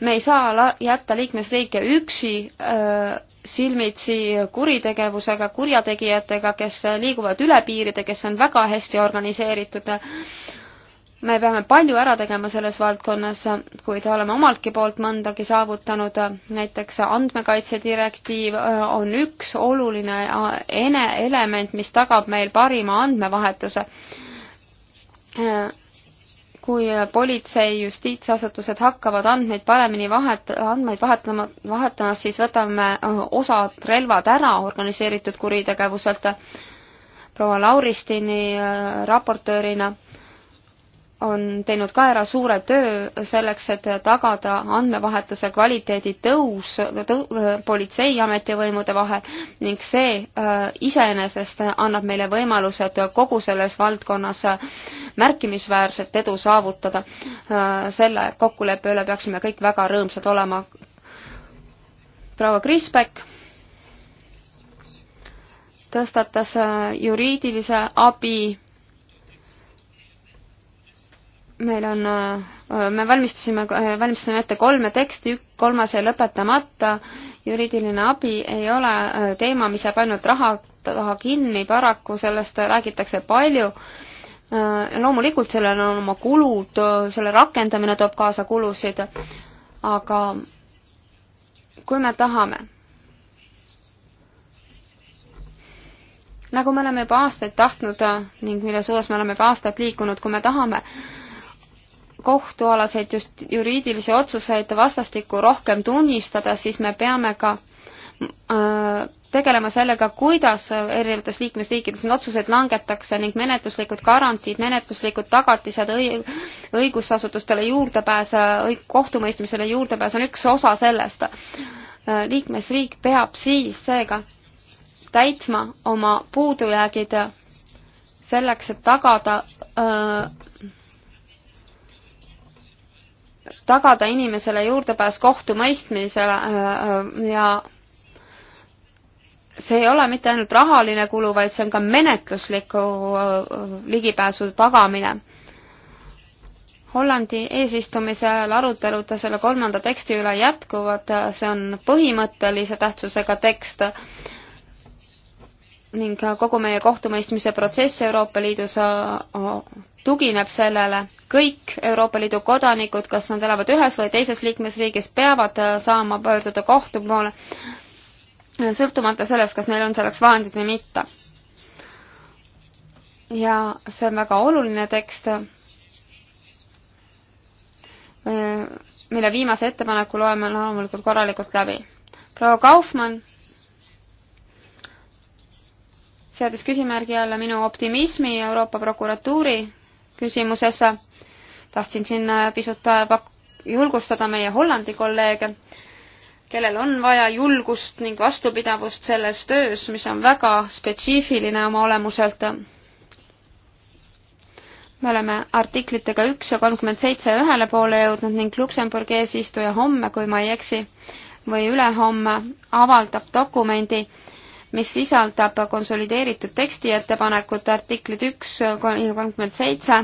me ei saa jätta liikmesriike üksi äh, silmitsi kuritegevusega, kurjategijatega, kes liiguvad üle piiride, kes on väga hästi organiseeritud me peame palju ära tegema selles valdkonnas, kuid oleme omaltki poolt mõndagi saavutanud, näiteks andmekaitse direktiiv äh, on üks oluline äh, ene-, element, mis tagab meil parima andmevahetuse. Äh, kui politsei, justiitsasutused hakkavad andmeid paremini vahet-, andmeid vahetama, vahetama, siis võtame osad relvad ära organiseeritud kuritegevuselt. proua Lauristini raportöörina on teinud ka ära suure töö selleks, et tagada andmevahetuse kvaliteedi tõus tõu, politsei ametivõimude vahel ning see äh, iseenesest annab meile võimalused kogu selles valdkonnas märkimisväärset edu saavutada äh,. selle kokkuleppe üle peaksime kõik väga rõõmsad olema. proua Kriisbeck tõstatas äh, juriidilise abi meil on, me valmistasime, valmistasime ette kolme teksti, kolmas jäi lõpetamata, juriidiline abi ei ole teema, mis jääb ainult raha taha kinni, paraku sellest räägitakse palju. loomulikult sellel on oma kulud, selle rakendamine toob kaasa kulusid, aga kui me tahame, nagu me oleme juba aastaid tahtnud ning milles osas me oleme juba aastaid liikunud, kui me tahame äh, kohtualaseid just juriidilisi otsuseid vastastikku rohkem tunnistada, siis me peame ka äh, tegelema sellega, kuidas erinevates liikmesriikides need otsused langetakse ning menetluslikud garantiid, menetluslikud tagatised õi-, õigusasutustele juurdepääs, kohtumõistmisele juurdepääs on üks osa sellest. Äh, liikmesriik peab siis seega täitma oma puudujäägid selleks, et tagada öö, äh, tagada inimesele juurdepääs kohtumõistmisele äh, äh, ja see ei ole mitte ainult rahaline kulu, vaid see on ka menetlusliku äh, ligipääsu tagamine. Hollandi eesistumise ajal arutelud selle kolmanda teksti üle jätkuvad, see on põhimõttelise tähtsusega tekst ning kogu meie kohtumõistmise protsess Euroopa Liidus tugineb sellele, kõik Euroopa Liidu kodanikud, kas nad elavad ühes või teises liikmesriigis, peavad äh, saama pöörduda kohtu poole, sõltumata sellest, kas neil on selleks vahendid või mitte. ja see on väga oluline tekst, äh, mille viimase ettepaneku loeme loomulikult korralikult läbi. proua Kaufmann seadis küsimärgi alla minu optimismi Euroopa prokuratuuri küsimuses. tahtsin siin äh, pisut äh, julgustada meie Hollandi kolleege, kellel on vaja julgust ning vastupidavust selles töös, mis on väga spetsiifiline oma olemuselt. me oleme artiklitega üks ja kolmkümmend seitse ühele poole jõudnud ning Luksemburgi eesistuja homme, kui ma ei eksi, või ülehomme avaldab dokumendi, mis sisaldab konsolideeritud tekstiettepanekut artiklid üks kolmkümmend seitse,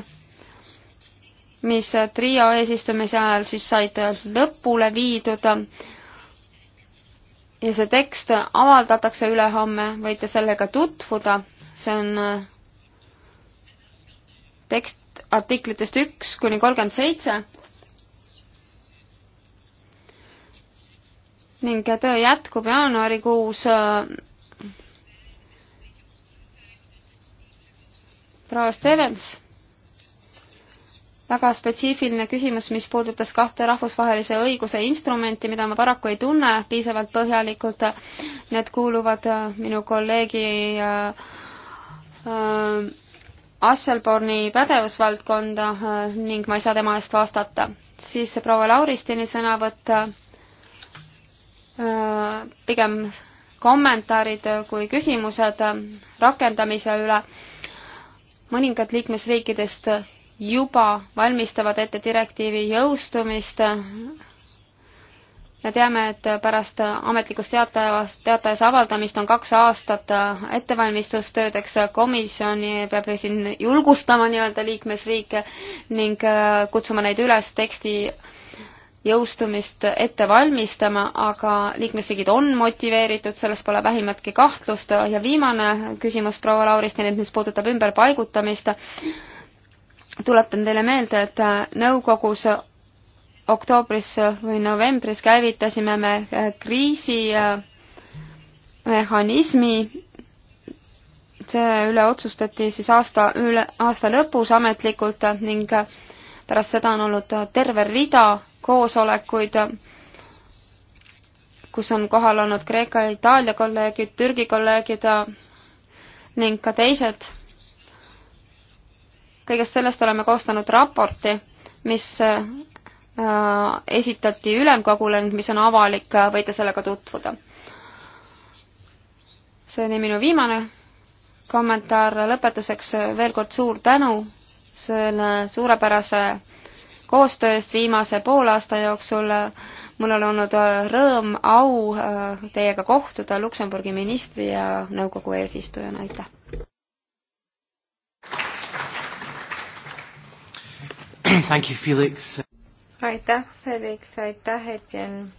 mis trio eesistumise ajal siis said lõpule viidud ja see tekst avaldatakse ülehomme, võite sellega tutvuda, see on äh, tekst artiklitest üks kuni kolmkümmend seitse ning töö jätkub jaanuarikuus äh, proua Stevens, väga spetsiifiline küsimus, mis puudutas kahte rahvusvahelise õiguse instrumenti, mida ma paraku ei tunne piisavalt põhjalikult. Need kuuluvad äh, minu kolleegi äh, äh, Asselborni pädevusvaldkonda äh, ning ma ei saa tema eest vastata. siis proua Lauristini sõnavõtt äh, pigem kommentaarid kui küsimused äh, rakendamise üle mõningad liikmesriikidest juba valmistavad ette direktiivi jõustumist. me teame, et pärast ametlikust teatajast, teatajas avaldamist on kaks aastat ettevalmistustöödeks. komisjoni peab siin julgustama nii-öelda liikmesriike ning kutsuma neid üles teksti jõustumist ette valmistama, aga liikmesriigid on motiveeritud, selles pole vähimatki kahtlust ja viimane küsimus proua Lauristinilt, mis puudutab ümberpaigutamist. tuletan teile meelde, et nõukogus oktoobris või novembris käivitasime me kriisimehhanismi see üle otsustati siis aasta, üle, aasta lõpus ametlikult ning pärast seda on olnud terve rida koosolekuid, kus on kohal olnud Kreeka ja Itaalia kolleegid, Türgi kolleegid ning ka teised. kõigest sellest oleme koostanud raporti, mis äh, esitati ülemkogule ning mis on avalik, äh, võite sellega tutvuda. see oli minu viimane kommentaar lõpetuseks veel kord suur tänu selle suurepärase koostöö eest viimase poolaasta jooksul. mul on olnud äh, rõõm, au äh, teiega kohtuda Luksemburgi ministri ja nõukogu eesistujana, aitäh! aitäh, Felix, aitäh, Etienne!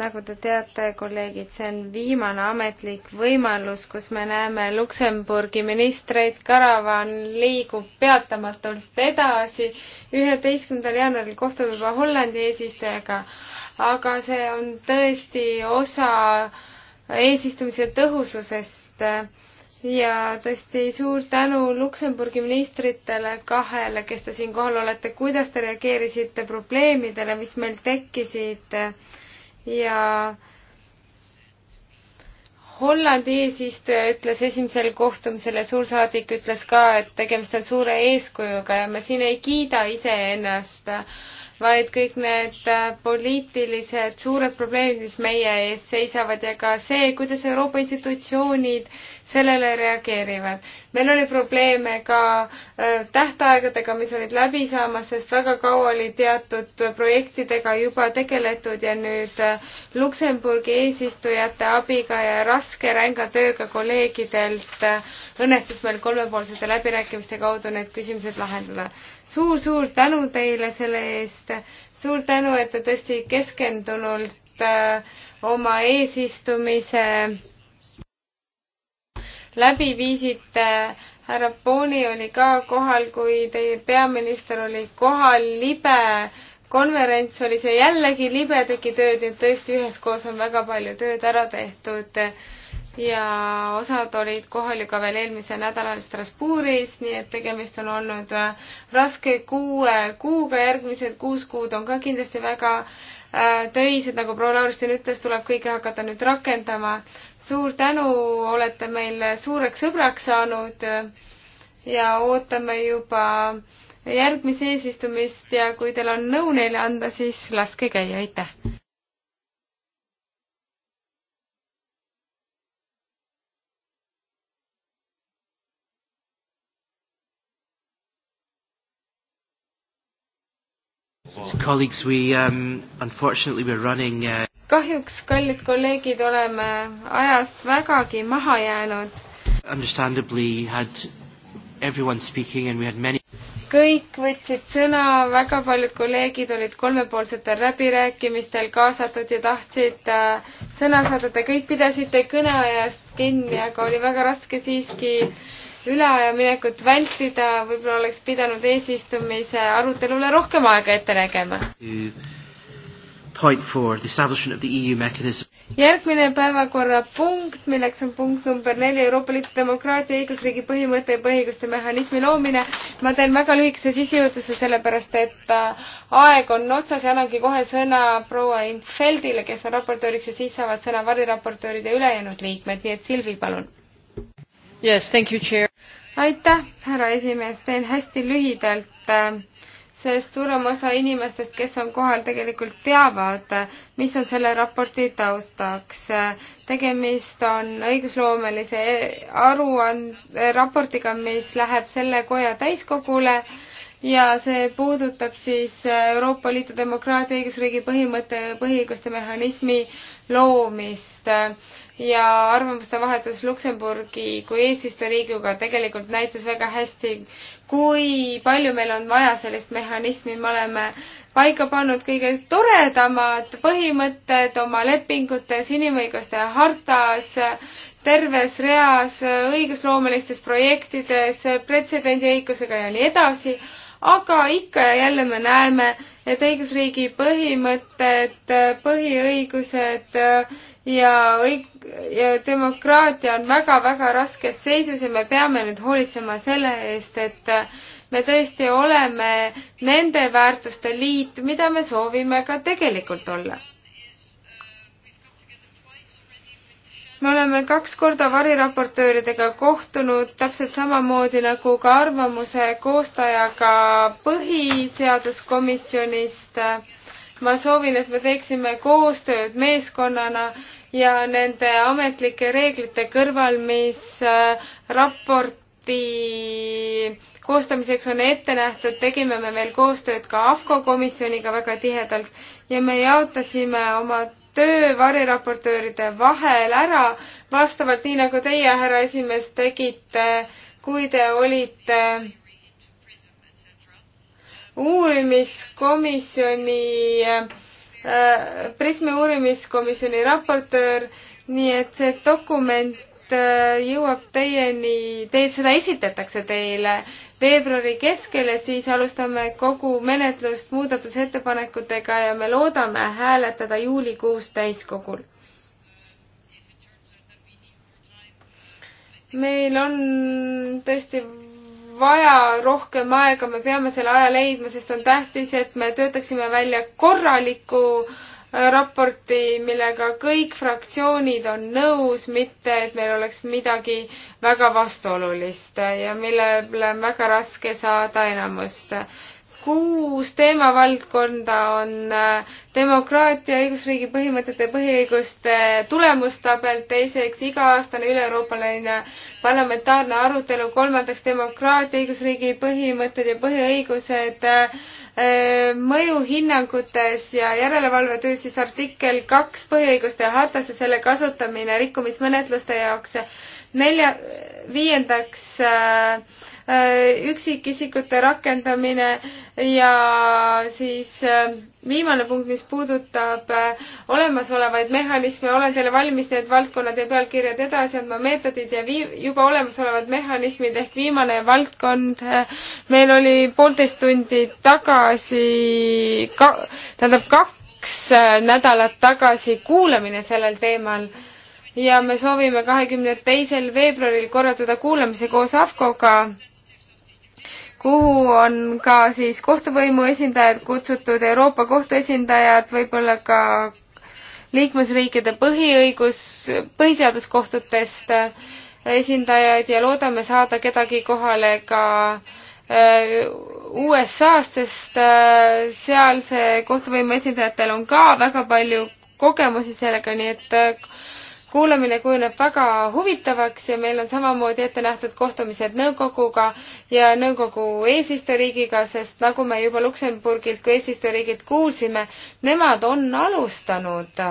nagu te teate, kolleegid, see on viimane ametlik võimalus, kus me näeme Luksemburgi ministreid, karavan liigub peatamatult edasi. üheteistkümnendal jaanuaril kohtume juba Hollandi eesistujaga, aga see on tõesti osa eesistumise tõhususest ja tõesti suur tänu Luksemburgi ministritele kahele, kes te siin kohal olete, kuidas te reageerisite probleemidele, mis meil tekkisid äh, ja Hollandi eesistuja ütles esimesel kohtumisel ja suursaadik ütles ka, et tegemist on suure eeskujuga ja me siin ei kiida iseennast, vaid kõik need poliitilised suured probleemid, mis meie ees seisavad ja ka see, kuidas Euroopa institutsioonid sellele reageerivad. meil oli probleeme ka äh, tähtaegadega, mis olid läbi saamas, sest väga kaua oli teatud projektidega juba tegeletud ja nüüd äh, Luksemburgi eesistujate abiga ja raske ränga tööga kolleegidelt äh, õnnestus meil kolmepoolsete läbirääkimiste kaudu need küsimused lahendada suur,. suur-suur tänu teile selle eest, suur tänu, et te tõesti keskendunult oma eesistumise läbi viisite. härra Booni oli ka kohal, kui teie peaminister oli kohal, libe konverents oli see jällegi, libe tegi tööd, nii et tõesti üheskoos on väga palju tööd ära tehtud ja osad olid kohal ju ka veel eelmisel nädalal Strasbourgis, nii et tegemist on olnud raske kuue kuuga, järgmised kuus kuud on ka kindlasti väga Äh, töised, nagu proua Lauristin ütles, tuleb kõike hakata nüüd rakendama. suur tänu, olete meil suureks sõbraks saanud ja ootame juba järgmist eesistumist ja kui teil on nõu neile anda, siis laske käia, aitäh! Um, uh, kahjuks, kallid kolleegid, oleme ajast vägagi maha jäänud. Many... kõik võtsid sõna, väga paljud kolleegid olid kolmepoolsetel läbirääkimistel kaasatud ja tahtsid äh, sõna saada, te kõik pidasite kõneajast kinni, aga oli väga raske siiski äh, üleajaminekut vältida, võib-olla oleks pidanud eesistumise arutelule rohkem aega ette nägema. E järgmine päevakorrapunkt, milleks on punkt number neli, Euroopa Liidu demokraatia, õigusriigi põhimõte ja põhiõiguste mehhanismi loomine. ma teen väga lühikese sissejuhatuse, sellepärast et äh, aeg on otsas ja annangi kohe sõna proua Infeldile, kes on raportööriks ja siis saavad sõna variraportöörid ja ülejäänud liikmed, nii et Silvi, palun. Yes, thank you, Chair aitäh, härra esimees, teen hästi lühidalt, äh, sest suurem osa inimestest, kes on kohal, tegelikult teavad, äh, mis on selle raporti taustaks. Äh, tegemist on õigusloomelise aruande, raportiga, mis läheb selle koja täiskogule ja see puudutab siis Euroopa Liidu demokraatia õigusriigi põhimõtte ja põhiõiguste mehhanismi loomist ja arvamuste vahetus Luksemburgi kui eesistujariigiga tegelikult näitas väga hästi, kui palju meil on vaja sellist mehhanismi, me oleme paika pannud kõige toredamad põhimõtted oma lepingutes, inimõiguste hartas, terves reas õigusloomelistes projektides, pretsedendiõigusega ja nii edasi aga ikka ja jälle me näeme, et õigusriigi põhimõtted, põhiõigused ja õig-, ja demokraatia on väga-väga raskes seisus ja me peame nüüd hoolitsema selle eest, et me tõesti oleme nende väärtuste liit, mida me soovime ka tegelikult olla me oleme kaks korda variraportööridega kohtunud, täpselt samamoodi nagu ka arvamuse koostajaga põhiseaduskomisjonist. ma soovin, et me teeksime koostööd meeskonnana ja nende ametlike reeglite kõrval, mis äh, raporti koostamiseks on ette nähtud, tegime me veel koostööd ka AFCO komisjoniga väga tihedalt ja me jaotasime oma töö variraportööride vahel ära, vastavalt nii, nagu teie, härra esimees, tegite, kui te olite uurimiskomisjoni äh,, Prismi uurimiskomisjoni raportöör, nii et see dokument äh, jõuab teieni, teil seda esitatakse teile veebruari keskel ja siis alustame kogu menetlust muudatusettepanekutega ja me loodame hääletada juulikuus täiskogul. meil on tõesti vaja rohkem aega, me peame selle aja leidma, sest on tähtis, et me töötaksime välja korraliku äh, raporti, millega kõik fraktsioonid on nõus, mitte et meil oleks midagi väga vastuolulist ja millele on väga raske saada enamust kuus teemavaldkonda on äh, demokraatia, õigusriigi põhimõtete ja põhiõiguste tulemustabel, teiseks iga-aastane üle-euroopaline parlamentaarne arutelu, kolmandaks demokraatia, õigusriigi põhimõtted ja põhiõigused äh, mõjuhinnangutes ja järelevalvetöös siis artikkel kaks põhiõiguste hartas ja selle kasutamine rikkumismenetluste jaoks. nelja, viiendaks äh, Äh, üksikisikute rakendamine ja siis äh, viimane punkt, mis puudutab äh, olemasolevaid mehhanisme, olen teile valmis need valdkonnad ja pealkirjad edasi andma, meetodid ja vii-, juba olemasolevad mehhanismid ehk viimane valdkond. meil oli poolteist tundi tagasi ka,, tähendab kaks nädalat tagasi kuulamine sellel teemal ja me soovime kahekümne teisel veebruaril korraldada kuulamise koos AFCO-ga ka kuhu on ka siis kohtuvõimu esindajad kutsutud, Euroopa Kohtu esindajad, võib-olla ka liikmesriikide põhiõigus, põhiseaduskohtutest äh, esindajaid ja loodame saada kedagi kohale ka äh, USA-st, sest äh, seal see kohtuvõimu esindajatel on ka väga palju kogemusi sellega, nii et kuulamine kujuneb väga huvitavaks ja meil on samamoodi ette nähtud kohtumised nõukoguga ja nõukogu eesistujariigiga, sest nagu me juba Luksemburgilt kui eesistujariigilt kuulsime, nemad on alustanud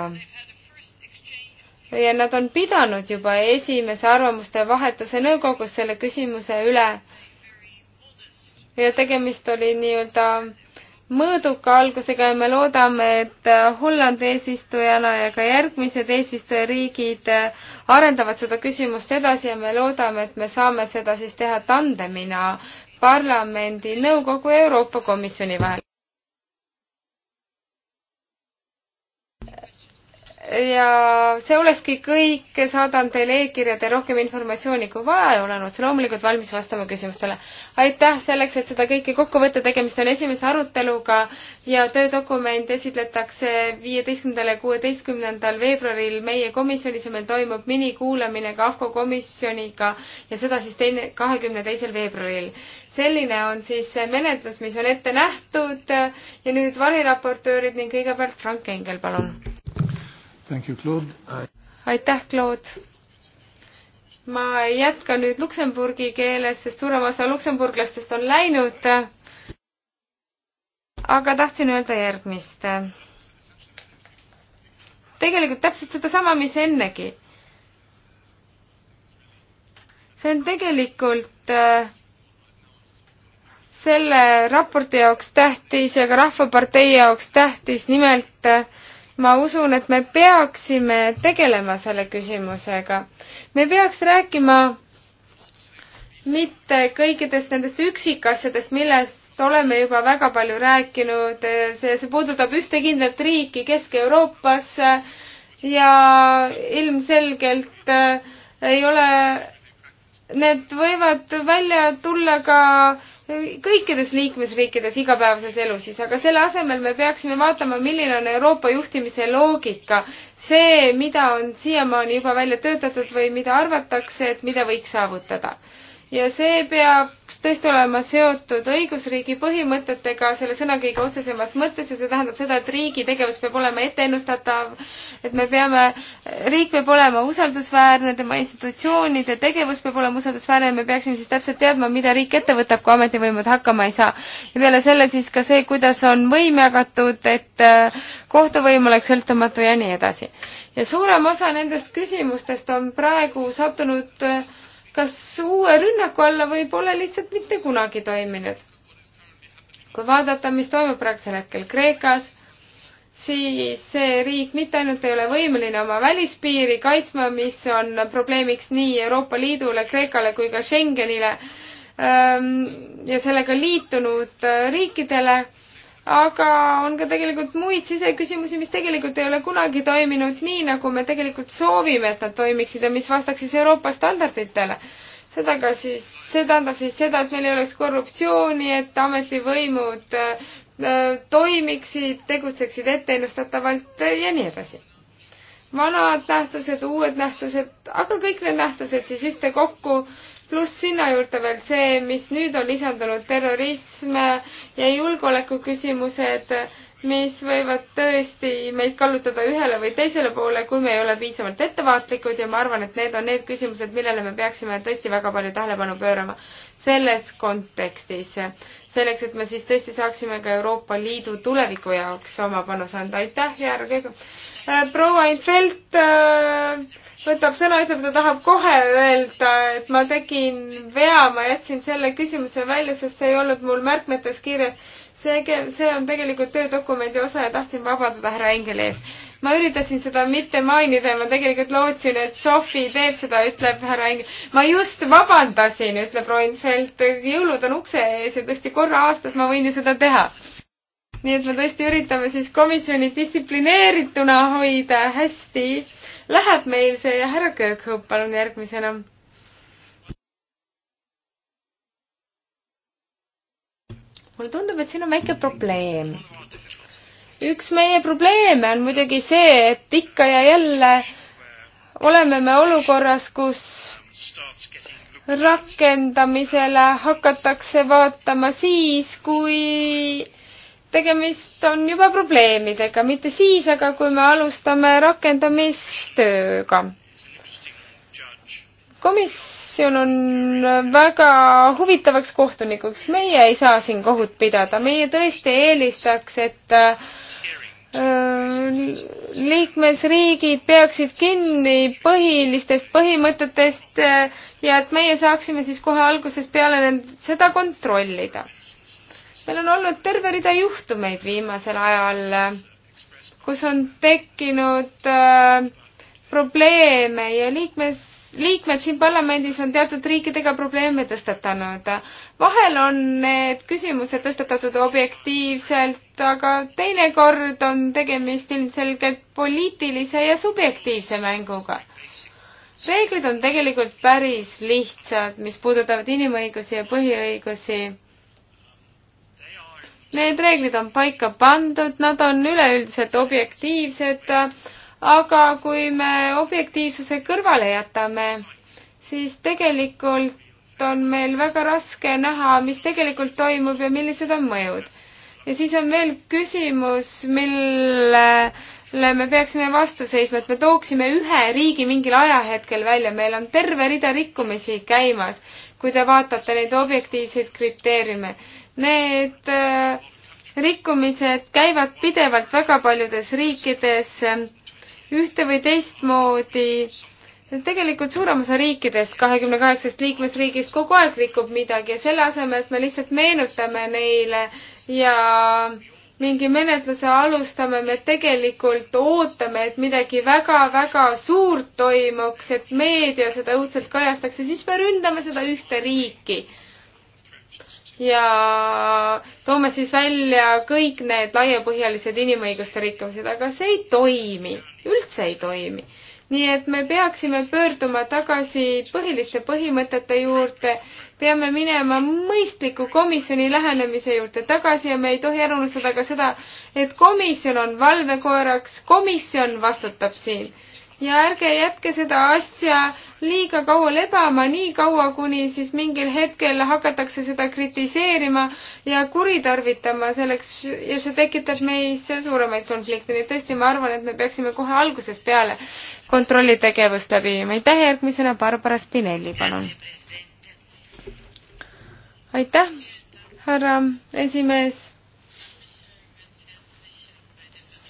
ja nad on pidanud juba esimese arvamuste vahetuse nõukogus selle küsimuse üle. ja tegemist oli nii-öelda mõõduka algusega ja me loodame, et Holland eesistujana ja ka järgmised eesistujariigid arendavad seda küsimust edasi ja me loodame, et me saame seda siis teha tandemina parlamendi, nõukogu ja Euroopa Komisjoni vahel. ja see olekski kõik, saadan teile e-kirjade rohkem informatsiooni, kui vaja ja olen otse loomulikult valmis vastama küsimustele. aitäh selleks, et seda kõike kokku võtta, tegemist on esimese aruteluga ja töödokument esitletakse viieteistkümnendal ja kuueteistkümnendal veebruaril meie komisjonis ja meil toimub minikuulamine ka AFCO komisjoniga ja seda siis teine, kahekümne teisel veebruaril selline on siis see menetlus, mis on ette nähtud ja nüüd variraportöörid ning kõigepealt Frank Engel, palun. I... aitäh, Claude! ma jätkan nüüd luksemburgi keeles, sest suurem osa luksemburglastest on läinud. aga tahtsin öelda järgmist. tegelikult täpselt sedasama, mis ennegi. see on tegelikult äh, selle raporti jaoks tähtis ja ka Rahvapartei jaoks tähtis, nimelt äh, ma usun, et me peaksime tegelema selle küsimusega. me peaks rääkima mitte kõikidest nendest üksikasjadest, millest oleme juba väga palju rääkinud, see, see puudutab ühte kindlat riiki Kesk-Euroopas ja ilmselgelt äh, ei ole, need võivad välja tulla ka äh, kõikides liikmesriikides igapäevases elus siis, aga selle asemel me peaksime vaatama, milline on Euroopa juhtimise loogika. see, mida on siiamaani juba välja töötatud või mida arvatakse, et mida võiks saavutada ja see peaks tõesti olema seotud õigusriigi põhimõtetega selle sõna kõige otsesemas mõttes ja see tähendab seda, et riigi tegevus peab olema etteennustatav, et me peame, riik peab olema usaldusväärne, tema institutsioonide tegevus peab olema usaldusväärne ja me peaksime siis täpselt teadma, mida riik ette võtab, kui ametivõimud hakkama ei saa. ja peale selle siis ka see, kuidas on võim jagatud, et äh, kohtuvõim oleks sõltumatu ja nii edasi. ja suurem osa nendest küsimustest on praegu sattunud äh, kas uue rünnaku alla või pole lihtsalt mitte kunagi toiminud. kui vaadata, mis toimub praegusel hetkel Kreekas, siis see riik mitte ainult ei ole võimeline oma välispiiri kaitsma, mis on probleemiks nii Euroopa Liidule, Kreekale kui ka Schengenile ähm, ja sellega liitunud äh, riikidele aga on ka tegelikult muid siseküsimusi, mis tegelikult ei ole kunagi toiminud nii, nagu me tegelikult soovime, et nad toimiksid ja mis vastaks siis Euroopa standarditele. seda ka siis, see tähendab siis seda, et meil ei oleks korruptsiooni, et ametivõimud äh, toimiksid, tegutseksid etteennustatavalt ja nii edasi. vanad nähtused, uued nähtused, aga kõik need nähtused siis ühtekokku pluss sinna juurde veel see, mis nüüd on lisandunud, terrorism ja julgeolekuküsimused, mis võivad tõesti meid kallutada ühele või teisele poole, kui me ei ole piisavalt ettevaatlikud ja ma arvan, et need on need küsimused, millele me peaksime tõesti väga palju tähelepanu pöörama selles kontekstis. selleks, et me siis tõesti saaksime ka Euroopa Liidu tuleviku jaoks oma panuse anda. aitäh, Järv Kõigu! Äh, proua Infeld äh,! võtab sõna, ütleb, ta tahab kohe öelda, et ma tegin vea, ma jätsin selle küsimuse välja, sest see ei olnud mul märkmetes kirjas. see, see on tegelikult töödokumendi osa ja tahtsin vabandada härra Engeli ees. ma üritasin seda mitte mainida ja ma tegelikult lootsin, et Sofi teeb seda, ütleb härra Engel. ma just vabandasin, ütleb Reinfeldt, jõulud on ukse ees ja tõesti korra aastas ma võin ju seda teha nii et me tõesti üritame siis komisjoni distsiplineerituna hoida hästi läheb meil see härra Kööghoop, palun järgmisena. mulle tundub, et siin on väike probleem. üks meie probleeme on muidugi see, et ikka ja jälle oleme me olukorras, kus rakendamisele hakatakse vaatama siis, kui tegemist on juba probleemidega, mitte siis, aga kui me alustame rakendamistööga. komisjon on väga huvitavaks kohtunikuks, meie ei saa siin kohut pidada, meie tõesti eelistaks, et äh, liikmesriigid peaksid kinni põhilistest põhimõtetest äh, ja et meie saaksime siis kohe algusest peale seda kontrollida meil on olnud terve rida juhtumeid viimasel ajal, kus on tekkinud äh, probleeme ja liikmes, liikmed siin parlamendis on teatud riikidega probleeme tõstatanud. vahel on need küsimused tõstatatud objektiivselt, aga teinekord on tegemist ilmselgelt poliitilise ja subjektiivse mänguga. reeglid on tegelikult päris lihtsad, mis puudutavad inimõigusi ja põhiõigusi Need reeglid on paika pandud, nad on üleüldiselt objektiivsed, aga kui me objektiivsuse kõrvale jätame, siis tegelikult on meil väga raske näha, mis tegelikult toimub ja millised on mõjud. ja siis on veel küsimus, mille millele me peaksime vastu seisma, et me tooksime ühe riigi mingil ajahetkel välja, meil on terve rida rikkumisi käimas, kui te vaatate neid objektiivseid kriteeriume, Need äh, rikkumised käivad pidevalt väga paljudes riikides äh, ühte või teistmoodi. tegelikult suurem osa riikidest, kahekümne kaheksast liikmesriigist kogu aeg rikub midagi ja selle asemel, et me lihtsalt meenutame neile ja mingi menetluse alustame, me tegelikult ootame, et midagi väga-väga suurt toimuks, et meedia seda õudselt kajastaks ja siis me ründame seda ühte riiki ja toome siis välja kõik need laiapõhjalised inimõiguste rikkumised, aga see ei toimi, üldse ei toimi. nii et me peaksime pöörduma tagasi põhiliste põhimõtete juurde, peame minema mõistliku komisjoni lähenemise juurde tagasi ja me ei tohi ära unustada ka seda, et komisjon on valvekoeraks, komisjon vastutab siin ja ärge jätke seda asja liiga kaua lebama, nii kaua, kuni siis mingil hetkel hakatakse seda kritiseerima ja kuritarvitama selleks ja see tekitab meis suuremaid konflikte, nii et tõesti, ma arvan, et me peaksime kohe algusest peale kontrollitegevust läbi viima. aitäh, järgmisena Barbara Spinelli, palun. aitäh, härra esimees.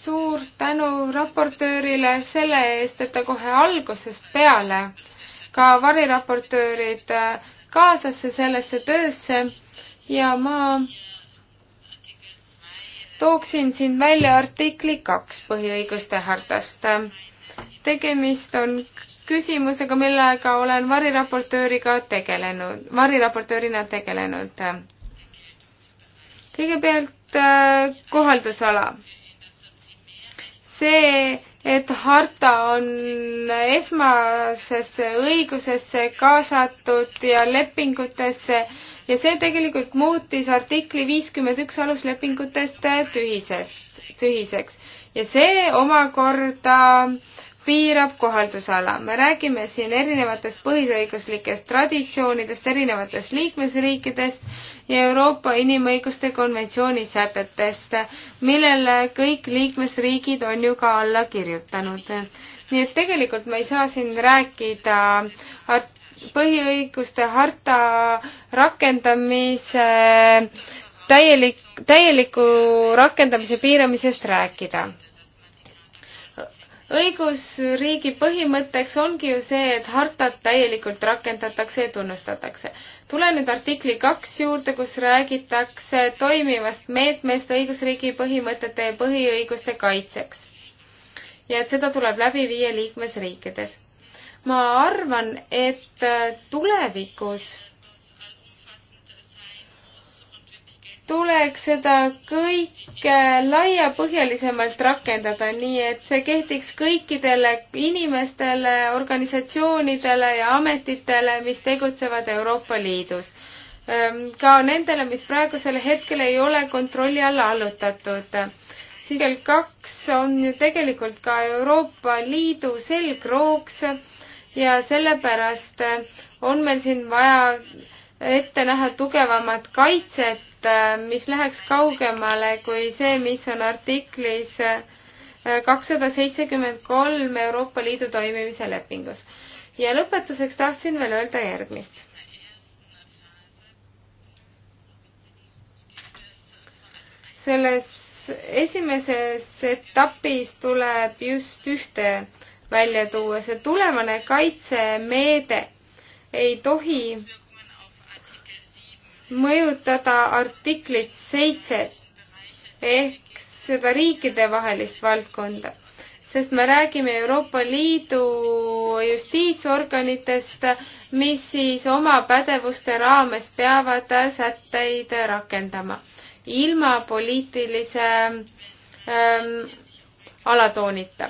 suur tänu raportöörile selle eest, et ta kohe algusest peale ka variraportöörid äh, kaasasse sellesse töösse ja ma tooksin siin välja artikli kaks põhiõiguste hartast. tegemist on küsimusega, millega olen variraportööriga tegelenud, variraportöörina tegelenud. kõigepealt äh, kohaldusala. see et harta on esmasesse õigusesse kaasatud ja lepingutesse ja see tegelikult muutis artikli viiskümmend üks aluslepingutest tühisest, tühiseks ja see omakorda äh, piirab kohaldusala. me räägime siin erinevatest põhiseaduslikest traditsioonidest, erinevatest liikmesriikidest ja Euroopa Inimõiguste Konventsiooni sätetest, millele kõik liikmesriigid on ju ka alla kirjutanud. nii et tegelikult me ei saa siin rääkida põhiõiguste harta rakendamise täielik, täieliku rakendamise piiramisest rääkida õigusriigi põhimõtteks ongi ju see, et hartat täielikult rakendatakse ja tunnustatakse. tulen nüüd artikli kaks juurde, kus räägitakse toimivast meetmest õigusriigi põhimõtete ja põhiõiguste kaitseks. ja et seda tuleb läbi viia liikmesriikides. ma arvan, et tulevikus tuleks seda kõike laiapõhjalisemalt rakendada, nii et see kehtiks kõikidele inimestele, organisatsioonidele ja ametitele, mis tegutsevad Euroopa Liidus. Ehm, ka nendele, mis praegusel hetkel ei ole kontrolli alla allutatud. siis kell kaks on ju tegelikult ka Euroopa Liidu selgrooks ja sellepärast on meil siin vaja ette näha tugevamat kaitset Äh, mis läheks kaugemale kui see, mis on artiklis äh, kakssada seitsekümmend kolm Euroopa Liidu toimimise lepingus. ja lõpetuseks tahtsin veel öelda järgmist. selles esimeses etapis tuleb just ühte välja tuua, see tulevane kaitsemeede ei tohi mõjutada artiklit seitse ehk seda riikidevahelist valdkonda, sest me räägime Euroopa Liidu justiitsorganitest, mis siis oma pädevuste raames peavad sätteid rakendama ilma poliitilise ähm, alatoonita.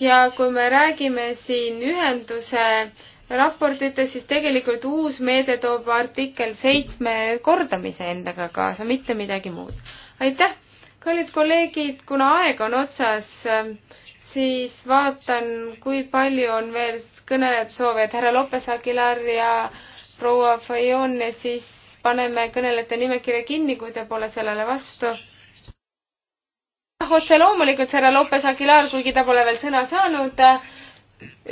ja kui me räägime siin ühenduse äh, raportites, siis tegelikult uus meede toob artikkel seitsme kordamise endaga kaasa, mitte midagi muud. aitäh, kallid kolleegid, kuna aeg on otsas, äh, siis vaatan, kui palju on veel kõnelejate soove, et härra Lopes Aguilar ja proua Fajon ja siis paneme kõnelejate nimekirja kinni, kui te pole sellele vastu. otse loomulikult härra Lopes Aguilar, kuigi ta pole veel sõna saanud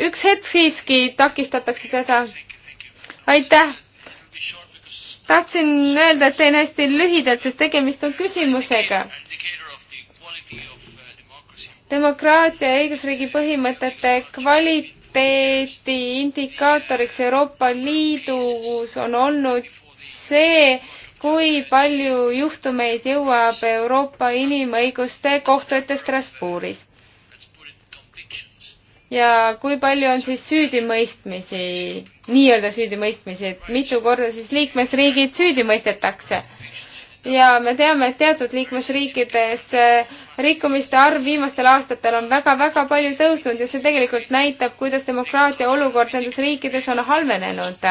üks hetk siiski takistatakse teda. aitäh! tahtsin öelda, et teen hästi lühidalt, sest tegemist on küsimusega. demokraatia ja õigusriigi põhimõtete kvaliteedi indikaatoriks Euroopa Liidus on olnud see, kui palju juhtumeid jõuab Euroopa Inimõiguste Kohtu ette Strasbourgis ja kui palju on siis süüdimõistmisi, nii-öelda süüdimõistmisi, et mitu korda siis liikmesriigid süüdi mõistetakse? ja me teame, et teatud liikmesriikides eh, rikkumiste arv viimastel aastatel on väga-väga palju tõusnud ja see tegelikult näitab, kuidas demokraatia olukord nendes riikides on halvenenud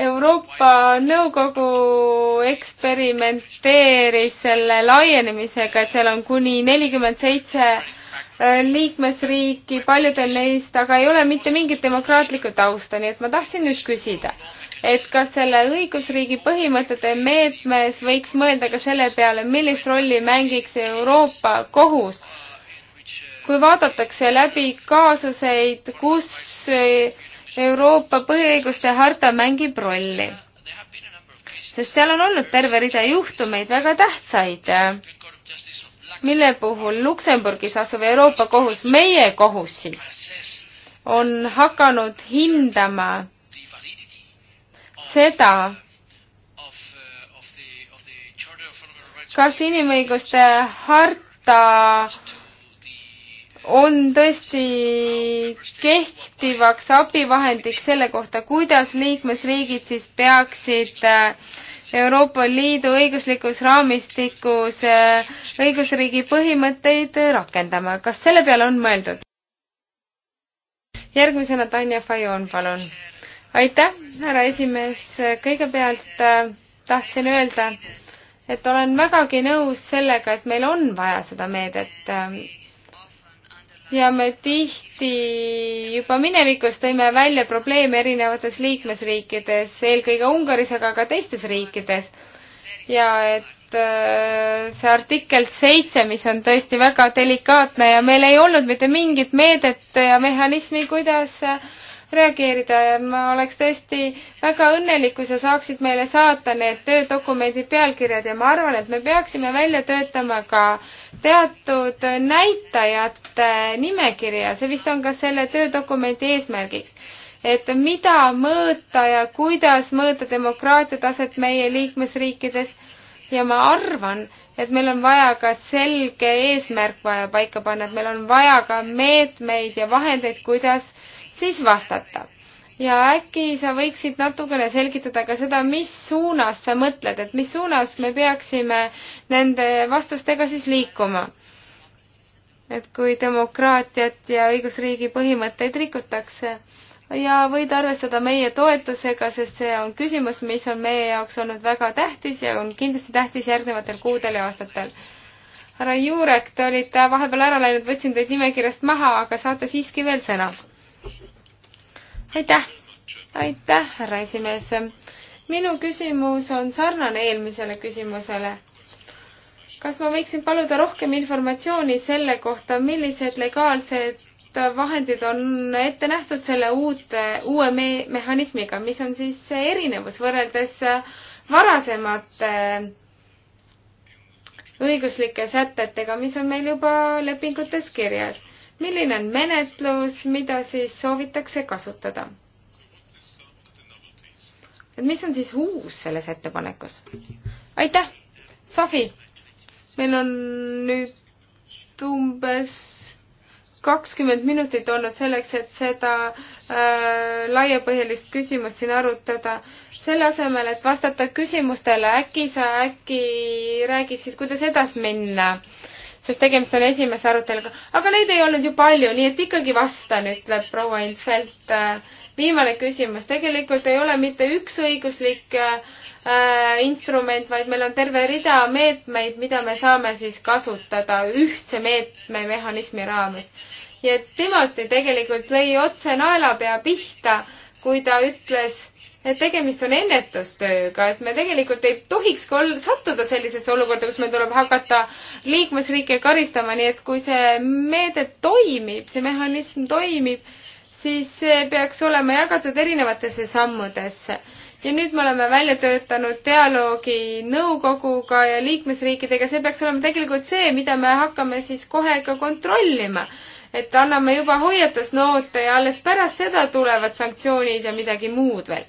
Euroopa Nõukogu eksperimenteeris selle laienemisega, et seal on kuni nelikümmend seitse äh, liikmesriiki, paljudel neist aga ei ole mitte mingit demokraatlikku tausta, nii et ma tahtsin nüüd küsida, et kas selle õigusriigi põhimõtete meetmes võiks mõelda ka selle peale, millist rolli mängiks Euroopa Kohus, kui vaadatakse läbi kaasuseid, kus äh, Euroopa põhiõiguste harta mängib rolli. sest seal on olnud terve rida juhtumeid, väga tähtsaid, mille puhul Luksemburgis asuv Euroopa kohus, meie kohus siis, on hakanud hindama seda, kas inimõiguste harta on tõesti kehtivaks abivahendiks selle kohta, kuidas liikmesriigid siis peaksid äh, Euroopa Liidu õiguslikus raamistikus äh, õigusriigi põhimõtteid äh, rakendama. kas selle peale on mõeldud? järgmisena Tanja Fajon, palun. aitäh, härra esimees. kõigepealt tahtsin öelda, et olen vägagi nõus sellega, et meil on vaja seda meedet ja me tihti juba minevikus tõime välja probleeme erinevates liikmesriikides, eelkõige Ungaris, aga ka teistes riikides. ja et äh, see artikkel seitse, mis on tõesti väga delikaatne ja meil ei olnud mitte mingit meedet ja mehhanismi, kuidas äh, reageerida ja ma oleks tõesti väga õnnelik, kui sa saaksid meile saata need töödokumendi pealkirjad ja ma arvan, et me peaksime välja töötama ka teatud näitajate nimekirja, see vist on ka selle töödokumendi eesmärgiks et mida mõõta ja kuidas mõõta demokraatia taset meie liikmesriikides ja ma arvan, et meil on vaja ka selge eesmärk vaja paika panna, et meil on vaja ka meetmeid ja vahendeid, kuidas äh, siis vastata. ja äkki sa võiksid natukene selgitada ka seda, mis suunas sa mõtled, et mis suunas me peaksime nende vastustega siis liikuma? et kui demokraatiat ja õigusriigi põhimõtteid rikutakse ja võid arvestada meie toetusega, sest see on küsimus, mis on meie jaoks olnud väga tähtis ja on kindlasti tähtis järgnevatel kuudel ja aastatel. härra Juurek, te olite vahepeal ära läinud, võtsin teid nimekirjast maha, aga saate siiski veel sõna aitäh, aitäh, härra esimees. minu küsimus on sarnane eelmisele küsimusele. kas ma võiksin paluda rohkem informatsiooni selle kohta, millised legaalsed vahendid on ette nähtud selle uute, uue me-, mehhanismiga, mis on siis see erinevus võrreldes varasemate õiguslike sätetega, mis on meil juba lepingutes kirjas milline on menetlus, mida siis soovitakse kasutada? et mis on siis uus selles ettepanekus? aitäh, Sofi! meil on nüüd umbes kakskümmend minutit olnud selleks, et seda äh, laiapõhjalist küsimust siin arutada. selle asemel, et vastata küsimustele, äkki sa äkki räägiksid, kuidas edasi minna äh, sest tegemist on esimese aruteluga. aga neid ei olnud ju palju, nii et ikkagi vastan, ütleb proua Infeld. Äh, viimane küsimus, tegelikult ei ole mitte üks õiguslik äh, instrument, vaid meil on terve rida meetmeid, mida me saame siis kasutada ühtse meetmemehhanismi raames. ja Timothy tegelikult lõi otse naelapea pihta, kui ta ütles, et tegemist on ennetustööga, et me tegelikult ei tohiks ka sattuda sellisesse olukorda, kus meil tuleb hakata liikmesriike karistama, nii et kui see meede toimib, see mehhanism toimib, siis see peaks olema jagatud erinevatesse sammudesse. ja nüüd me oleme välja töötanud dialoogi nõukoguga ja liikmesriikidega, see peaks olema tegelikult see, mida me hakkame siis kohe ka kontrollima et anname juba hoiatusnoote ja alles pärast seda tulevad sanktsioonid ja midagi muud veel.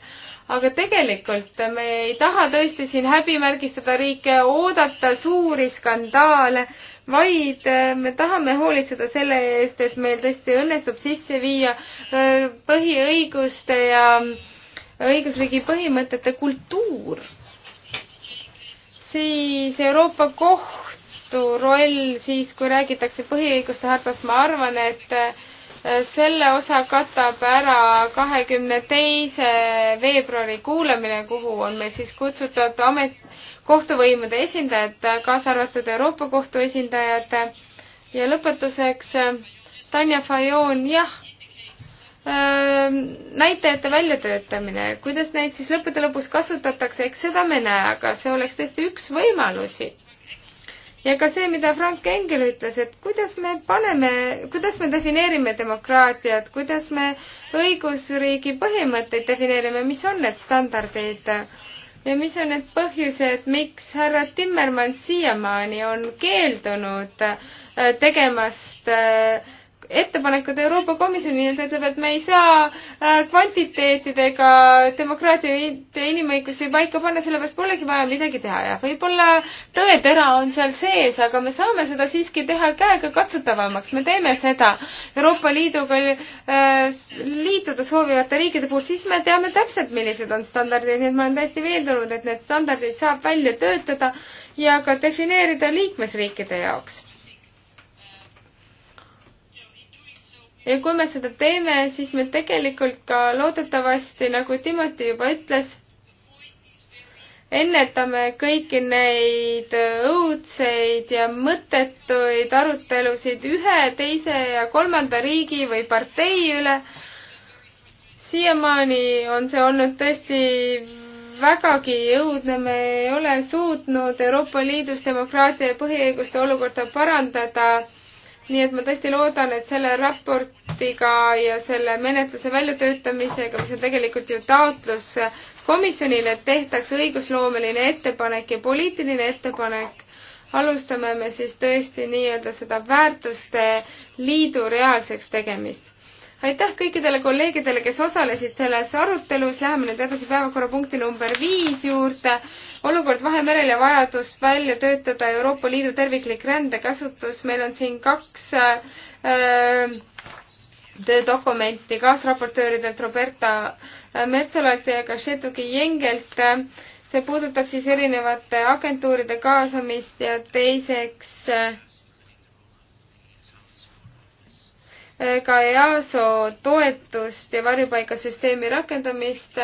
aga tegelikult me ei taha tõesti siin häbimärgistada riike, oodata suuri skandaale, vaid äh, me tahame hoolitseda selle eest, et meil tõesti õnnestub sisse viia äh, põhiõiguste ja mm, õigusriigi põhimõtete kultuur. siis Euroopa Kohut Liidu roll siis, kui räägitakse põhiõiguste hartast, ma arvan, et äh, selle osa katab ära kahekümne teise veebruari kuulamine, kuhu on meil siis kutsutud amet, kohtuvõimude esindajad, kaasa arvatud Euroopa Kohtu esindajad. ja lõpetuseks Tanja Fajon, jah ähm, näitajate väljatöötamine, kuidas neid siis lõppude lõpuks kasutatakse, eks seda me näe, aga see oleks tõesti üks võimalusi ja ka see, mida Frank Engel ütles, et kuidas me paneme, kuidas me defineerime demokraatiat, kuidas me õigusriigi põhimõtteid defineerime, mis on need standardid ja mis on need põhjused, miks härra Timmermann siiamaani on keeldunud äh, tegemast äh, ettepanekud Euroopa Komisjonile, ta ütleb, et me ei saa äh, kvantiteetidega demokraatia ja inimõigusi paika panna, sellepärast polegi vaja midagi teha ja võib-olla tõetera on seal sees, aga me saame seda siiski teha käegakatsutavamaks, me teeme seda Euroopa Liiduga äh, liituda soovivate riikide puhul, siis me teame täpselt, millised on standardid, nii et ma olen täiesti veendunud, et need standardid saab välja töötada ja ka defineerida liikmesriikide jaoks ja kui me seda teeme, siis me tegelikult ka loodetavasti, nagu Timothy juba ütles, ennetame kõiki neid õudseid ja mõttetuid arutelusid ühe, teise ja kolmanda riigi või partei üle. siiamaani on see olnud tõesti vägagi õudne, me ei ole suutnud Euroopa Liidus demokraatia ja põhiõiguste olukorda parandada nii et ma tõesti loodan, et selle raportiga ja selle menetluse väljatöötamisega, mis on tegelikult ju taotlus komisjonile, et tehtaks õigusloomeline ettepanek ja poliitiline ettepanek, alustame me siis tõesti nii-öelda seda väärtuste liidu reaalseks tegemist. aitäh kõikidele kolleegidele, kes osalesid selles arutelus, läheme nüüd edasi päevakorrapunkti number viis juurde olukord Vahemerel ja vajadus välja töötada Euroopa Liidu terviklik rändekasutus. meil on siin kaks äh, töödokumenti kaasraportööridelt Roberta äh, Metsolalt ja ka Šetuki Jengelt. see puudutab siis erinevate agentuuride kaasamist ja teiseks äh, ka EASO toetust ja varjupaigasüsteemi rakendamist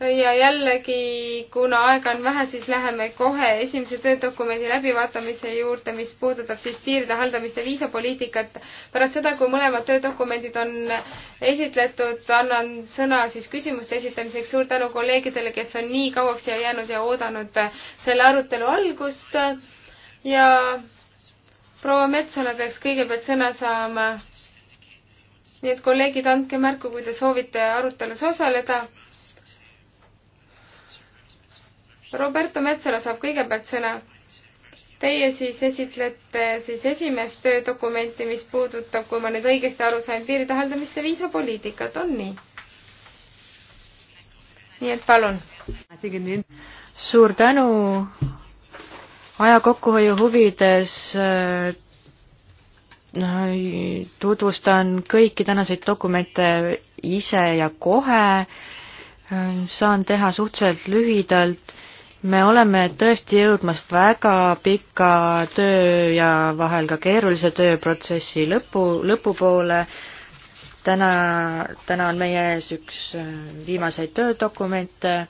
ja jällegi, kuna aega on vähe, siis läheme kohe esimese töödokumendi läbivaatamise juurde, mis puudutab siis piiride haldamist ja viisapoliitikat. pärast seda, kui mõlemad töödokumendid on esitletud, annan sõna siis küsimuste esitamiseks. suur tänu kolleegidele, kes on nii kauaks siia jäänud ja oodanud selle arutelu algust. ja proua Metsala peaks kõigepealt sõna saama. nii et kolleegid, andke märku, kui te soovite arutelus osaleda Roberto Metsola saab kõigepealt sõna. Teie siis esitlete siis esimest töödokumenti, mis puudutab, kui ma nüüd õigesti aru sain, piiride haldamist ja viisapoliitikat, on nii? nii et palun. suur tänu aja kokkuhoiu huvides äh, tutvustan kõiki tänaseid dokumente ise ja kohe, äh, saan teha suhteliselt lühidalt me oleme tõesti jõudmas väga pika töö ja vahel ka keerulise tööprotsessi lõpu, lõpupoole. täna, täna on meie ees üks äh, viimaseid töödokumente.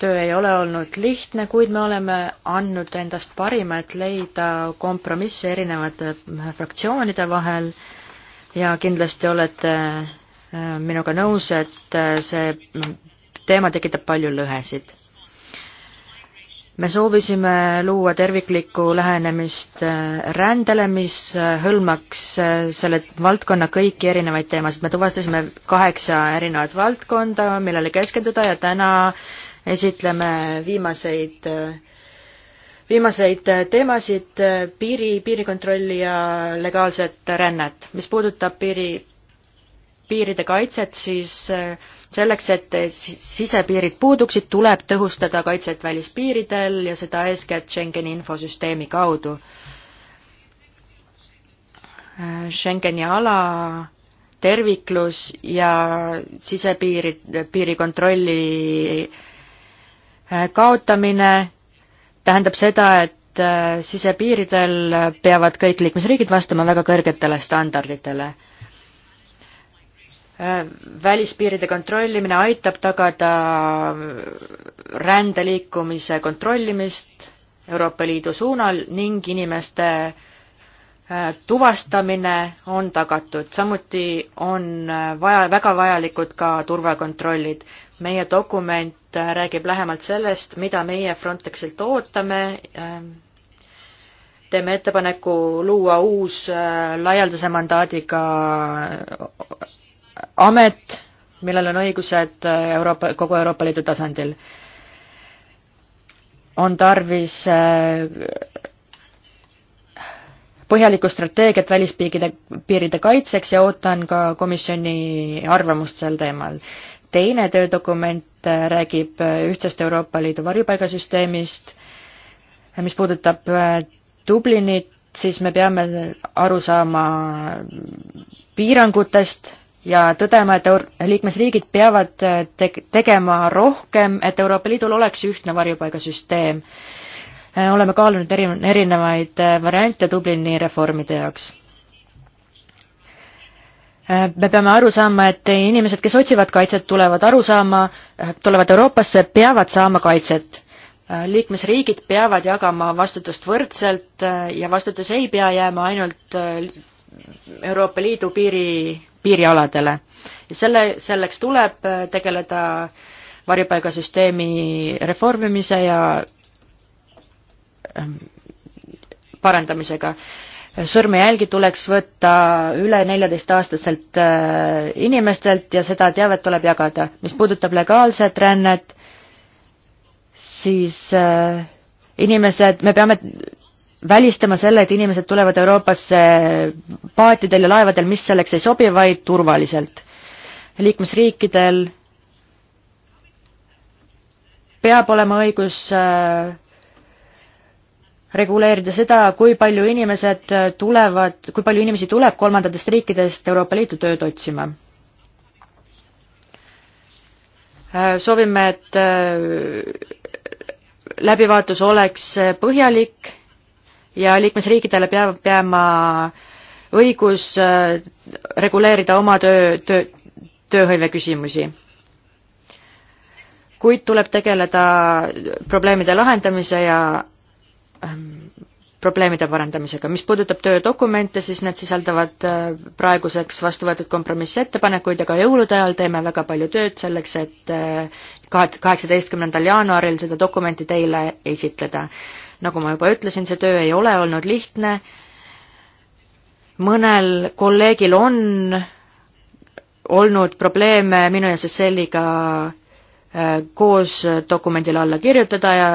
töö ei ole olnud lihtne, kuid me oleme andnud endast parima, et leida kompromisse erinevate äh, fraktsioonide vahel ja kindlasti olete äh, minuga nõus, et see mm, teema tekitab palju lõhesid me soovisime luua terviklikku lähenemist äh, rändele, mis äh, hõlmaks äh, selle valdkonna kõiki erinevaid teemasid. me tuvastasime kaheksa erinevat valdkonda, millele keskenduda ja täna esitleme viimaseid, viimaseid teemasid piiri, piirikontrolli ja legaalset rännet. mis puudutab piiri, piiride kaitset, siis äh, selleks, et sisepiirid puuduksid, tuleb tõhustada kaitset välispiiridel ja seda eeskätt Schengeni infosüsteemi kaudu. Schengeni ala terviklus ja sisepiiri, piirikontrolli äh, kaotamine tähendab seda, et äh, sisepiiridel peavad kõik liikmesriigid vastama väga kõrgetele standarditele välispiiride kontrollimine aitab tagada rände liikumise kontrollimist Euroopa Liidu suunal ning inimeste äh, tuvastamine on tagatud, samuti on äh, vaja, väga vajalikud ka turvakontrollid. meie dokument äh, räägib lähemalt sellest, mida meie Frontexilt ootame, ähm, teeme ettepaneku luua uus laialdase mandaadiga amet, millel on õigused Euroopa, kogu Euroopa Liidu tasandil. on tarvis äh, põhjalikku strateegiat välispiiride, piiride kaitseks ja ootan ka komisjoni arvamust sel teemal. teine töödokument äh, räägib äh, ühtsest Euroopa Liidu varjupaigasüsteemist, mis puudutab Dublinit, siis me peame aru saama piirangutest, ja tõdema, et liikmesriigid peavad äh, teg tegema rohkem, et Euroopa Liidul oleks ühtne varjupaigasüsteem. Äh, oleme kaalunud eri, erinevaid äh, variante Dublini reformide jaoks me peame aru saama, et inimesed, kes otsivad kaitset, tulevad aru saama, tulevad Euroopasse, peavad saama kaitset. liikmesriigid peavad jagama vastutust võrdselt ja vastutus ei pea jääma ainult Euroopa Liidu piiri piirialadele. ja selle, selleks tuleb äh, tegeleda varjupaigasüsteemi reformimise ja ähm, parandamisega. sõrmejälgi tuleks võtta üle neljateistaastaselt äh, inimestelt ja seda teavet tuleb jagada. mis puudutab legaalset rännet, siis äh, inimesed, me peame välistama selle, et inimesed tulevad Euroopasse paatidel ja laevadel, mis selleks ei sobi, vaid turvaliselt. liikmesriikidel peab olema õigus äh, reguleerida seda, kui palju inimesed äh, tulevad, kui palju inimesi tuleb kolmandatest riikidest Euroopa Liitu tööd otsima äh, soovime, et läbivaatus oleks põhjalik ja liikmesriikidele peab jääma õigus äh, reguleerida oma töö, töö, tööhõive küsimusi. kuid tuleb tegeleda probleemide lahendamise ja ähm, probleemide parandamisega. mis puudutab töödokumente, siis need sisaldavad äh, praeguseks vastu võetud kompromissettepanekuid ja ka jõulude ajal teeme väga palju tööd selleks, et äh, kaheksateistkümnendal jaanuaril seda dokumenti teile esitleda nagu ma juba ütlesin, see töö ei ole olnud lihtne, mõnel kolleegil on olnud probleeme minu ja Ceceliga äh, koos dokumendile alla kirjutada ja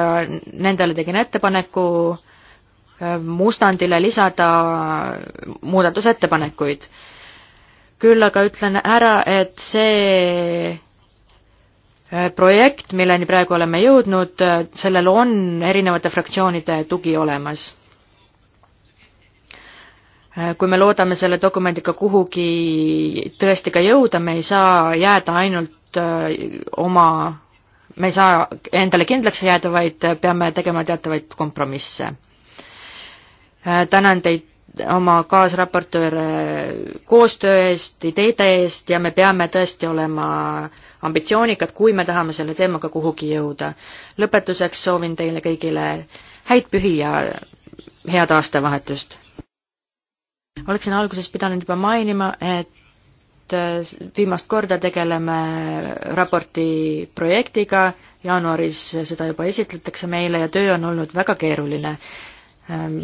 nendele tegin ettepaneku äh, mustandile lisada muudatusettepanekuid. küll aga ütlen ära, et see Äh, projekt, milleni praegu oleme jõudnud, äh, sellel on erinevate fraktsioonide tugi olemas. Äh, kui me loodame selle dokumendiga kuhugi tõesti ka jõuda, me ei saa jääda ainult oma, me ei saa endale kindlaks jääda, vaid peame tegema teatavaid kompromisse. tänan teid oma kaasraportööre koostöö eest, ideede eest ja me peame tõesti olema äh, ambitsioonikad, kui me tahame selle teemaga kuhugi jõuda. lõpetuseks soovin teile kõigile häid pühi ja head aastavahetust. oleksin alguses pidanud juba mainima, et äh, viimast korda tegeleme raporti projektiga, jaanuaris seda juba esitletakse meile ja töö on olnud väga keeruline. Ähm,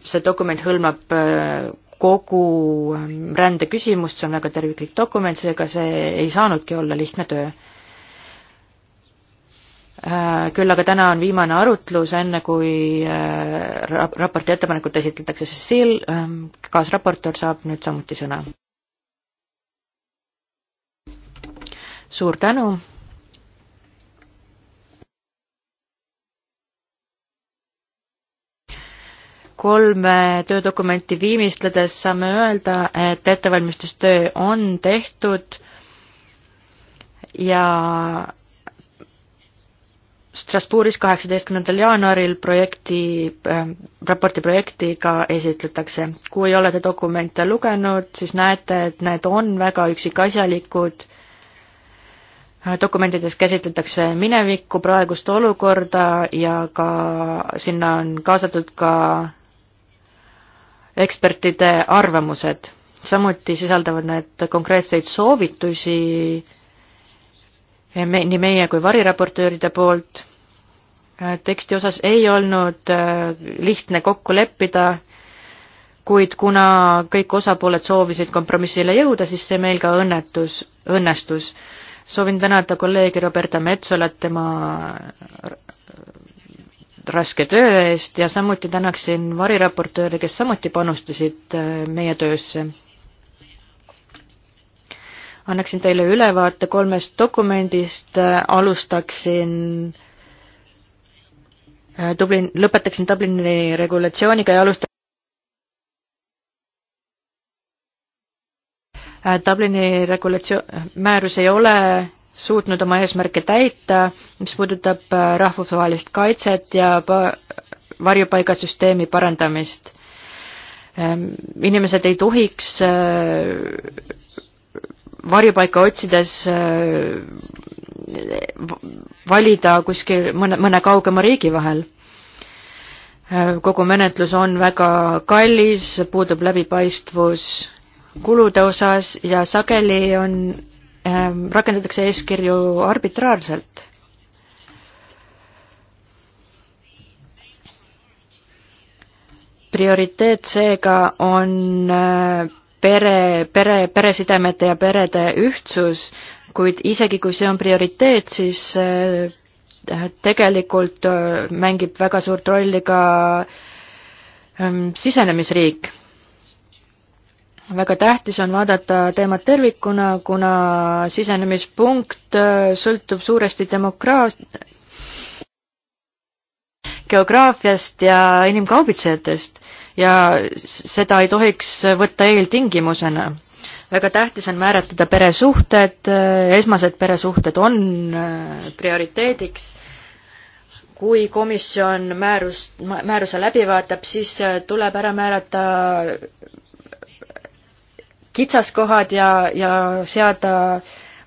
see dokument hõlmab äh, kogu ähm, rändeküsimust, see on väga terviklik dokument, seega see ei saanudki olla lihtne töö. Äh, küll aga täna on viimane arutlus, enne kui äh, raporti ettepanekut esitletakse, sest Siil, ähm, kaasraportöör, saab nüüd samuti sõna. suur tänu kolme töödokumenti viimistledes saame öelda, et ettevalmistustöö on tehtud ja Strasbourgis kaheksateistkümnendal jaanuaril projekti äh,, raporti projekti ka esitletakse. kui olete dokumente lugenud, siis näete, et need on väga üksikasjalikud. dokumentides käsitletakse minevikku, praegust olukorda ja ka sinna on kaasatud ka ekspertide arvamused. samuti sisaldavad need konkreetseid soovitusi me, nii meie kui variraportööride poolt. teksti osas ei olnud äh, lihtne kokku leppida, kuid kuna kõik osapooled soovisid kompromissile jõuda, siis see meil ka õnnetus, õnnestus. soovin tänada kolleegi Roberta Metsolat tema raske töö eest ja samuti tänaksin variraportööre, kes samuti panustasid äh, meie töösse. annaksin teile ülevaate kolmest dokumendist, äh, alustaksin äh, Dublin, lõpetaksin Dublini regulatsiooniga ja alustan Dublini regulatsioon, määrus ei ole suutnud oma eesmärke täita, mis puudutab äh, rahvusvahelist kaitset ja varjupaigasüsteemi parandamist. Ähm, inimesed ei tohiks äh, varjupaika otsides äh, valida kuskil mõne, mõne kaugema riigi vahel. kogu menetlus on väga kallis, puudub läbipaistvus kulude osas ja sageli on Ähm, rakendatakse eeskirju arbitraarselt. prioriteet seega on äh, pere, pere, peresidemete ja perede ühtsus, kuid isegi, kui see on prioriteet, siis äh, tegelikult äh, mängib väga suurt rolli ka ähm, sisenemisriik väga tähtis on vaadata teemat tervikuna, kuna sisenemispunkt äh, sõltub suuresti demokraat-, geograafiast ja inimkaubitsejatest ja seda ei tohiks võtta eeltingimusena. väga tähtis on määratleda peresuhted, äh, esmased peresuhted on äh, prioriteediks kui komisjon määrust, määruse läbi vaatab, siis tuleb ära määrata kitsaskohad ja, ja seada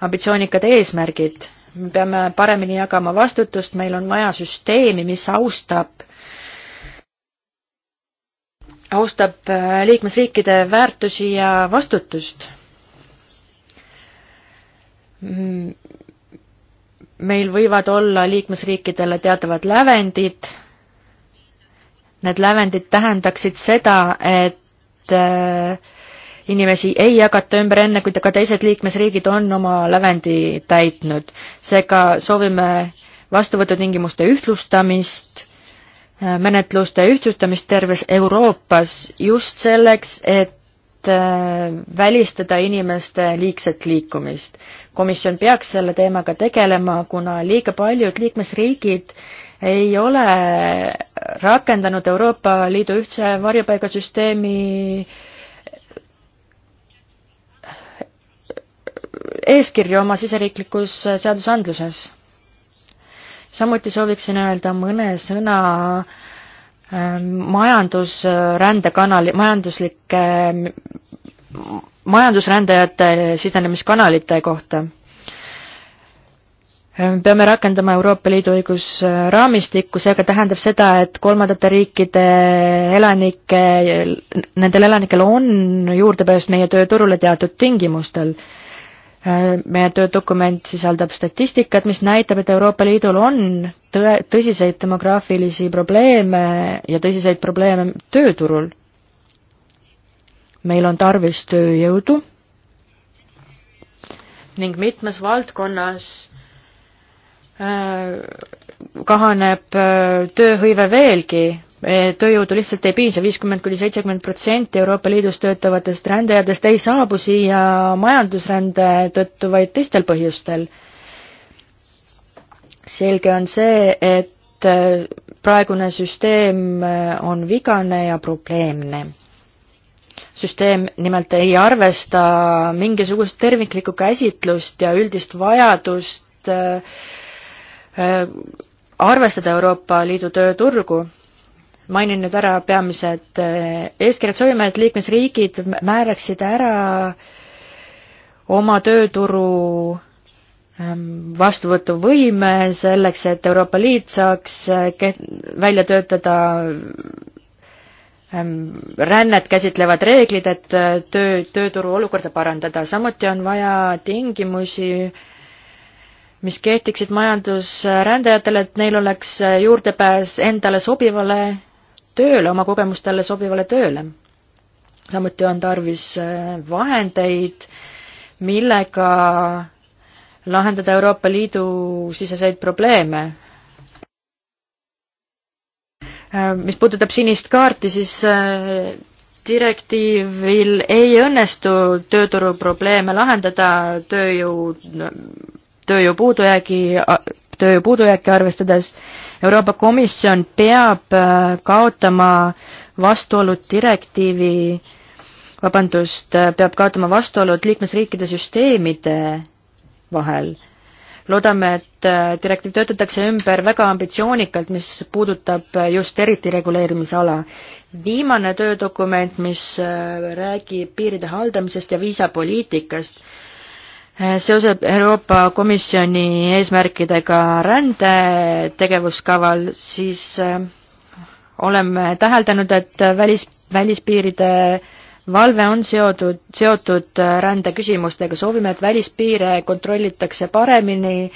ambitsioonikad eesmärgid. me peame paremini jagama vastutust, meil on vaja süsteemi, mis austab austab äh, liikmesriikide väärtusi ja vastutust mm, meil võivad olla liikmesriikidele teatavad lävendid. Need lävendid tähendaksid seda, et äh, inimesi ei jagata ümber enne, kui ka teised liikmesriigid on oma lävendi täitnud. seega soovime vastuvõtutingimuste ühtlustamist, äh, menetluste ühtlustamist terves Euroopas just selleks, et äh, välistada inimeste liigset liikumist. komisjon peaks selle teemaga tegelema, kuna liiga paljud liikmesriigid ei ole rakendanud Euroopa Liidu ühtse varjupaigasüsteemi eeskirju oma siseriiklikus äh, seadusandluses. samuti sooviksin öelda mõne sõna ähm, majandusrändekanali, majanduslike, majandusrändajate sisenemiskanalite kohta ähm, peame rakendama Euroopa Liidu õigusraamistikku, see aga tähendab seda, et kolmandate riikide elanike, nendel elanikel on juurdepääs meie tööturule teatud tingimustel. Äh, meie töödokument sisaldab statistikat, mis näitab, et Euroopa Liidul on tõe, tõsiseid demograafilisi probleeme ja tõsiseid probleeme tööturul. meil on tarvis tööjõudu ning mitmes valdkonnas äh, kahaneb äh, tööhõive veelgi Eh, tööjõudu lihtsalt ei piisa, viiskümmend kuni seitsekümmend protsenti Euroopa Liidus töötavatest rändajatest ei saabu siia majandusrände tõttu, vaid teistel põhjustel. selge on see, et eh, praegune süsteem eh, on vigane ja probleemne. süsteem nimelt ei arvesta mingisugust terviklikku käsitlust ja üldist vajadust arvestada Euroopa Liidu tööturgu mainin nüüd ära peamised eh, eeskirjad, soovime, et liikmesriigid määraksid ära oma tööturu ehm, vastuvõtuvõime selleks, et Euroopa Liit saaks eh, välja töötada ehm, rännet käsitlevad reeglid, et eh, töö, tööturu olukorda parandada, samuti on vaja tingimusi, mis kehtiksid majandusrändajatele, et neil oleks juurdepääs endale sobivale tööle, oma kogemustele sobivale tööle. samuti on tarvis äh, vahendeid, millega lahendada Euroopa Liidu siseseid probleeme. Äh, mis puudutab sinist kaarti, siis äh, direktiivil ei õnnestu tööturu probleeme lahendada, tööjõu, tööjõu puudujäägi, tööjõu puudujääki arvestades äh, Euroopa Komisjon peab äh, kaotama vastuolud direktiivi, vabandust, äh, peab kaotama vastuolud liikmesriikide süsteemide vahel. loodame, et äh, direktiiv töötatakse ümber väga ambitsioonikalt, mis puudutab just eriti reguleerimisala. viimane töödokument, mis räägib piiride haldamisest ja viisapoliitikast, seoses Euroopa Komisjoni eesmärkidega rände tegevuskaval, siis äh, oleme täheldanud, et välis, välispiiride valve on seotud, seotud äh, rändeküsimustega, soovime, et välispiire kontrollitakse paremini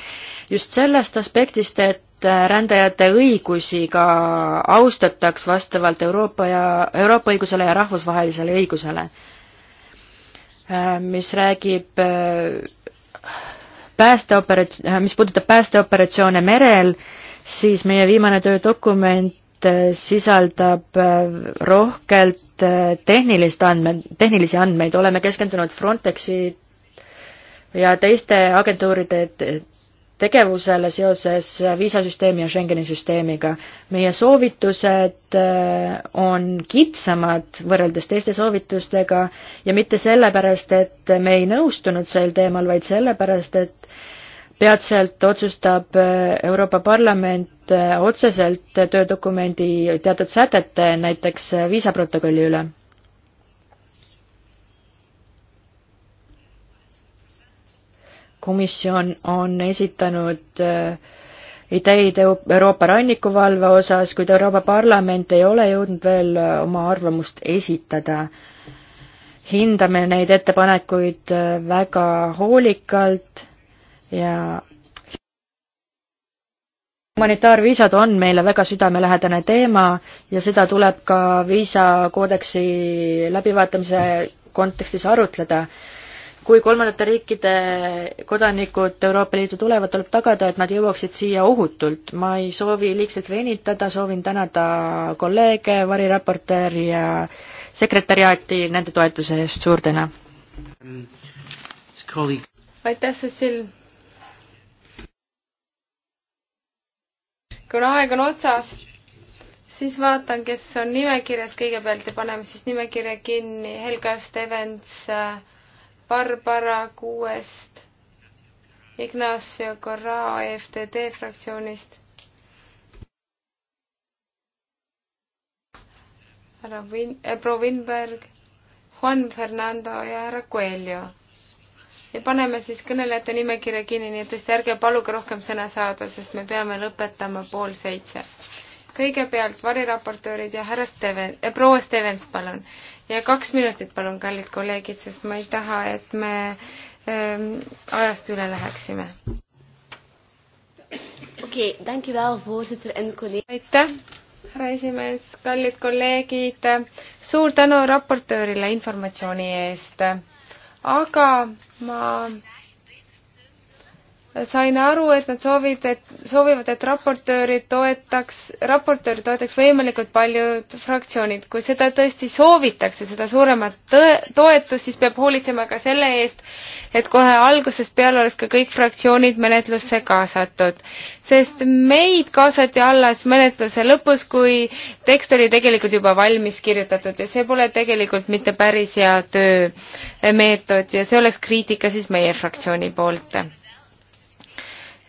just sellest aspektist, et äh, rändajate õigusi ka austataks vastavalt Euroopa ja, Euroopa õigusele ja rahvusvahelisele õigusele Äh, mis räägib äh, päästeoperats-, äh, mis puudutab päästeoperatsioone merel, siis meie viimane töödokument sisaldab rohkelt tehnilist andmed, tehnilisi andmeid, oleme keskendunud Frontexi ja teiste agentuuride tegevusele seoses viisasüsteemi ja Schengeni süsteemiga. meie soovitused äh, on kitsamad võrreldes teiste soovitustega ja mitte sellepärast, et me ei nõustunud sel teemal, vaid sellepärast, et peatselt otsustab äh, Euroopa Parlament äh, otseselt töödokumendi teatud sätete, näiteks viisaprotokolli üle komisjon on esitanud äh, ideid Euroopa rannikuvalve osas, kuid Euroopa Parlament ei ole jõudnud veel äh, oma arvamust esitada. hindame neid ettepanekuid äh, väga hoolikalt ja humanitaarviisad on meile väga südamelähedane teema ja seda tuleb ka viisakoodeksi läbivaatamise kontekstis arutleda kui kolmandate riikide kodanikud Euroopa Liitu tulevad, tuleb tagada, et nad jõuaksid siia ohutult. ma ei soovi liigselt venitada, soovin tänada kolleege, variraportööri ja sekretäriaati nende toetuse eest, suur tänu! aitäh, Cecil! kuna aeg on otsas, siis vaatan, kes on nimekirjas kõigepealt ja paneme siis nimekirja kinni. Helga Stevens äh,, Barbara kuuest, Ignacio Corra EFTD fraktsioonist, härra Vin- äh,, proua Winberg, Juan Fernando ja härra Coelho ja paneme siis kõnelejate nimekirja kinni, nii et tõesti ärge paluge rohkem sõna saada, sest me peame lõpetama pool seitse. kõigepealt variraportöörid ja härra Steven äh,, proua Stevens, palun ja kaks minutit, palun, kallid kolleegid, sest ma ei taha, et me ähm, ajast üle läheksime. okei okay,, tänki veel, voorzitter en kolleeg-. aitäh, härra esimees, kallid kolleegid, suur tänu raportöörile informatsiooni eest, aga ma sain aru, et nad soovid, et, soovivad, et raportööri toetaks, raportööri toetaks võimalikult paljud fraktsioonid. kui seda tõesti soovitakse, seda suuremat toetust, siis peab hoolitsema ka selle eest, et kohe algusest peale oleks ka kõik fraktsioonid menetlusse kaasatud. sest meid kaasati alles menetluse lõpus, kui tekst oli tegelikult juba valmis kirjutatud ja see pole tegelikult mitte päris hea töömeetod ja see oleks kriitika siis meie fraktsiooni poolt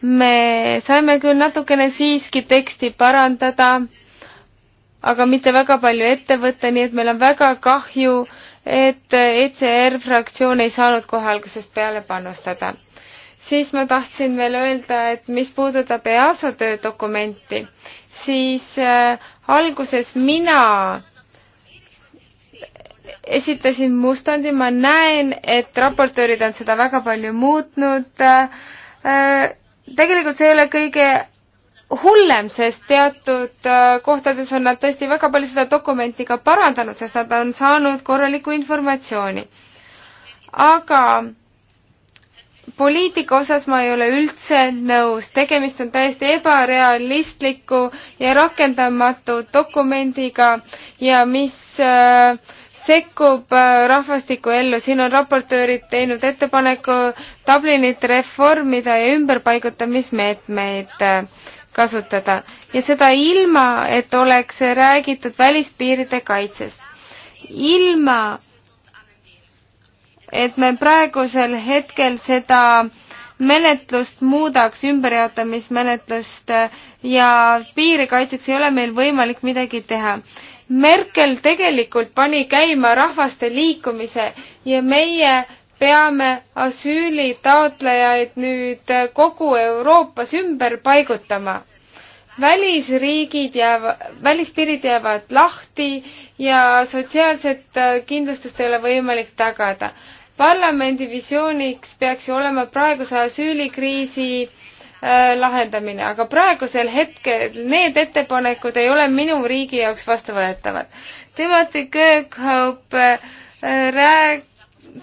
me saime küll natukene siiski teksti parandada, aga mitte väga palju ette võtta, nii et meil on väga kahju, et ECR fraktsioon ei saanud kohe algusest peale panustada. siis ma tahtsin veel öelda, et mis puudutab EASO töödokumenti, siis äh, alguses mina esitasin mustandi, ma näen, et raportöörid on seda väga palju muutnud äh, äh tegelikult see ei ole kõige hullem, sest teatud äh, kohtades on nad tõesti väga palju seda dokumenti ka parandanud, sest nad on saanud korralikku informatsiooni. aga poliitika osas ma ei ole üldse nõus, tegemist on täiesti ebarealistliku ja rakendamatu dokumendiga ja mis äh, sekkub äh, rahvastiku ellu, siin on raportöörid teinud ettepaneku Dublinit reformida ja ümberpaigutamismeetmeid äh, kasutada ja seda ilma, et oleks räägitud välispiiride kaitsest. ilma, et me praegusel hetkel seda menetlust muudaks, ümberjaotamismenetlust äh, ja piiri kaitseks ei ole meil võimalik midagi teha. Merkel tegelikult pani käima rahvaste liikumise ja meie peame asüülitaotlejaid nüüd kogu Euroopas ümber paigutama. välisriigid jäävad, välispiirid jäävad lahti ja sotsiaalset äh, kindlustust ei ole võimalik tagada. parlamendi visiooniks peaks ju olema praeguse asüülikriisi äh, Äh, lahendamine, aga praegusel hetkel need ettepanekud ei ole minu riigi jaoks vastuvõetavad. Timothy Kirkhope äh, rääg-,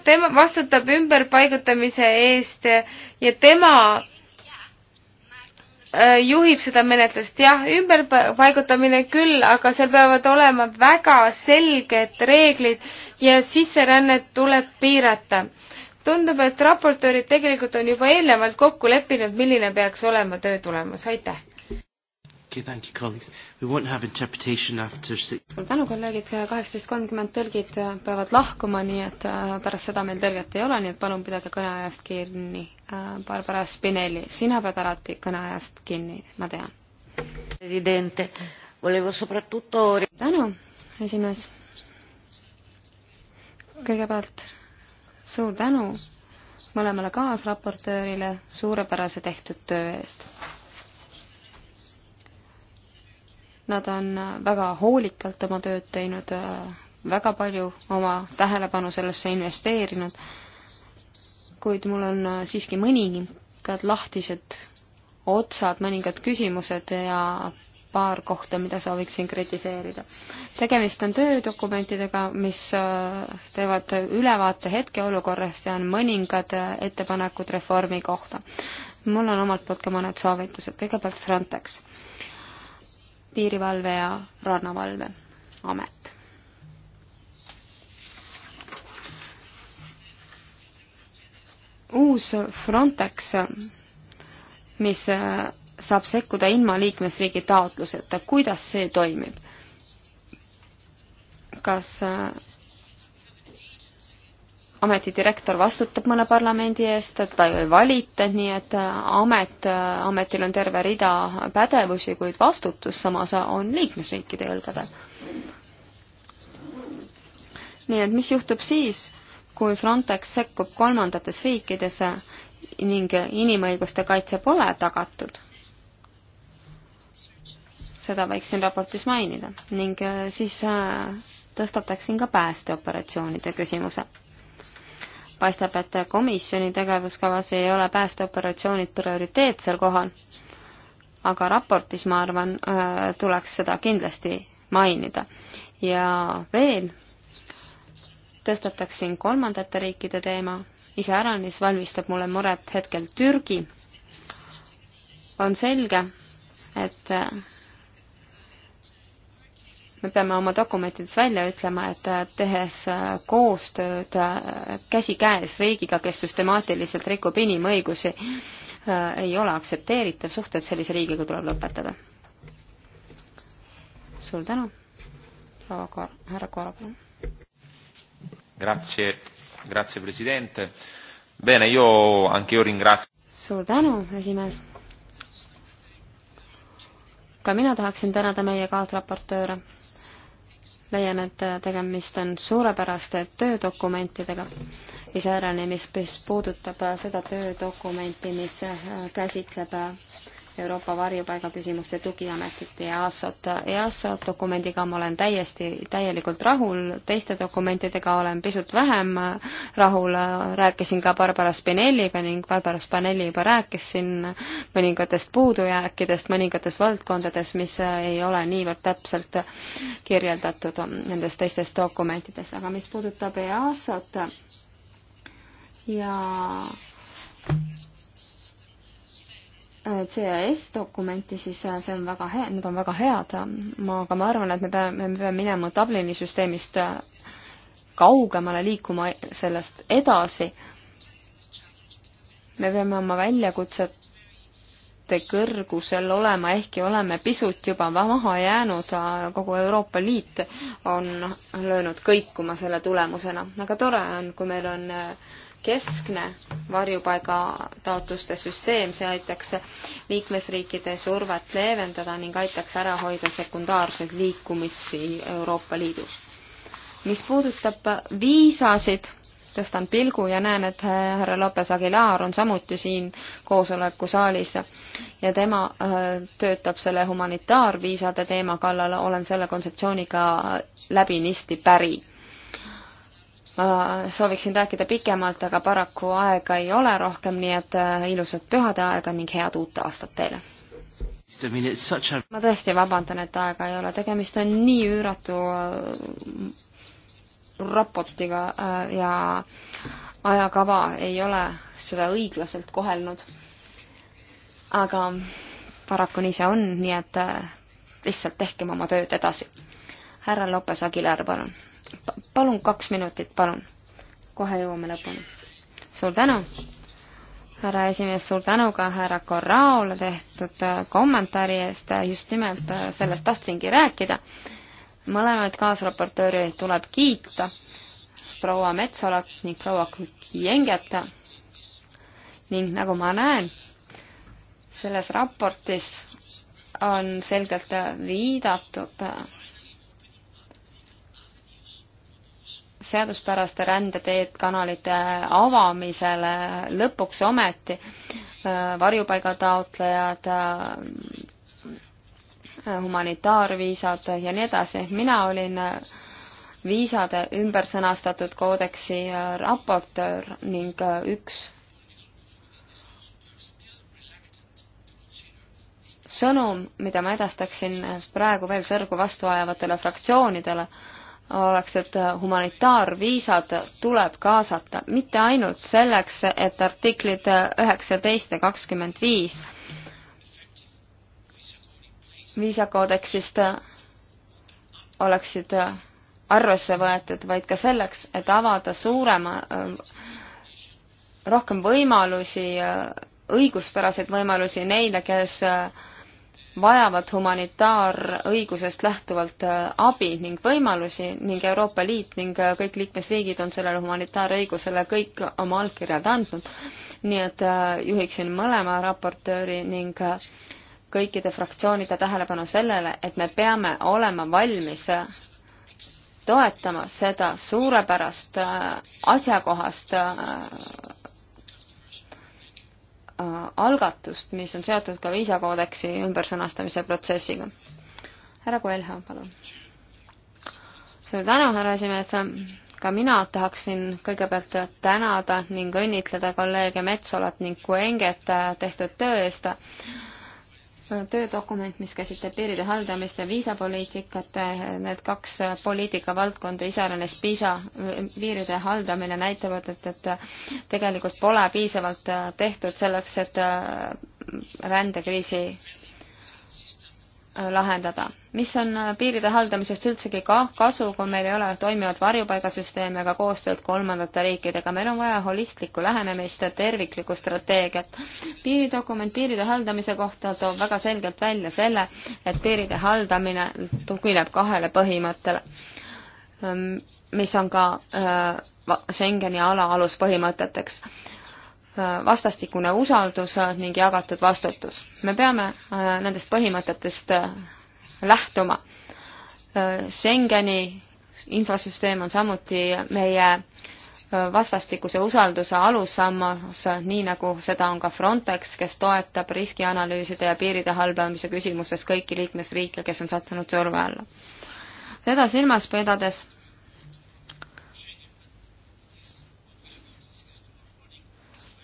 tema vastutab ümberpaigutamise eest ja tema äh, juhib seda menetlust, jah, ümberpaigutamine küll, aga seal peavad olema väga selged reeglid ja sisserännet tuleb piirata tundub, et raportöörid tegelikult on juba eelnevalt kokku leppinud, milline peaks olema töö tulemus, aitäh! Okay, thank you, colleagues. We won't have interpretation after six. suur tänu, kolleegid, kaheksateist kolmkümmend tõlgid äh, peavad lahkuma, nii et äh, pärast seda meil tõlget ei ole, nii et palun pidage kõneajast kinni. Äh, Barbara Spinelli, sina pead alati kõneajast kinni, ma tean. tänu, esimees. kõigepealt suur tänu mõlemale kaasraportöörile suurepärase tehtud töö eest. Nad on väga hoolikalt oma tööd teinud, väga palju oma tähelepanu sellesse investeerinud, kuid mul on siiski mõningad lahtised otsad, mõningad küsimused ja paar kohta, mida sooviksin kritiseerida. tegemist on töödokumentidega, mis äh, teevad ülevaate hetkeolukorrast ja on mõningad äh, ettepanekud reformi kohta. mul on omalt poolt ka mõned soovitused, kõigepealt Frontex, piirivalve ja rannavalveamet uus Frontex, mis äh, saab sekkuda ilma liikmesriigi taotluseta, kuidas see toimib? kas äh, ameti direktor vastutab mõne parlamendi eest, teda ju ei valita, nii et äh, amet, äh, ametil on terve rida pädevusi, kuid vastutus samas on liikmesriikide õlgadel. nii et mis juhtub siis, kui Frontex sekkub kolmandates riikides ning inimõiguste kaitse pole tagatud? seda võiksin raportis mainida ning äh, siis äh, tõstataksin ka päästeoperatsioonide küsimuse. paistab, et komisjoni tegevuskavas ei ole päästeoperatsioonid prioriteetsel kohal, aga raportis, ma arvan, äh, tuleks seda kindlasti mainida. ja veel tõstataksin kolmandate riikide teema, iseäranis valmistab mulle muret hetkel Türgi. on selge, et me peame oma dokumentides välja ütlema, et äh, tehes äh, koostööd äh, käsikäes riigiga, kes süstemaatiliselt rikub inimõigusi, ei ole aktsepteeritav, suhted sellise riigiga tuleb lõpetada. suur tänu, proua Kaar-, härra Kaara, palun. Grazie, grazie presidente. Bene, io anche io ringrazio. suur tänu, esimees ka mina tahaksin tänada meie kaasraportööre. leian, et tegemist on suurepäraste töödokumentidega, iseärani, mis, mis puudutab seda töödokumenti, mis käsitleb Euroopa varjupaigaküsimuste tugiametit ja EASO-t. EASO dokumendiga ma olen täiesti, täielikult rahul, teiste dokumentidega olen pisut vähem rahul, rääkisin ka Barbara Spinelliga ning Barbara Spinelli juba rääkis siin mõningatest puudujääkidest mõningates valdkondades, mis ei ole niivõrd täpselt kirjeldatud nendes teistes dokumentides, aga mis puudutab EASO-t ja CAS dokumenti, siis äh, see on väga hea, need on väga head, ma, aga ma arvan, et me peame, me peame minema Dublini süsteemist äh, kaugemale, liikuma sellest edasi. me peame oma väljakutsete kõrgusel olema, ehkki oleme pisut juba maha jäänud, äh, kogu Euroopa Liit on löönud kõikuma selle tulemusena. aga tore on, kui meil on äh, keskne varjupaiga taotluste süsteem, see aitaks liikmesriikide survet leevendada ning aitaks ära hoida sekundaarseid liikumisi Euroopa Liidus. mis puudutab viisasid, siis tõstan pilgu ja näen, et härra Lopes Aguilar on samuti siin koosolekusaalis ja tema äh, töötab selle humanitaarviisade teema kallal, olen selle kontseptsiooniga läbinisti päri Äh, sooviksin rääkida pikemalt, aga paraku aega ei ole rohkem, nii et äh, ilusat pühade aega ning head uut aastat teile! ma tõesti vabandan, et aega ei ole, tegemist on nii üüratu äh, raportiga ja ajakava ei ole seda õiglaselt kohelnud. aga paraku nii see on, nii et lihtsalt tehkem oma tööd edasi. härra Lopes Agilar, palun palun kaks minutit, palun. kohe jõuame lõpuni. suur tänu, härra esimees, suur tänu ka härra Corraole tehtud äh, kommentaari eest, just nimelt äh, sellest tahtsingi rääkida. mõlemaid kaasraportööri tuleb kiita, proua Metsolat ning proua Kienget ning nagu ma näen, selles raportis on selgelt äh, viidatud seaduspäraste rändeteed kanalite avamisele lõpuks ometi äh, varjupaigataotlejad, äh, humanitaarviisad ja nii edasi. mina olin äh, viisade ümbersõnastatud koodeksi raportöör ning üks sõnum, mida ma edastaksin praegu veel sõrgu vastu ajavatele fraktsioonidele, oleks, et humanitaarviisad tuleb kaasata, mitte ainult selleks, et artiklid üheksateist ja kakskümmend viis viisakoodeksist oleksid arvesse võetud, vaid ka selleks, et avada suurema, rohkem võimalusi, õiguspäraseid võimalusi neile, kes vajavad humanitaarõigusest lähtuvalt äh, abi ning võimalusi ning Euroopa Liit ning äh, kõik liikmesriigid on sellele humanitaarõigusele kõik oma allkirjad andnud. nii et äh, juhiksin mõlema raportööri ning kõikide fraktsioonide tähelepanu sellele, et me peame olema valmis toetama seda suurepärast asjakohast Äh, algatust, mis on seotud ka viisakoodeksi ümbersõnastamise protsessiga. härra Koelho, palun. suur tänu, härra esimees. ka mina tahaksin kõigepealt tänada ning õnnitleda kolleege Metsolat ning Kuenget äh, tehtud töö eest töödokument, mis käsitleb piiride haldamist ja viisapoliitikat, need kaks poliitikavaldkonda, iseäranis piisa, piiride haldamine näitavad, et, et tegelikult pole piisavalt tehtud selleks, et rändekriisi lahendada. mis on äh, piiride haldamisest üldsegi ka kasu, kui meil ei ole toimivat varjupaigasüsteemi ega koostööd kolmandate riikidega, meil on vaja holistlikku lähenemist, terviklikku strateegiat. piiridokument piiride haldamise kohta toob väga selgelt välja selle, et piiride haldamine tugineb kahele põhimõttele, ähm, mis on ka äh, Schengeni ala aluspõhimõteteks vastastikune usaldus ning jagatud vastutus. me peame äh, nendest põhimõtetest äh, lähtuma. Äh, Schengeni infosüsteem on samuti meie vastastikuse usalduse alussammas, nii nagu seda on ka Frontex, kes toetab riskianalüüside ja piiride halvamise küsimuses kõiki liikmesriike, kes on sattunud surve alla. seda silmas pidades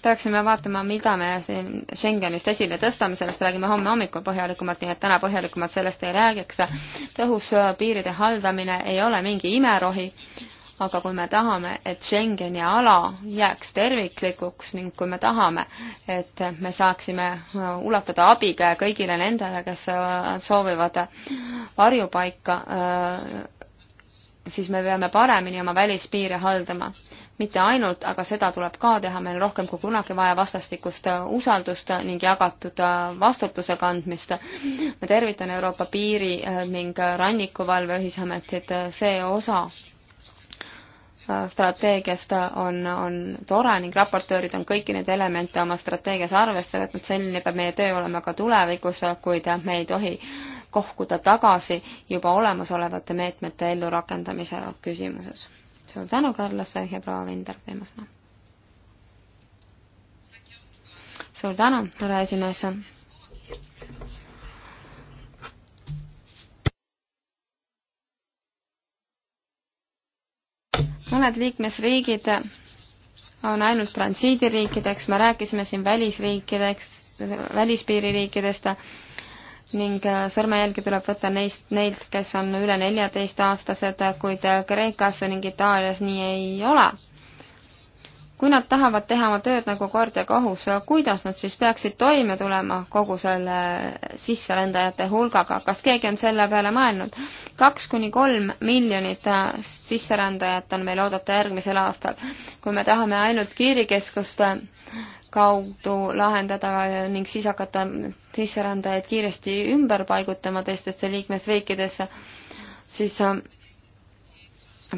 peaksime vaatama, mida me siin Schengenist esile tõstame, sellest räägime homme hommikul põhjalikumalt, nii et täna põhjalikumalt sellest ei räägiks. tõhus äh, piiride haldamine ei ole mingi imerohi, aga kui me tahame, et Schengeni ala jääks terviklikuks ning kui me tahame, et me saaksime äh, ulatada abikäe kõigile nendele, kes äh, soovivad varjupaika, siis me peame paremini oma välispiire haldama mitte ainult, aga seda tuleb ka teha, meil rohkem kui kunagi vaja vastastikust äh, usaldust ning jagatud äh, vastutuse kandmist. ma tervitan Euroopa Piiri äh, ning Rannikuvalve Ühisametit, see osa strateegiast on, on tore ning raportöörid on kõiki neid elemente oma strateegias arvesse võtnud, selline peab meie töö olema ka tulevikus, kuid me ei tohi kohkuda tagasi juba olemasolevate meetmete ellurakendamise küsimuses suur tänu, Carlos ja proua Vender viimasena. suur tänu, härra esimees. mõned liikmesriigid on ainult transiidiriikideks, me rääkisime siin välisriikideks, välispiiririikidest ning äh, sõrmejälgi tuleb võtta neist, neilt, kes on üle neljateistaastased, kuid äh, Kreekas ning Itaalias nii ei ole. kui nad tahavad teha oma tööd nagu kord ja kohus, kuidas nad siis peaksid toime tulema kogu selle sisserändajate hulgaga, kas keegi on selle peale mõelnud? kaks kuni kolm miljonit äh, sisserändajat on meil oodata järgmisel aastal. kui me tahame ainult kiirikeskust kaudu lahendada ning siis hakata sisserändajaid kiiresti ümber paigutama teistesse liikmesriikidesse, siis äh,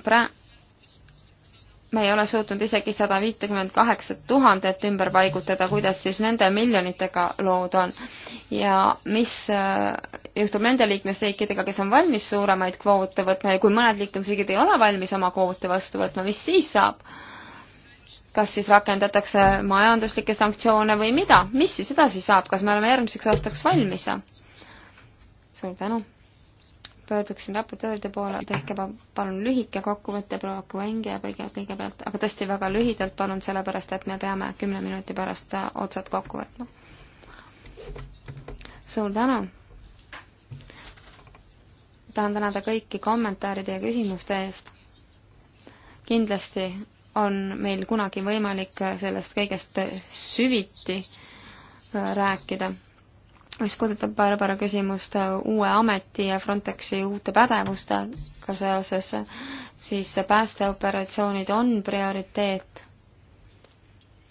pra-, me ei ole suutnud isegi sada viitekümmet kaheksat tuhandet ümber paigutada, kuidas siis nende miljonitega lood on. ja mis äh, juhtub nende liikmesriikidega, kes on valmis suuremaid kvoote võtma ja kui mõned liikmesriigid ei ole valmis oma kvoote vastu võtma, mis siis saab? kas siis rakendatakse majanduslikke sanktsioone või mida, mis siis edasi saab, kas me oleme järgmiseks aastaks valmis? suur tänu. pöörduksin raportööride poole, tehke palun lühike kokkuvõte, proua Kuenge kõige, kõigepealt, aga tõesti väga lühidalt palun, sellepärast et me peame kümne minuti pärast otsad kokku võtma. suur tänu. tahan tänada kõiki kommentaaride ja küsimuste eest. kindlasti on meil kunagi võimalik sellest kõigest süviti äh, rääkida. mis puudutab Barbara küsimust äh, uue ameti ja Frontexi uute pädevustega seoses, siis päästeoperatsioonid on prioriteet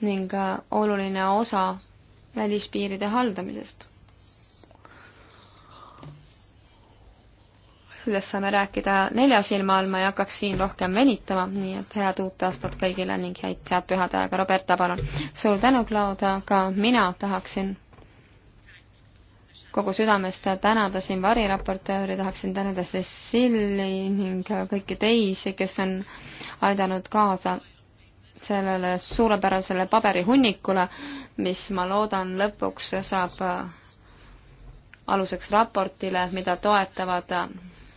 ning äh, oluline osa välispiiride haldamisest millest saame rääkida nelja silma all, ma ei hakkaks siin rohkem venitama, nii et head uut aastat kõigile ning häid head pühade aega, Roberta, palun. suur tänu, Claude, aga mina tahaksin kogu südamest tänada siin variraportööri, tahaksin tänada Cecilli ning kõiki teisi, kes on aidanud kaasa sellele suurepärasele paberihunnikule, mis ma loodan lõpuks saab aluseks raportile, mida toetavad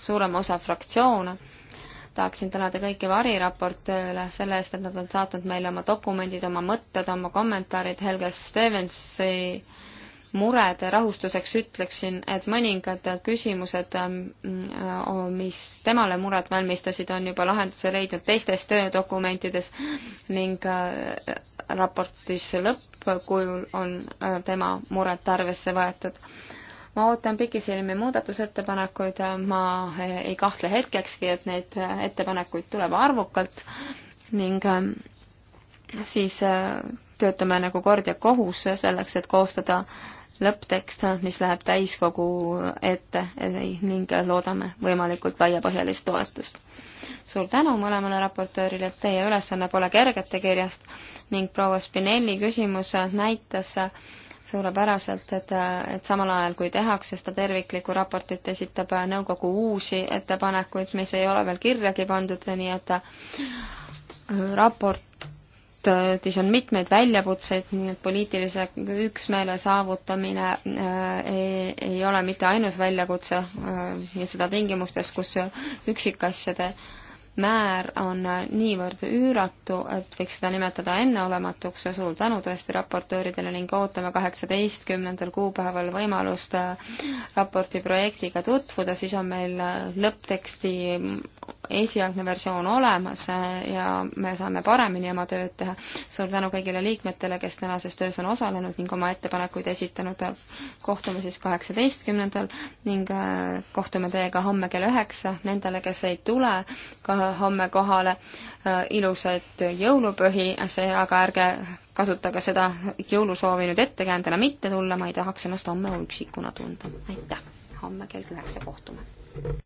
suurema osa fraktsioone. tahaksin tänada kõiki variraportööre selle eest, et nad on saatnud meile oma dokumendid, oma mõtted, oma kommentaarid, Helga Stevensi murede rahustuseks ütleksin, et mõningad küsimused, ähm, äh, mis temale muret valmistasid, on juba lahenduse leidnud teistes töödokumentides ning äh, raportis lõppkujul on äh, tema muret arvesse võetud ma ootan pikisilmi muudatusettepanekuid, ma eh, ei kahtle hetkekski, et neid eh, ettepanekuid tuleb arvukalt ning eh, siis töötame nagu kord ja kohus selleks, et koostada lõpptekst, mis läheb täiskogu ette ning loodame võimalikult laiapõhjalist toetust. suur tänu mõlemale raportöörile, et teie ülesanne pole kergete kirjast ning proua Spinelli küsimus näitas, suurepäraselt, et, et samal ajal, kui tehakse seda terviklikku raportit, esitab nõukogu uusi ettepanekuid, mis ei ole veel kirjagi pandud, nii et raportis on mitmeid väljakutseid, nii et poliitilise üksmeele saavutamine äh, ei, ei ole mitte ainus väljakutse äh, ja seda tingimustes, kus üksikasjade äh, määr on niivõrd üüratu, et võiks seda nimetada enneolematuks ja suur tänu tõesti raportööridele ning ootame kaheksateistkümnendal kuupäeval võimalust äh, raporti projektiga tutvuda, siis on meil äh, lõppteksti esialgne versioon olemas äh, ja me saame paremini oma tööd teha. suur tänu kõigile liikmetele, kes tänases töös on osalenud ning oma ettepanekuid esitanud. kohtume siis kaheksateistkümnendal ning äh, kohtume teiega homme kell üheksa. Nendele, kes ei tule ka homme kohale, äh, ilusat jõulupühi, see aga ärge kasutage seda jõulusoovi nüüd ettekäändena mitte tulla, ma ei tahaks ennast homme üksikuna tunda. aitäh, homme kell üheksa kohtume.